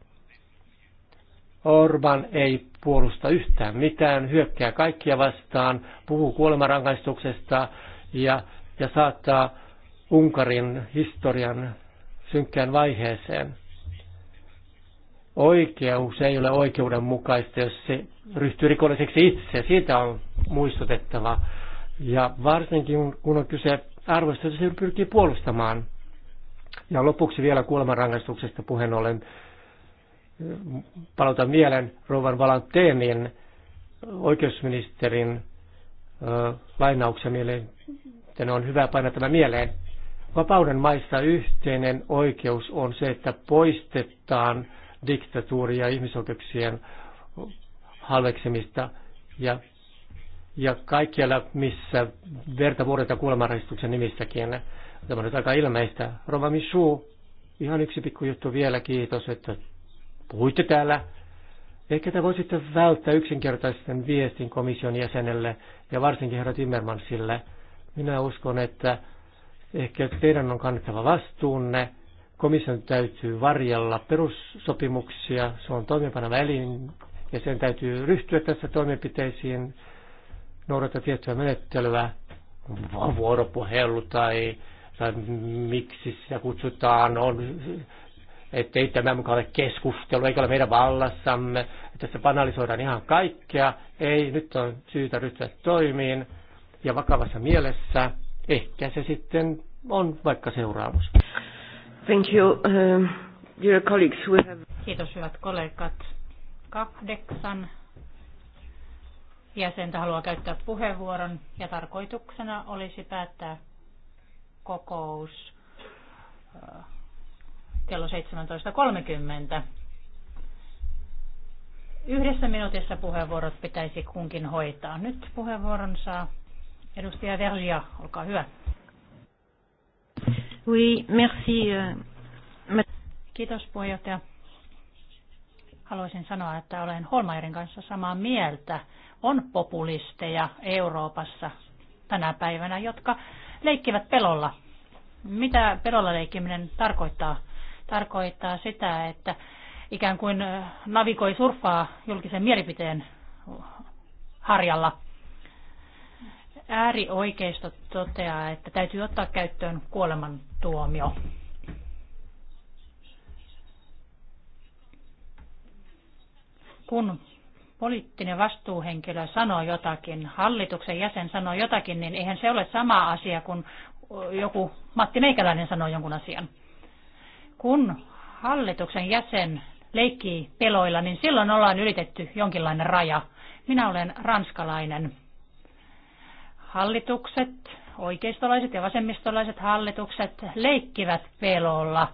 Orban ei puolusta yhtään mitään, hyökkää kaikkia vastaan, puhuu kuolemanrangaistuksesta ja, ja saattaa Unkarin historian synkkään vaiheeseen. Oikeus ei ole oikeudenmukaista, jos se ryhtyy rikolliseksi itse. Siitä on muistutettava. Ja varsinkin kun on kyse arvoista, se pyrkii puolustamaan. Ja lopuksi vielä kuolemanrangaistuksesta puheen ollen palautan mielen Rovan Valanteenin oikeusministerin lainauksia mieleen, että on hyvä painaa tämä mieleen. Vapauden maissa yhteinen oikeus on se, että poistetaan diktatuuria ja ihmisoikeuksien halveksimista ja, ja kaikkialla, missä verta vuodelta kuolemanrahistuksen nimissäkin. Tämä on nyt aika ilmeistä. Rova Michu, ihan yksi pikku juttu vielä, kiitos, että puhuitte täällä. Ehkä te voisitte välttää yksinkertaisten viestin komission jäsenelle ja varsinkin herra Timmermansille. Minä uskon, että ehkä teidän on kannettava vastuunne. Komission täytyy varjella perussopimuksia, se on toimipana elin ja sen täytyy ryhtyä tässä toimenpiteisiin, noudata tiettyä menettelyä, vuoropuhelu tai, tai miksi se kutsutaan, on ei tämä mukaan ole keskustelu, eikä ole meidän vallassamme, että se banalisoidaan ihan kaikkea. Ei, nyt on syytä ryhtyä toimiin ja vakavassa mielessä ehkä se sitten on vaikka seuraamus. Thank you, uh, dear colleagues. We have... Kiitos hyvät kollegat. Kahdeksan jäsentä haluaa käyttää puheenvuoron ja tarkoituksena olisi päättää kokous äh, kello 17.30. Yhdessä minuutissa puheenvuorot pitäisi kunkin hoitaa. Nyt puheenvuoron saa edustaja Verja, olkaa hyvä. Oui, merci. Euh, Kiitos puheenjohtaja. Haluaisin sanoa, että olen Holmairin kanssa samaa mieltä. On populisteja Euroopassa tänä päivänä, jotka leikkivät pelolla. Mitä pelolla leikkiminen tarkoittaa? tarkoittaa sitä, että ikään kuin navigoi surffaa julkisen mielipiteen harjalla. Äärioikeisto toteaa, että täytyy ottaa käyttöön kuolemantuomio. Kun poliittinen vastuuhenkilö sanoo jotakin, hallituksen jäsen sanoo jotakin, niin eihän se ole sama asia kuin joku Matti Meikäläinen sanoo jonkun asian. Kun hallituksen jäsen leikkii peloilla, niin silloin ollaan ylitetty jonkinlainen raja. Minä olen ranskalainen. Hallitukset, oikeistolaiset ja vasemmistolaiset hallitukset leikkivät pelolla.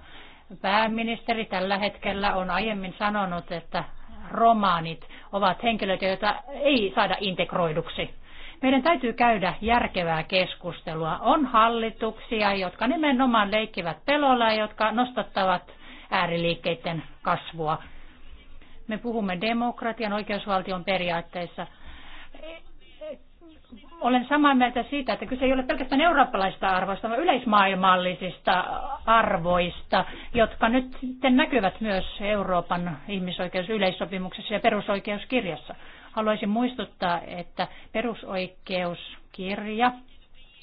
Pääministeri tällä hetkellä on aiemmin sanonut, että romaanit ovat henkilöitä, joita ei saada integroiduksi. Meidän täytyy käydä järkevää keskustelua. On hallituksia, jotka nimenomaan leikkivät pelolla ja jotka nostattavat ääriliikkeiden kasvua. Me puhumme demokratian oikeusvaltion periaatteissa olen samaa mieltä siitä, että kyse ei ole pelkästään eurooppalaista arvoista, vaan yleismaailmallisista arvoista, jotka nyt sitten näkyvät myös Euroopan ihmisoikeusyleissopimuksessa ja perusoikeuskirjassa. Haluaisin muistuttaa, että perusoikeuskirja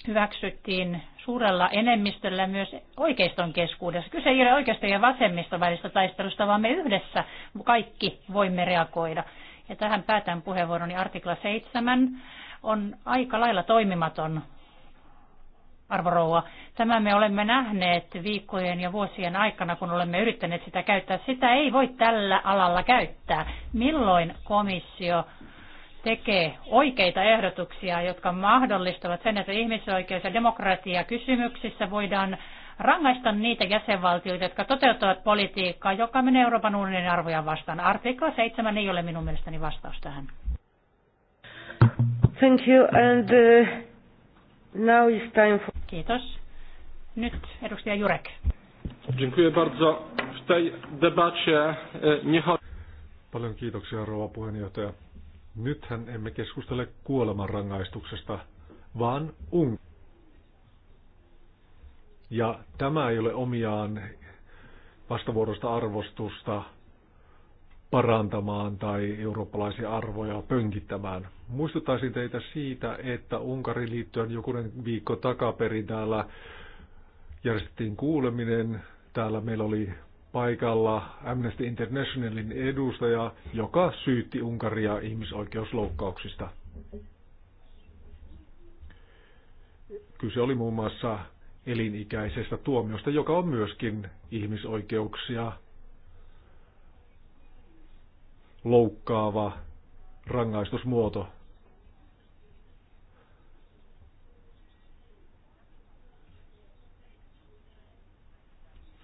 hyväksyttiin suurella enemmistöllä myös oikeiston keskuudessa. Kyse ei ole oikeiston ja vasemmiston välistä taistelusta, vaan me yhdessä kaikki voimme reagoida. Ja tähän päätän puheenvuoroni artikla 7 on aika lailla toimimaton arvorouva. Tämä me olemme nähneet viikkojen ja vuosien aikana, kun olemme yrittäneet sitä käyttää. Sitä ei voi tällä alalla käyttää. Milloin komissio tekee oikeita ehdotuksia, jotka mahdollistavat sen, että ihmisoikeus- ja demokratiakysymyksissä voidaan rangaista niitä jäsenvaltioita, jotka toteuttavat politiikkaa, joka menee Euroopan unionin arvoja vastaan. Artikla 7 ei ole minun mielestäni vastaus tähän. Thank you and uh... Now is time for... Kiitos. Nyt edustaja Jurek. Dziękuję bardzo. W tej debacie e, nie Paljon kiitoksia, rouva puheenjohtaja. Nythän emme keskustele kuolemanrangaistuksesta, vaan un. Ja tämä ei ole omiaan vastavuoroista arvostusta parantamaan tai eurooppalaisia arvoja pönkittämään. Muistuttaisin teitä siitä, että Unkarin liittyen jokunen viikko takaperin täällä järjestettiin kuuleminen. Täällä meillä oli paikalla Amnesty Internationalin edustaja, joka syytti Unkaria ihmisoikeusloukkauksista. Kyse oli muun muassa elinikäisestä tuomiosta, joka on myöskin ihmisoikeuksia loukkaava rangaistusmuoto.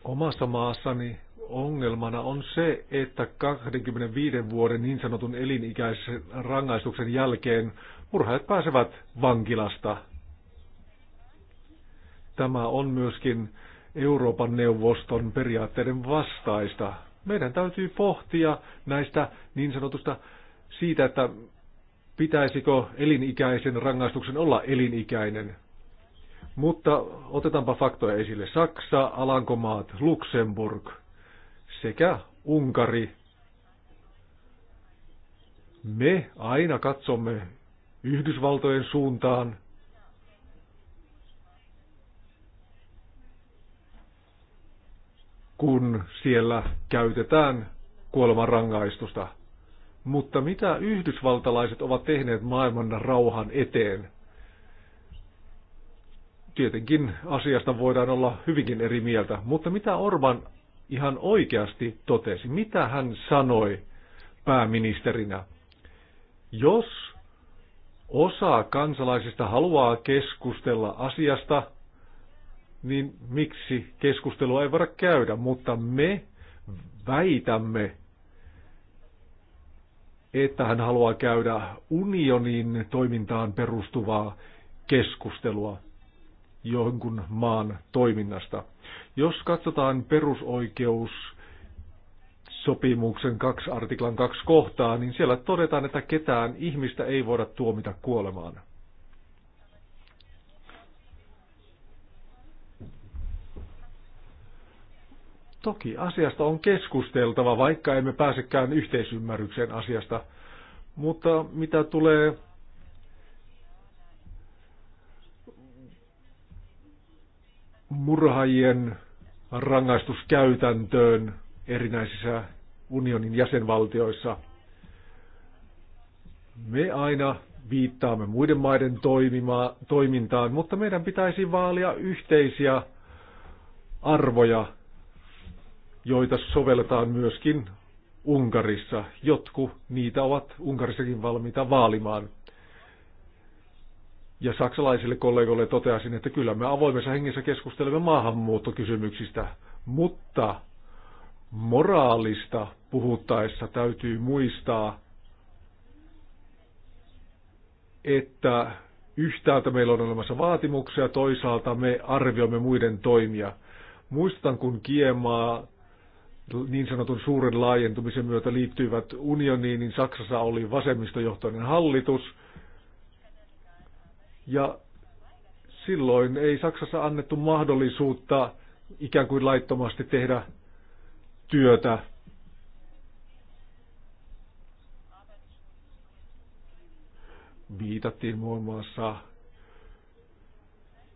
Omassa maassani ongelmana on se, että 25 vuoden niin sanotun elinikäisen rangaistuksen jälkeen murhaajat pääsevät vankilasta. Tämä on myöskin Euroopan neuvoston periaatteiden vastaista meidän täytyy pohtia näistä niin sanotusta siitä, että pitäisikö elinikäisen rangaistuksen olla elinikäinen. Mutta otetaanpa faktoja esille. Saksa, Alankomaat, Luxemburg sekä Unkari. Me aina katsomme Yhdysvaltojen suuntaan, kun siellä käytetään kuolemanrangaistusta. Mutta mitä yhdysvaltalaiset ovat tehneet maailman rauhan eteen? Tietenkin asiasta voidaan olla hyvinkin eri mieltä, mutta mitä Orban ihan oikeasti totesi? Mitä hän sanoi pääministerinä? Jos osa kansalaisista haluaa keskustella asiasta, niin miksi keskustelua ei voida käydä, mutta me väitämme, että hän haluaa käydä unionin toimintaan perustuvaa keskustelua jonkun maan toiminnasta. Jos katsotaan perusoikeus sopimuksen kaksi artiklan kaksi kohtaa, niin siellä todetaan, että ketään ihmistä ei voida tuomita kuolemaan. Toki asiasta on keskusteltava, vaikka emme pääsekään yhteisymmärrykseen asiasta. Mutta mitä tulee murhaajien rangaistuskäytäntöön erinäisissä unionin jäsenvaltioissa, me aina viittaamme muiden maiden toimima, toimintaan, mutta meidän pitäisi vaalia yhteisiä arvoja joita sovelletaan myöskin Unkarissa. jotku niitä ovat Unkarissakin valmiita vaalimaan. Ja saksalaisille kollegoille toteasin, että kyllä me avoimessa hengessä keskustelemme maahanmuuttokysymyksistä, mutta moraalista puhuttaessa täytyy muistaa, että yhtäältä meillä on olemassa vaatimuksia, toisaalta me arvioimme muiden toimia. Muistan, kun Kiemaa niin sanotun suuren laajentumisen myötä liittyivät unioniin, niin Saksassa oli vasemmistojohtoinen hallitus. Ja silloin ei Saksassa annettu mahdollisuutta ikään kuin laittomasti tehdä työtä. Viitattiin muun muassa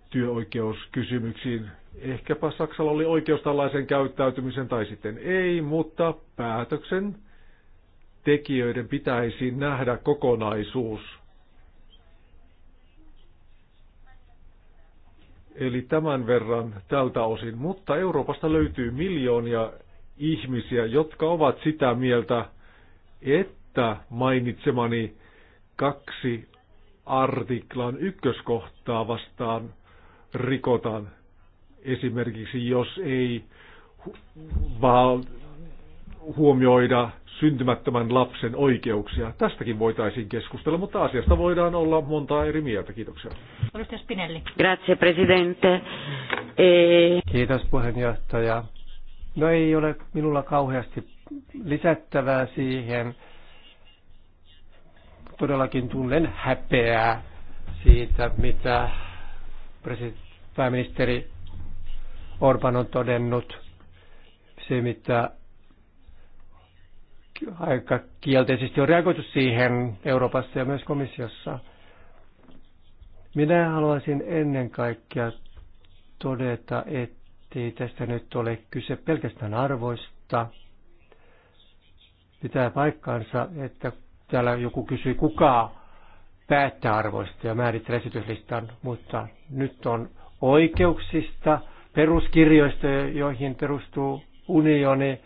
työoikeuskysymyksiin. Ehkäpä Saksalla oli oikeus tällaisen käyttäytymisen tai sitten ei, mutta päätöksen tekijöiden pitäisi nähdä kokonaisuus. Eli tämän verran tältä osin, mutta Euroopasta löytyy miljoonia ihmisiä, jotka ovat sitä mieltä, että mainitsemani kaksi artiklan ykköskohtaa vastaan rikotaan. Esimerkiksi jos ei huomioida syntymättömän lapsen oikeuksia. Tästäkin voitaisiin keskustella, mutta asiasta voidaan olla montaa eri mieltä. Kiitoksia. Spinelli. Grazie, presidente. E... Kiitos, puheenjohtaja. No ei ole minulla kauheasti lisättävää siihen. Todellakin tunnen häpeää siitä, mitä pääministeri Orban on todennut. Se, mitä aika kielteisesti on reagoitu siihen Euroopassa ja myös komissiossa. Minä haluaisin ennen kaikkea todeta, ettei tästä nyt ole kyse pelkästään arvoista. Pitää paikkaansa, että täällä joku kysyi, kuka päättää arvoista ja määrittää esityslistan, mutta nyt on oikeuksista, peruskirjoista, joihin perustuu unioni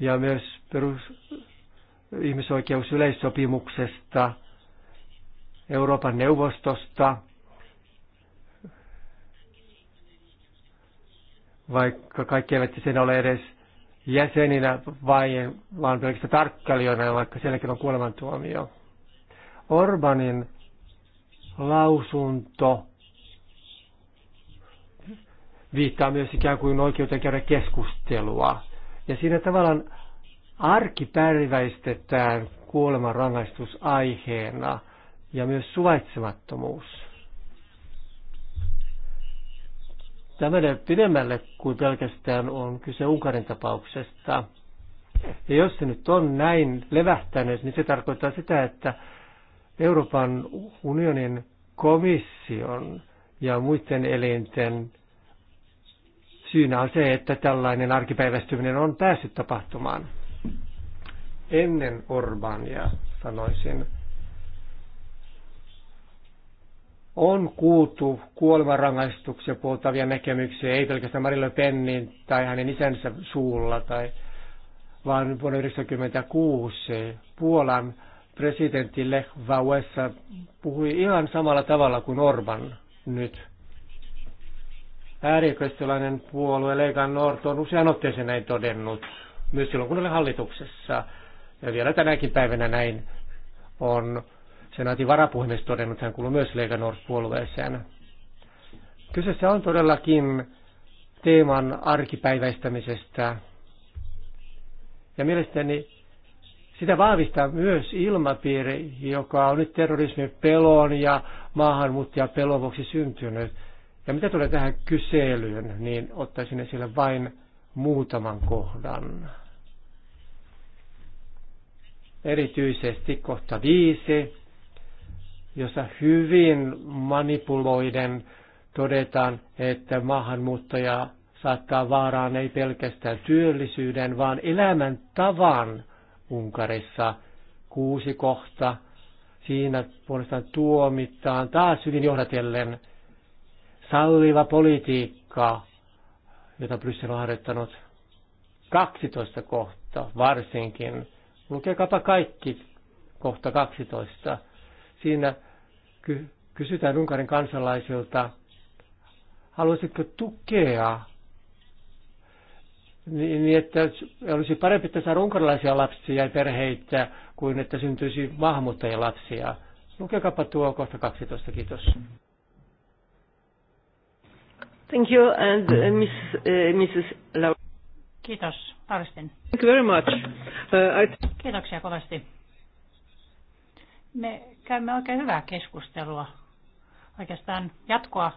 ja myös perus ihmisoikeusyleissopimuksesta, Euroopan neuvostosta, vaikka kaikki eivät sen ole edes jäseninä, vai, vaan pelkästään tarkkailijoina, vaikka sielläkin on kuolemantuomio. Orbanin lausunto viittaa myös ikään kuin oikeuteen käydä keskustelua. Ja siinä tavallaan arkipäiväistetään kuoleman rangaistus aiheena ja myös suvaitsemattomuus. Tämä menee pidemmälle kuin pelkästään on kyse Unkarin tapauksesta. Ja jos se nyt on näin levähtänyt, niin se tarkoittaa sitä, että Euroopan unionin komission ja muiden elinten Syynä on se, että tällainen arkipäiväistyminen on päässyt tapahtumaan. Ennen Orbania, sanoisin, on kuultu kuolemanrangaistuksia puoltavia näkemyksiä, ei pelkästään Marilla Pennin tai hänen isänsä suulla, tai, vaan vuonna 1996 Puolan presidentti Lech Wałęsa puhui ihan samalla tavalla kuin Orban nyt äärioikeistolainen puolue Leikan Nord on usean otteeseen näin todennut, myös silloin kun oli hallituksessa. Ja vielä tänäkin päivänä näin on senaatin varapuhemies todennut, hän kuuluu myös Leikan Nord-puolueeseen. Kyseessä on todellakin teeman arkipäiväistämisestä. Ja mielestäni sitä vahvistaa myös ilmapiiri, joka on nyt terrorismin pelon ja maahanmuuttajan pelon vuoksi syntynyt. Ja mitä tulee tähän kyselyyn, niin ottaisin esille vain muutaman kohdan. Erityisesti kohta viisi, jossa hyvin manipuloiden todetaan, että maahanmuuttaja saattaa vaaraan ei pelkästään työllisyyden, vaan elämän tavan Unkarissa. Kuusi kohta, siinä puolestaan tuomitaan taas hyvin johdatellen salliva politiikka, jota Bryssel on harjoittanut 12 kohta varsinkin. Lukekapa kaikki kohta 12. Siinä ky- kysytään Unkarin kansalaisilta, haluaisitko tukea niin, että olisi parempi, että saada unkarilaisia lapsia ja perheitä kuin että syntyisi maahanmuuttajien lapsia. Lukekapa tuo kohta 12, kiitos. Thank you and uh, miss, uh, Mrs. Kiitos, Tarsten. Thank you very much. Uh, Kiitoksia kovasti. Me käymme oikein hyvää keskustelua. Oikeastaan jatkoa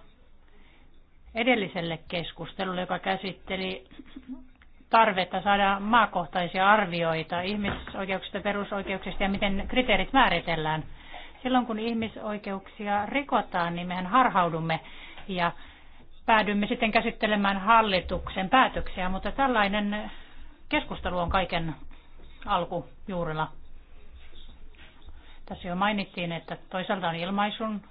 edelliselle keskustelulle, joka käsitteli tarvetta saada maakohtaisia arvioita ihmisoikeuksista, perusoikeuksista ja miten kriteerit määritellään. Silloin kun ihmisoikeuksia rikotaan, niin mehän harhaudumme ja päädymme sitten käsittelemään hallituksen päätöksiä, mutta tällainen keskustelu on kaiken alkujuurella. Tässä jo mainittiin, että toisaalta on ilmaisun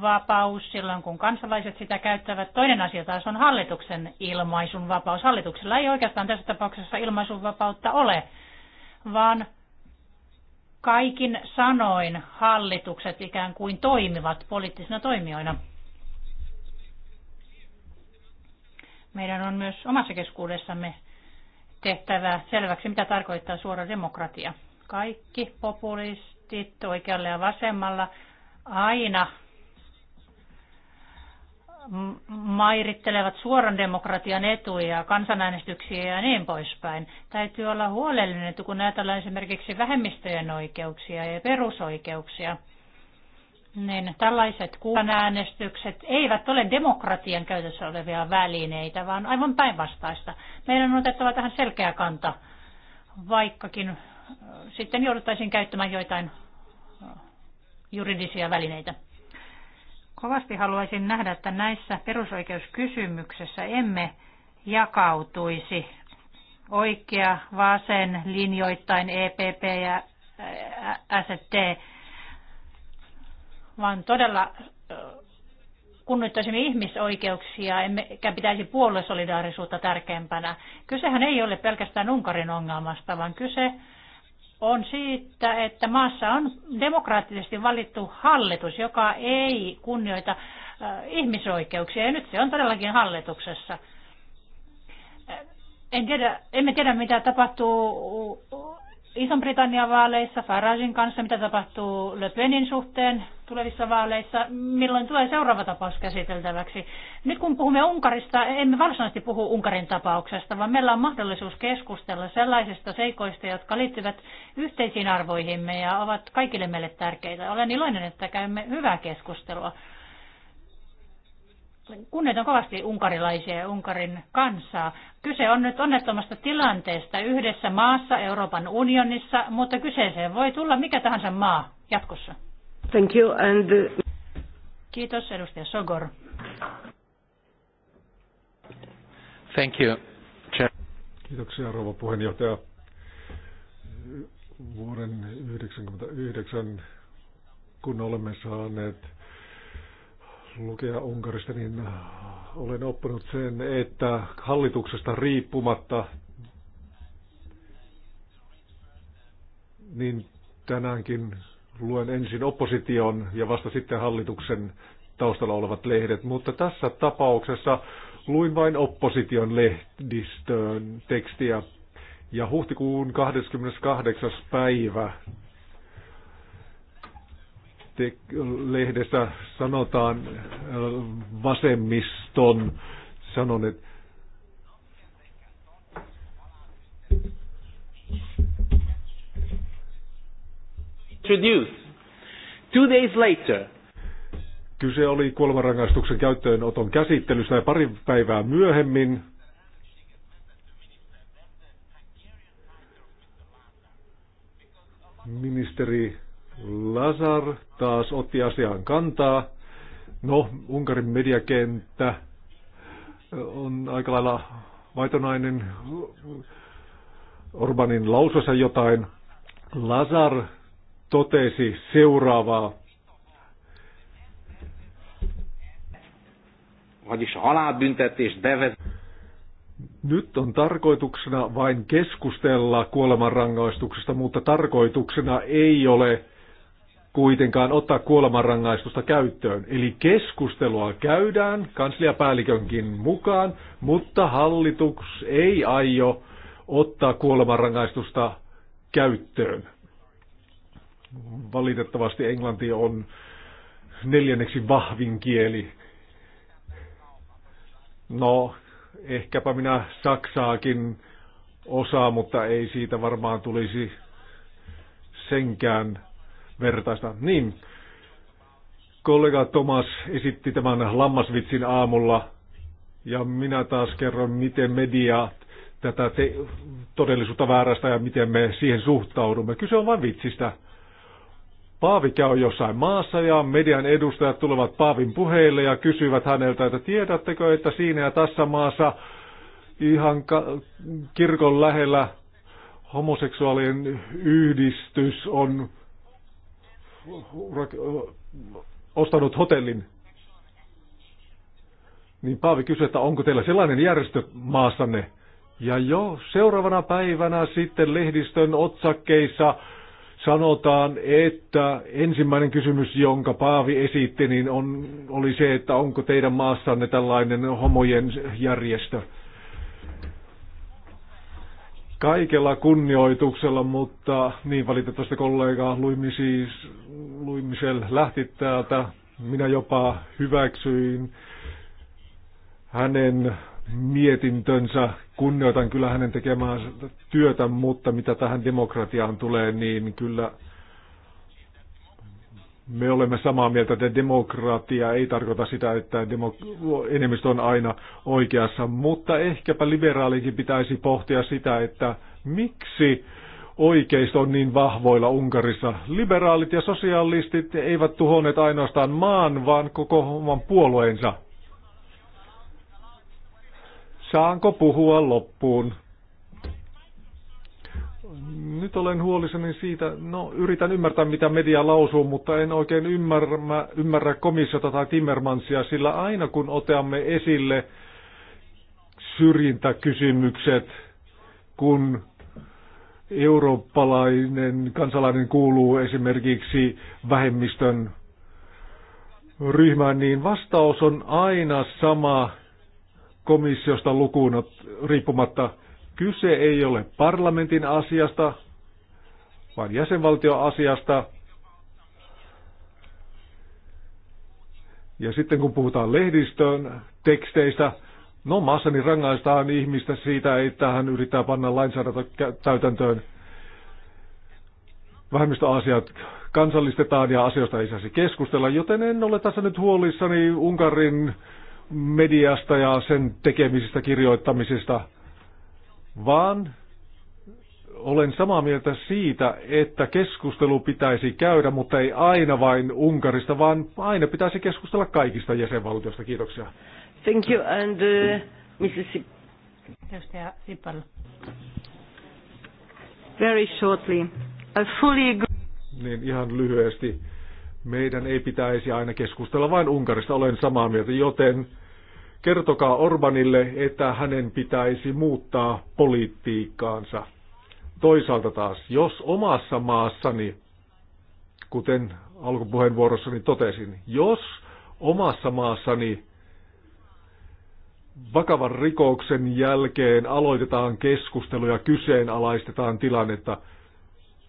vapaus silloin, kun kansalaiset sitä käyttävät. Toinen asia taas on hallituksen ilmaisun vapaus. Hallituksella ei oikeastaan tässä tapauksessa ilmaisun vapautta ole, vaan kaikin sanoin hallitukset ikään kuin toimivat poliittisina toimijoina. Meidän on myös omassa keskuudessamme tehtävä selväksi, mitä tarkoittaa suora demokratia. Kaikki populistit oikealla ja vasemmalla aina mairittelevat suoran demokratian etuja, kansanäänestyksiä ja niin poispäin. Täytyy olla huolellinen, kun ajatellaan esimerkiksi vähemmistöjen oikeuksia ja perusoikeuksia – niin tällaiset kuulanäänestykset eivät ole demokratian käytössä olevia välineitä, vaan aivan päinvastaista. Meidän on otettava tähän selkeä kanta, vaikkakin sitten jouduttaisiin käyttämään joitain juridisia välineitä. Kovasti haluaisin nähdä, että näissä perusoikeuskysymyksissä emme jakautuisi oikea, vasen, linjoittain EPP ja ST vaan todella kunnioittaisimme ihmisoikeuksia, emmekä pitäisi puoluesolidaarisuutta tärkeämpänä. Kysehän ei ole pelkästään Unkarin ongelmasta, vaan kyse on siitä, että maassa on demokraattisesti valittu hallitus, joka ei kunnioita ihmisoikeuksia, ja nyt se on todellakin hallituksessa. En tiedä, emme tiedä, mitä tapahtuu Ison-Britannian vaaleissa, Faragein kanssa, mitä tapahtuu Le Penin suhteen tulevissa vaaleissa, milloin tulee seuraava tapaus käsiteltäväksi. Nyt kun puhumme Unkarista, emme varsinaisesti puhu Unkarin tapauksesta, vaan meillä on mahdollisuus keskustella sellaisista seikoista, jotka liittyvät yhteisiin arvoihimme ja ovat kaikille meille tärkeitä. Olen iloinen, että käymme hyvää keskustelua kunnioitan kovasti unkarilaisia ja Unkarin kansaa. Kyse on nyt onnettomasta tilanteesta yhdessä maassa Euroopan unionissa, mutta kyseeseen voi tulla mikä tahansa maa jatkossa. Thank you and... Uh, Kiitos, edustaja Sogor. Thank you. Kiitoksia, rouva puheenjohtaja. Vuoden 1999, kun olemme saaneet lukea Unkarista, niin olen oppinut sen, että hallituksesta riippumatta niin tänäänkin luen ensin opposition ja vasta sitten hallituksen taustalla olevat lehdet, mutta tässä tapauksessa luin vain opposition lehdistön tekstiä. Ja huhtikuun 28. päivä lehdessä sanotaan äh, vasemmiston sanon, että introduce. Two days later. Kyse oli kuolemanrangaistuksen käyttöönoton käsittelystä ja pari päivää myöhemmin ministeri Lazar taas otti asiaan kantaa. No, Unkarin mediakenttä on aika lailla vaitonainen Orbanin lausussa jotain. Lazar totesi seuraavaa. Nyt on tarkoituksena vain keskustella kuolemanrangaistuksesta, mutta tarkoituksena ei ole kuitenkaan ottaa kuolemanrangaistusta käyttöön. Eli keskustelua käydään kansliapäällikönkin mukaan, mutta hallitus ei aio ottaa kuolemanrangaistusta käyttöön. Valitettavasti englanti on neljänneksi vahvin kieli. No, ehkäpä minä saksaakin osaa, mutta ei siitä varmaan tulisi senkään vertaista. Niin, kollega Tomas esitti tämän lammasvitsin aamulla ja minä taas kerron, miten media tätä te- todellisuutta väärästä ja miten me siihen suhtaudumme. Kyse on vain vitsistä. Paavi käy jossain maassa ja median edustajat tulevat Paavin puheille ja kysyvät häneltä, että tiedättekö, että siinä ja tässä maassa ihan kirkon lähellä homoseksuaalien yhdistys on ostanut hotellin, niin Paavi kysyi, että onko teillä sellainen järjestö maassanne. Ja jo seuraavana päivänä sitten lehdistön otsakkeissa sanotaan, että ensimmäinen kysymys, jonka Paavi esitti, niin on, oli se, että onko teidän maassanne tällainen homojen järjestö kaikella kunnioituksella, mutta niin valitettavasti kollega luimisel Michel lähti täältä. Minä jopa hyväksyin hänen mietintönsä. Kunnioitan kyllä hänen tekemään työtä, mutta mitä tähän demokratiaan tulee, niin kyllä me olemme samaa mieltä, että demokratia ei tarkoita sitä, että demok- enemmistö on aina oikeassa, mutta ehkäpä liberaalikin pitäisi pohtia sitä, että miksi oikeisto on niin vahvoilla Unkarissa. Liberaalit ja sosialistit eivät tuhoneet ainoastaan maan, vaan koko oman puolueensa. Saanko puhua loppuun? Nyt olen huolissani siitä, no yritän ymmärtää mitä media lausuu, mutta en oikein ymmärrä, ymmärrä komissiota tai Timmermansia, sillä aina kun otamme esille syrjintäkysymykset, kun eurooppalainen kansalainen kuuluu esimerkiksi vähemmistön ryhmään, niin vastaus on aina sama komissiosta lukuun riippumatta – Kyse ei ole parlamentin asiasta, vaan jäsenvaltioasiasta. Ja sitten kun puhutaan lehdistön teksteistä, no maassani rangaistaan ihmistä siitä, että hän yrittää panna lainsäädäntö täytäntöön. Vähemmistöasiat kansallistetaan ja asioista ei saisi keskustella, joten en ole tässä nyt huolissani Unkarin mediasta ja sen tekemisistä, kirjoittamisista – vaan olen samaa mieltä siitä, että keskustelu pitäisi käydä, mutta ei aina vain Unkarista, vaan aina pitäisi keskustella kaikista jäsenvaltioista. Kiitoksia. Thank you and uh, Mississippi. Very shortly. I fully agree. Niin ihan lyhyesti. Meidän ei pitäisi aina keskustella vain Unkarista, olen samaa mieltä, joten Kertokaa Orbanille, että hänen pitäisi muuttaa politiikkaansa. Toisaalta taas, jos omassa maassani, kuten alkupuheenvuorossani totesin, jos omassa maassani vakavan rikoksen jälkeen aloitetaan keskustelu ja kyseenalaistetaan tilannetta,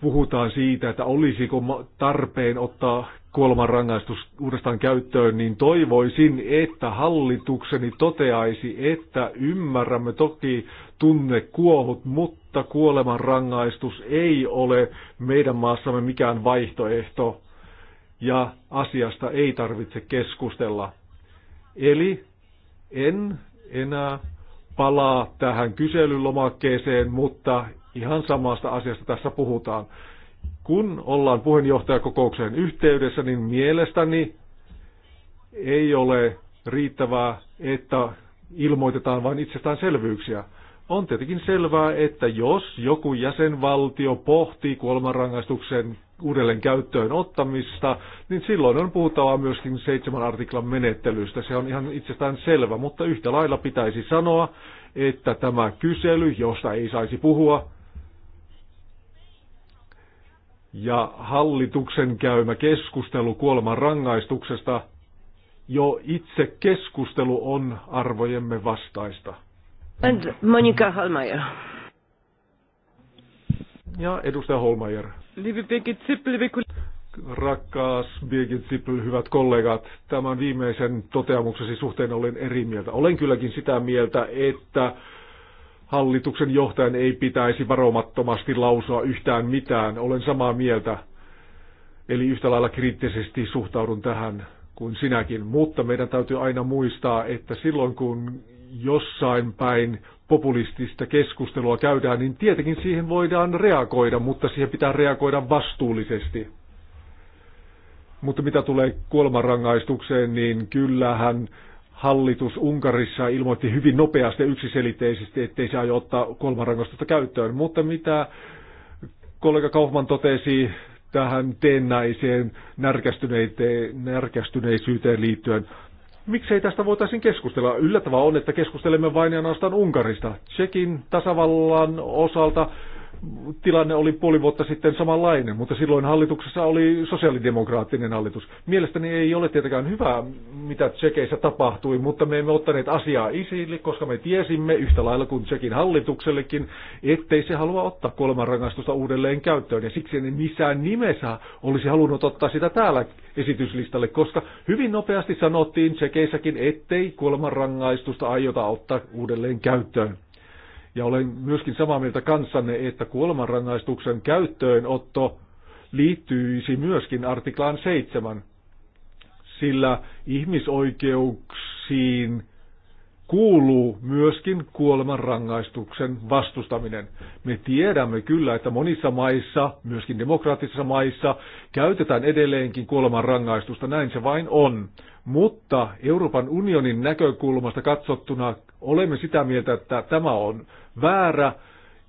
puhutaan siitä, että olisiko tarpeen ottaa kuolemanrangaistus uudestaan käyttöön, niin toivoisin, että hallitukseni toteaisi, että ymmärrämme toki tunne kuohut, mutta kuolemanrangaistus ei ole meidän maassamme mikään vaihtoehto ja asiasta ei tarvitse keskustella. Eli en enää palaa tähän kyselylomakkeeseen, mutta ihan samasta asiasta tässä puhutaan. Kun ollaan puheenjohtajakokoukseen yhteydessä, niin mielestäni ei ole riittävää, että ilmoitetaan vain itsestäänselvyyksiä. On tietenkin selvää, että jos joku jäsenvaltio pohtii kuolemanrangaistuksen uudelleen käyttöön ottamista, niin silloin on puhuttava myöskin seitsemän artiklan menettelystä. Se on ihan itsestään selvä, mutta yhtä lailla pitäisi sanoa, että tämä kysely, josta ei saisi puhua, ja hallituksen käymä keskustelu kuoleman rangaistuksesta, jo itse keskustelu on arvojemme vastaista. And Monika Hallmeier. Ja edustaja Holmeier. Rakkaas Birgit Zippel, hyvät kollegat, tämän viimeisen toteamuksesi suhteen olen eri mieltä. Olen kylläkin sitä mieltä, että Hallituksen johtajan ei pitäisi varomattomasti lausua yhtään mitään. Olen samaa mieltä. Eli yhtä lailla kriittisesti suhtaudun tähän kuin sinäkin. Mutta meidän täytyy aina muistaa, että silloin kun jossain päin populistista keskustelua käydään, niin tietenkin siihen voidaan reagoida, mutta siihen pitää reagoida vastuullisesti. Mutta mitä tulee kuolemanrangaistukseen, niin kyllähän hallitus Unkarissa ilmoitti hyvin nopeasti ja yksiselitteisesti, ettei se aio ottaa kuolemanrangaistusta käyttöön. Mutta mitä kollega Kaufman totesi tähän teennäiseen närkästyneisyyteen liittyen, miksei tästä voitaisiin keskustella? Yllättävää on, että keskustelemme vain ja ainoastaan Unkarista. Tsekin tasavallan osalta tilanne oli puoli vuotta sitten samanlainen, mutta silloin hallituksessa oli sosiaalidemokraattinen hallitus. Mielestäni ei ole tietenkään hyvä, mitä Tsekeissä tapahtui, mutta me emme ottaneet asiaa isille, koska me tiesimme yhtä lailla kuin Tsekin hallituksellekin, ettei se halua ottaa kuolemanrangaistusta uudelleen käyttöön. Ja siksi ne missään nimessä olisi halunnut ottaa sitä täällä esityslistalle, koska hyvin nopeasti sanottiin Tsekeissäkin, ettei kuolemanrangaistusta aiota ottaa uudelleen käyttöön. Ja olen myöskin samaa mieltä kanssanne, että kuolemanrangaistuksen käyttöönotto liittyisi myöskin artiklaan 7, sillä ihmisoikeuksiin kuuluu myöskin kuolemanrangaistuksen vastustaminen. Me tiedämme kyllä, että monissa maissa, myöskin demokraattisissa maissa, käytetään edelleenkin kuolemanrangaistusta, näin se vain on. Mutta Euroopan unionin näkökulmasta katsottuna olemme sitä mieltä, että tämä on väärä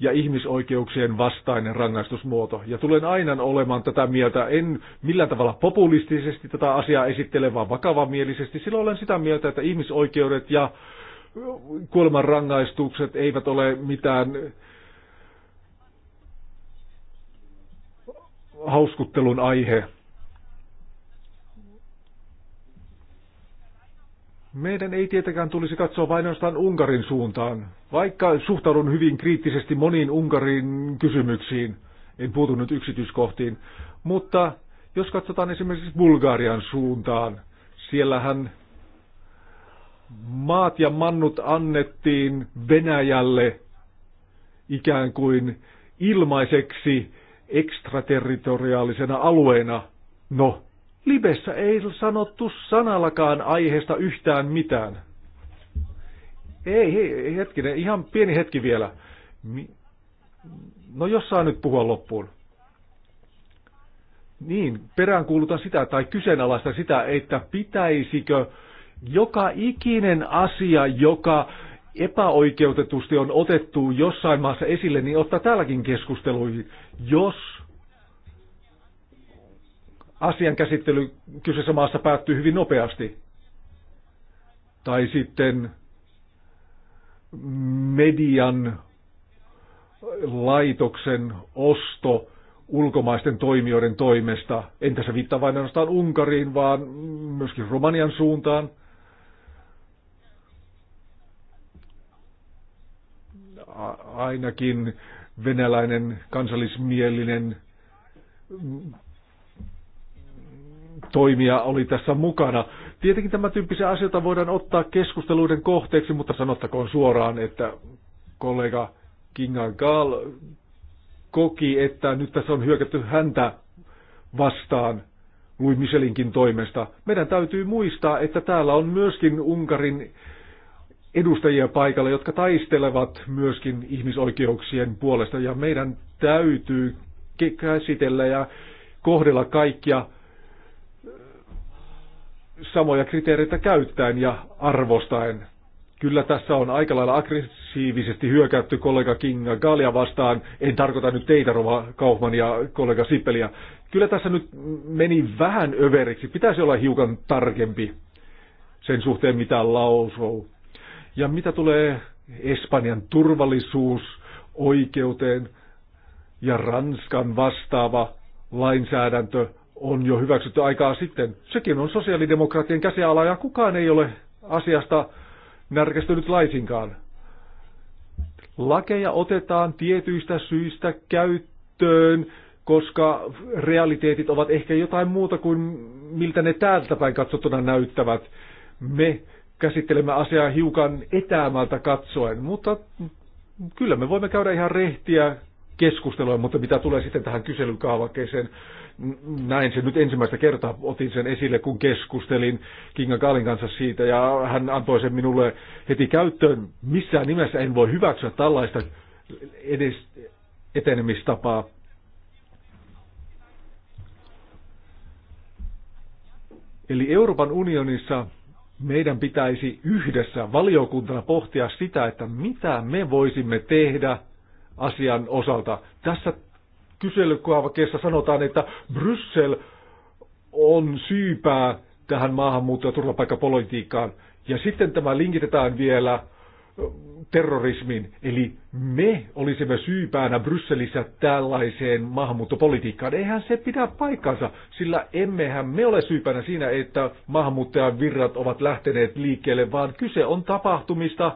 ja ihmisoikeuksien vastainen rangaistusmuoto. Ja tulen aina olemaan tätä mieltä, en millään tavalla populistisesti tätä asiaa esittele, vaan vakavamielisesti. Silloin olen sitä mieltä, että ihmisoikeudet ja kuoleman rangaistukset eivät ole mitään hauskuttelun aihe. Meidän ei tietenkään tulisi katsoa vain ainoastaan Unkarin suuntaan, vaikka suhtaudun hyvin kriittisesti moniin Unkarin kysymyksiin, en puutu nyt yksityiskohtiin, mutta jos katsotaan esimerkiksi Bulgarian suuntaan, siellähän maat ja mannut annettiin Venäjälle ikään kuin ilmaiseksi ekstraterritoriaalisena alueena. No, Libessä ei sanottu sanallakaan aiheesta yhtään mitään. Ei, ei, hetkinen, ihan pieni hetki vielä. No jos saa nyt puhua loppuun. Niin, peräänkuulutan sitä tai kyseenalaista sitä, että pitäisikö joka ikinen asia, joka epäoikeutetusti on otettu jossain maassa esille, niin ottaa täälläkin keskusteluihin, jos asian käsittely kyseisessä maassa päättyy hyvin nopeasti. Tai sitten median laitoksen osto ulkomaisten toimijoiden toimesta. En se viittaa vain ainoastaan Unkariin, vaan myöskin Romanian suuntaan. ainakin venäläinen kansallismielinen toimija oli tässä mukana. Tietenkin tämä tyyppisiä asioita voidaan ottaa keskusteluiden kohteeksi, mutta sanottakoon suoraan, että kollega Kinga Gall koki, että nyt tässä on hyökätty häntä vastaan Louis Michelinkin toimesta. Meidän täytyy muistaa, että täällä on myöskin Unkarin edustajia paikalla, jotka taistelevat myöskin ihmisoikeuksien puolesta, ja meidän täytyy käsitellä ja kohdella kaikkia samoja kriteereitä käyttäen ja arvostaen. Kyllä tässä on aika lailla aggressiivisesti hyökätty kollega Kinga Galia vastaan. En tarkoita nyt teitä, Rova Kaufman ja kollega Sippeliä. Kyllä tässä nyt meni vähän överiksi. Pitäisi olla hiukan tarkempi sen suhteen, mitä lausuu. Ja mitä tulee Espanjan turvallisuus oikeuteen ja Ranskan vastaava lainsäädäntö on jo hyväksytty aikaa sitten. Sekin on sosiaalidemokraattien käsiala ja kukaan ei ole asiasta närkästynyt laisinkaan. Lakeja otetaan tietyistä syistä käyttöön, koska realiteetit ovat ehkä jotain muuta kuin miltä ne täältä päin katsottuna näyttävät. Me käsittelemme asiaa hiukan etäämältä katsoen, mutta kyllä me voimme käydä ihan rehtiä keskustelua, mutta mitä tulee sitten tähän kyselykaavakkeeseen, näin se nyt ensimmäistä kertaa otin sen esille, kun keskustelin Kinga Kaalin kanssa siitä ja hän antoi sen minulle heti käyttöön. Missään nimessä en voi hyväksyä tällaista edes etenemistapaa. Eli Euroopan unionissa meidän pitäisi yhdessä valiokuntana pohtia sitä, että mitä me voisimme tehdä asian osalta. Tässä kyselykaavakeessa sanotaan, että Bryssel on syypää tähän maahanmuutto- ja turvapaikkapolitiikkaan. Ja sitten tämä linkitetään vielä terrorismin. Eli me olisimme syypäänä Brysselissä tällaiseen maahanmuuttopolitiikkaan. Eihän se pidä paikkansa, sillä emmehän me ole syypäänä siinä, että maahanmuuttajan virrat ovat lähteneet liikkeelle, vaan kyse on tapahtumista,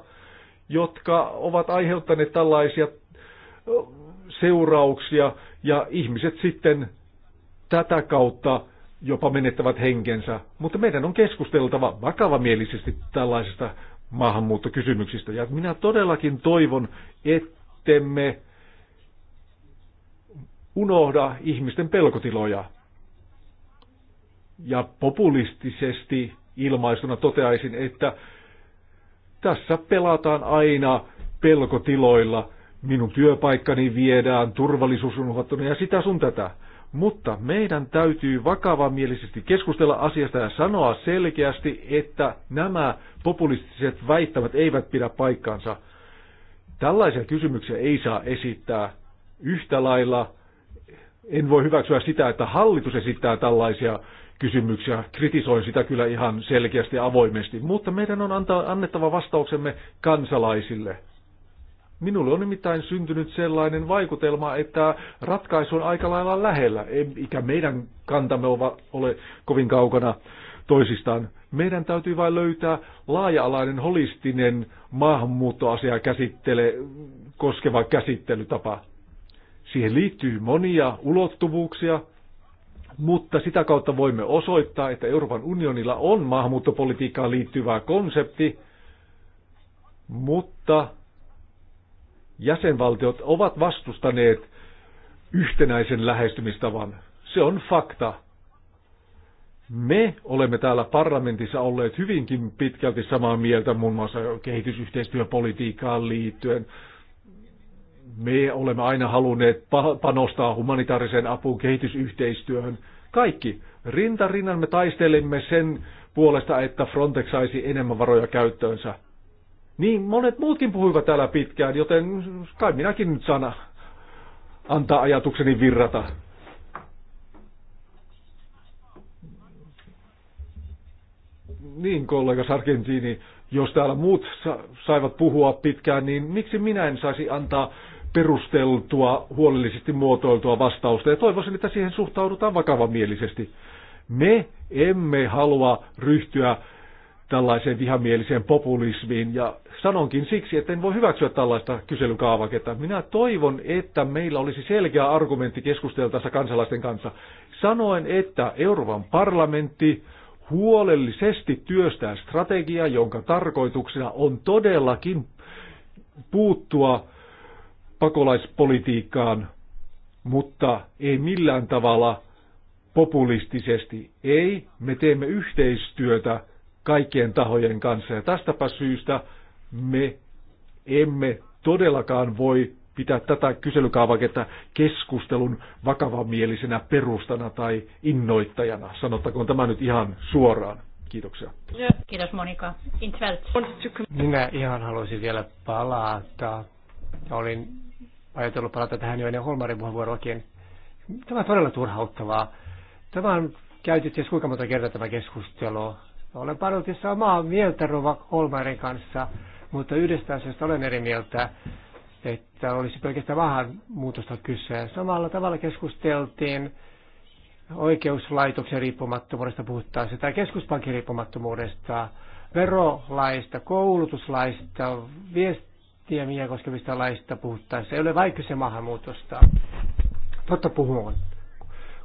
jotka ovat aiheuttaneet tällaisia seurauksia ja ihmiset sitten tätä kautta jopa menettävät henkensä. Mutta meidän on keskusteltava vakavamielisesti tällaisista maahanmuuttokysymyksistä. Ja minä todellakin toivon, ettemme unohda ihmisten pelkotiloja. Ja populistisesti ilmaisuna toteaisin, että tässä pelataan aina pelkotiloilla – minun työpaikkani viedään, turvallisuus on uhattuna ja sitä sun tätä. Mutta meidän täytyy vakavamielisesti keskustella asiasta ja sanoa selkeästi, että nämä populistiset väittämät eivät pidä paikkaansa. Tällaisia kysymyksiä ei saa esittää. Yhtä lailla en voi hyväksyä sitä, että hallitus esittää tällaisia kysymyksiä. Kritisoin sitä kyllä ihan selkeästi ja avoimesti, mutta meidän on antaa, annettava vastauksemme kansalaisille – Minulle on nimittäin syntynyt sellainen vaikutelma, että ratkaisu on aika lailla lähellä, eikä meidän kantamme ole kovin kaukana toisistaan. Meidän täytyy vain löytää laaja-alainen holistinen maahanmuuttoasia käsittele, koskeva käsittelytapa. Siihen liittyy monia ulottuvuuksia, mutta sitä kautta voimme osoittaa, että Euroopan unionilla on maahanmuuttopolitiikkaan liittyvä konsepti, mutta jäsenvaltiot ovat vastustaneet yhtenäisen lähestymistavan. Se on fakta. Me olemme täällä parlamentissa olleet hyvinkin pitkälti samaa mieltä muun muassa kehitysyhteistyöpolitiikkaan liittyen. Me olemme aina halunneet panostaa humanitaariseen apuun, kehitysyhteistyöhön. Kaikki. Rintarinnan me taistelimme sen puolesta, että Frontex saisi enemmän varoja käyttöönsä. Niin monet muutkin puhuivat täällä pitkään, joten kai minäkin nyt sana antaa ajatukseni virrata. Niin, kollega Sargentini, jos täällä muut saivat puhua pitkään, niin miksi minä en saisi antaa perusteltua, huolellisesti muotoiltua vastausta? Ja toivoisin, että siihen suhtaudutaan vakavamielisesti. Me emme halua ryhtyä tällaiseen vihamieliseen populismiin. Ja sanonkin siksi, että en voi hyväksyä tällaista kyselykaavaketta. Minä toivon, että meillä olisi selkeä argumentti keskusteltaessa kansalaisten kanssa. Sanoen, että Euroopan parlamentti huolellisesti työstää strategiaa, jonka tarkoituksena on todellakin puuttua pakolaispolitiikkaan, mutta ei millään tavalla populistisesti. Ei, me teemme yhteistyötä kaikkien tahojen kanssa. Ja tästäpä syystä me emme todellakaan voi pitää tätä kyselykaavaketta keskustelun vakavamielisenä perustana tai innoittajana. Sanottakoon tämä nyt ihan suoraan. Kiitoksia. Kiitos Monika. Minä ihan haluaisin vielä palata. Olin ajatellut palata tähän jo ennen Holmarin puheenvuoroakin. Tämä on todella turhauttavaa. Tämä on käyty ties kuinka monta kertaa tämä keskustelu. Olen paljolti samaa mieltä Rova Holmaiden kanssa, mutta yhdestä asiasta olen eri mieltä, että olisi pelkästään muutosta kyse. Samalla tavalla keskusteltiin oikeuslaitoksen riippumattomuudesta puhuttaessa tai keskuspankin riippumattomuudesta, verolaista, koulutuslaista, viestimiä koskevista laista puhuttaessa. Ei ole vaikka se maahanmuutosta. Totta puhun,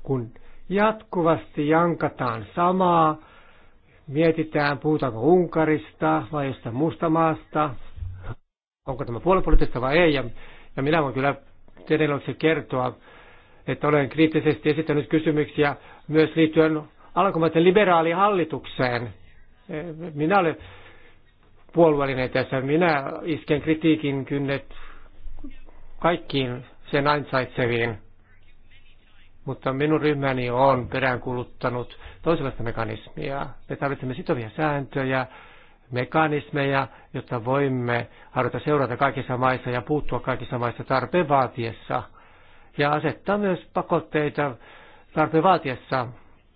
kun jatkuvasti jankataan samaa, mietitään, puhutaanko Unkarista vai jostain musta maasta, onko tämä puolipoliittista vai ei. Ja, ja minä voin kyllä tiedelloksi kertoa, että olen kriittisesti esittänyt kysymyksiä myös liittyen alkumaisen liberaalihallitukseen. Minä olen puolueellinen tässä. Minä isken kritiikin kynnet kaikkiin sen ansaitseviin mutta minun ryhmäni on peräänkuluttanut toisenlaista mekanismia. Me tarvitsemme sitovia sääntöjä, mekanismeja, jotta voimme harjoittaa seurata kaikissa maissa ja puuttua kaikissa maissa tarpeen vaatiessa. Ja asettaa myös pakotteita tarpeen vaatiessa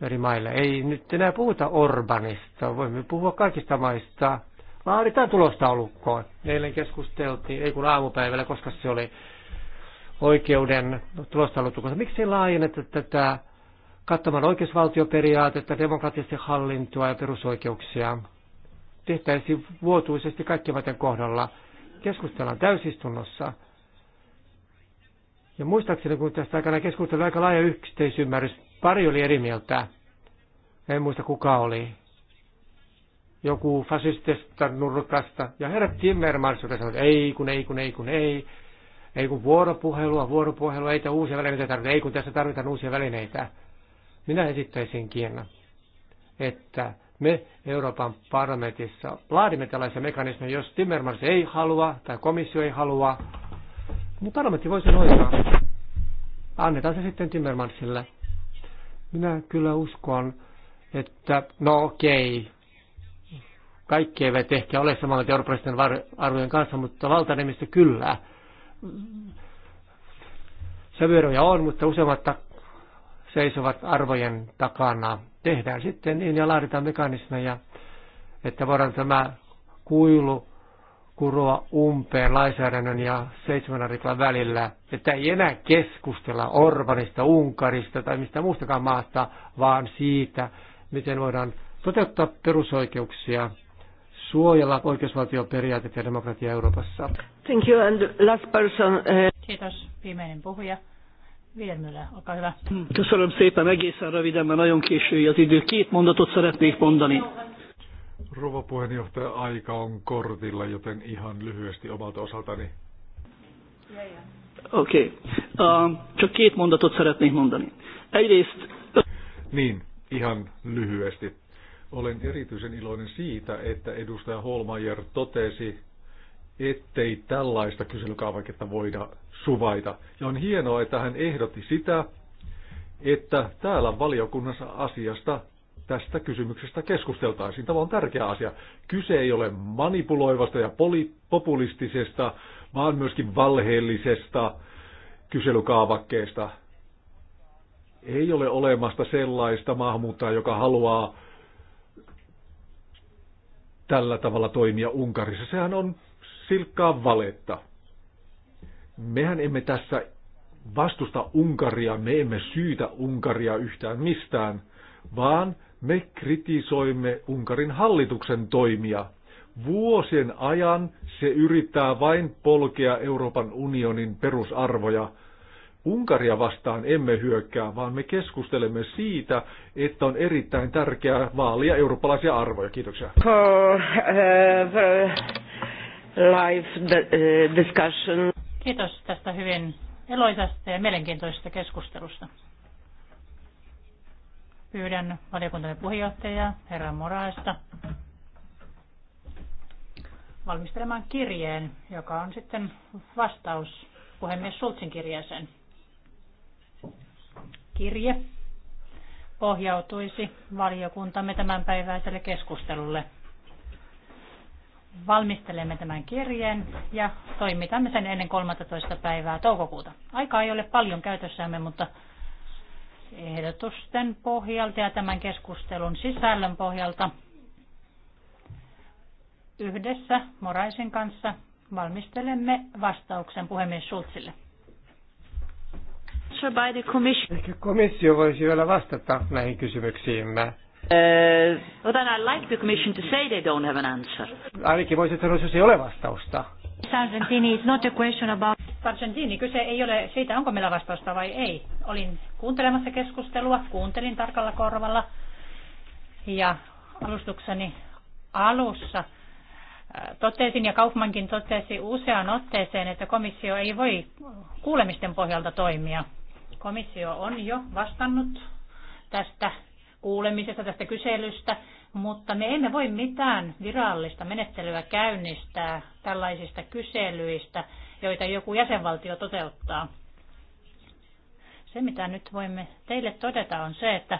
eri maille. Ei nyt enää puhuta Orbanista, voimme puhua kaikista maista. Laaditaan tulostaulukkoon. Eilen keskusteltiin, ei kun aamupäivällä, koska se oli oikeuden tulostaloutukossa. Miksi laajenneta tätä kattamaan oikeusvaltioperiaatetta, demokraattista hallintoa ja perusoikeuksia? Tehtäisiin vuotuisesti kaikkien maiden kohdalla. Keskustellaan täysistunnossa. Ja muistaakseni, kun tästä aikana keskusteltiin aika laaja yhteisymmärrys, pari oli eri mieltä. En muista kuka oli. Joku fasistista nurkasta. Ja herra Timmermans, joka sanoi, että ei kun ei kun ei kun ei. Ei kun vuoropuhelua, vuoropuhelua, ei tämä uusia välineitä tarvita, ei kun tässä tarvitaan uusia välineitä. Minä esittäisin kiinna, että me Euroopan parlamentissa laadimme tällaisen mekanismin, jos Timmermans ei halua tai komissio ei halua, niin parlamentti voi sen hoitaa. Annetaan se sitten Timmermansille. Minä kyllä uskon, että no okei, kaikki eivät ehkä ole samalla teoroprosessin arvojen kanssa, mutta valtaenemmistö kyllä ja on, mutta useimmat seisovat arvojen takana. Tehdään sitten niin ja laaditaan mekanismeja, että voidaan tämä kuilu kuroa umpeen lainsäädännön ja seitsemän artiklan välillä, että ei enää keskustella Orbanista, Unkarista tai mistä muustakaan maasta, vaan siitä, miten voidaan toteuttaa perusoikeuksia suojella oikeusvaltioperiaatteet ja demokratia Euroopassa. Thank you and last person. Eh, Kiitos. Viimeinen puhuja. Vilmyle, olkaa hyvä. Köszönöm szépen, egészen röviden, mert nagyon késői az idő. Két mondatot szeretnék mondani. Rouva puheenjohtaja, aika on kortilla, joten ihan lyhyesti omalta osaltani. Okei. Okay. Uh, csak két mondatot szeretnék mondani. Egyrészt... Niin, ihan lyhyesti. Olen erityisen iloinen siitä, että edustaja Holmajer totesi, ettei tällaista kyselykaavaketta voida suvaita. Ja on hienoa, että hän ehdotti sitä, että täällä valiokunnassa asiasta tästä kysymyksestä keskusteltaisiin. Tämä on tärkeä asia. Kyse ei ole manipuloivasta ja poli- populistisesta, vaan myöskin valheellisesta kyselykaavakkeesta. Ei ole olemasta sellaista maahanmuuttajaa, joka haluaa tällä tavalla toimia Unkarissa. Sehän on silkkaa valetta. Mehän emme tässä vastusta Unkaria, me emme syytä Unkaria yhtään mistään, vaan me kritisoimme Unkarin hallituksen toimia. Vuosien ajan se yrittää vain polkea Euroopan unionin perusarvoja – Unkaria vastaan emme hyökkää, vaan me keskustelemme siitä, että on erittäin tärkeää vaalia eurooppalaisia arvoja. Kiitoksia. Uh, live uh, discussion. Kiitos tästä hyvin eloisasta ja mielenkiintoisesta keskustelusta. Pyydän valiokuntamme puheenjohtajaa, herra Moraesta, valmistelemaan kirjeen, joka on sitten vastaus puhemies Sultsin kirjeeseen kirje pohjautuisi valiokuntamme tämänpäiväiselle keskustelulle. Valmistelemme tämän kirjeen ja toimitamme sen ennen 13. päivää toukokuuta. Aika ei ole paljon käytössämme, mutta ehdotusten pohjalta ja tämän keskustelun sisällön pohjalta yhdessä Moraisin kanssa valmistelemme vastauksen puhemies Schulzille. Ehkä komissio voisi vielä vastata näihin kysymyksiin, Uh, well then I'd like the Commission to say they don't have an answer. Ainakin voisi sanoa, jos ei ole vastausta. Sargentini, it's not a question about... Sargentini, kyse ei ole siitä, onko meillä vastausta vai ei. Olin kuuntelemassa keskustelua, kuuntelin tarkalla korvalla. Ja alustukseni alussa äh, totesin, ja Kaufmankin totesi useaan otteeseen, että komissio ei voi kuulemisten pohjalta toimia. Komissio on jo vastannut tästä kuulemisesta, tästä kyselystä, mutta me emme voi mitään virallista menettelyä käynnistää tällaisista kyselyistä, joita joku jäsenvaltio toteuttaa. Se, mitä nyt voimme teille todeta, on se, että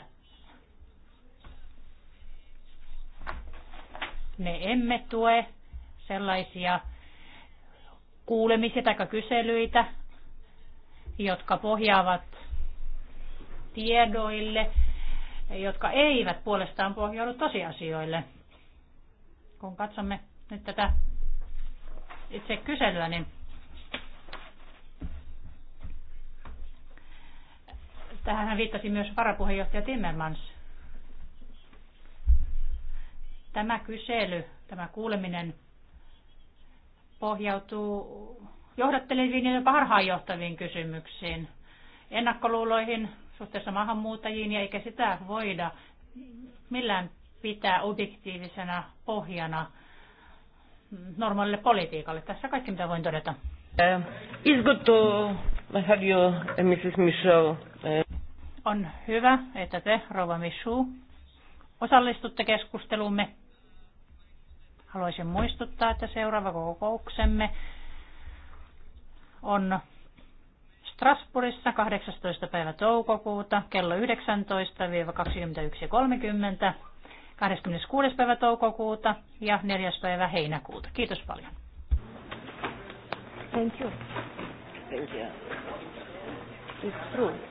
me emme tue sellaisia kuulemisia tai kyselyitä, jotka pohjaavat tiedoille, jotka eivät puolestaan pohjaudu tosiasioille. Kun katsomme nyt tätä itse kyselyä, niin tähän viittasi myös varapuheenjohtaja Timmermans. Tämä kysely, tämä kuuleminen pohjautuu johdatteleviin ja jopa harhaanjohtaviin kysymyksiin, ennakkoluuloihin suhteessa maahanmuuttajiin, ja eikä sitä voida millään pitää objektiivisena pohjana normaalille politiikalle. Tässä kaikki, mitä voin todeta. Uh, eh, it's good to have you, eh, Mrs. Michel. Uh. Eh. On hyvä, että te, Rova Michu, osallistutte keskustelumme. Haluaisin muistuttaa, että seuraava kokouksemme on Strasbourgissa 18. päivä toukokuuta kello 19-21.30, 26. päivä toukokuuta ja 4. päivä heinäkuuta. Kiitos paljon. Thank you. Thank you. It's true.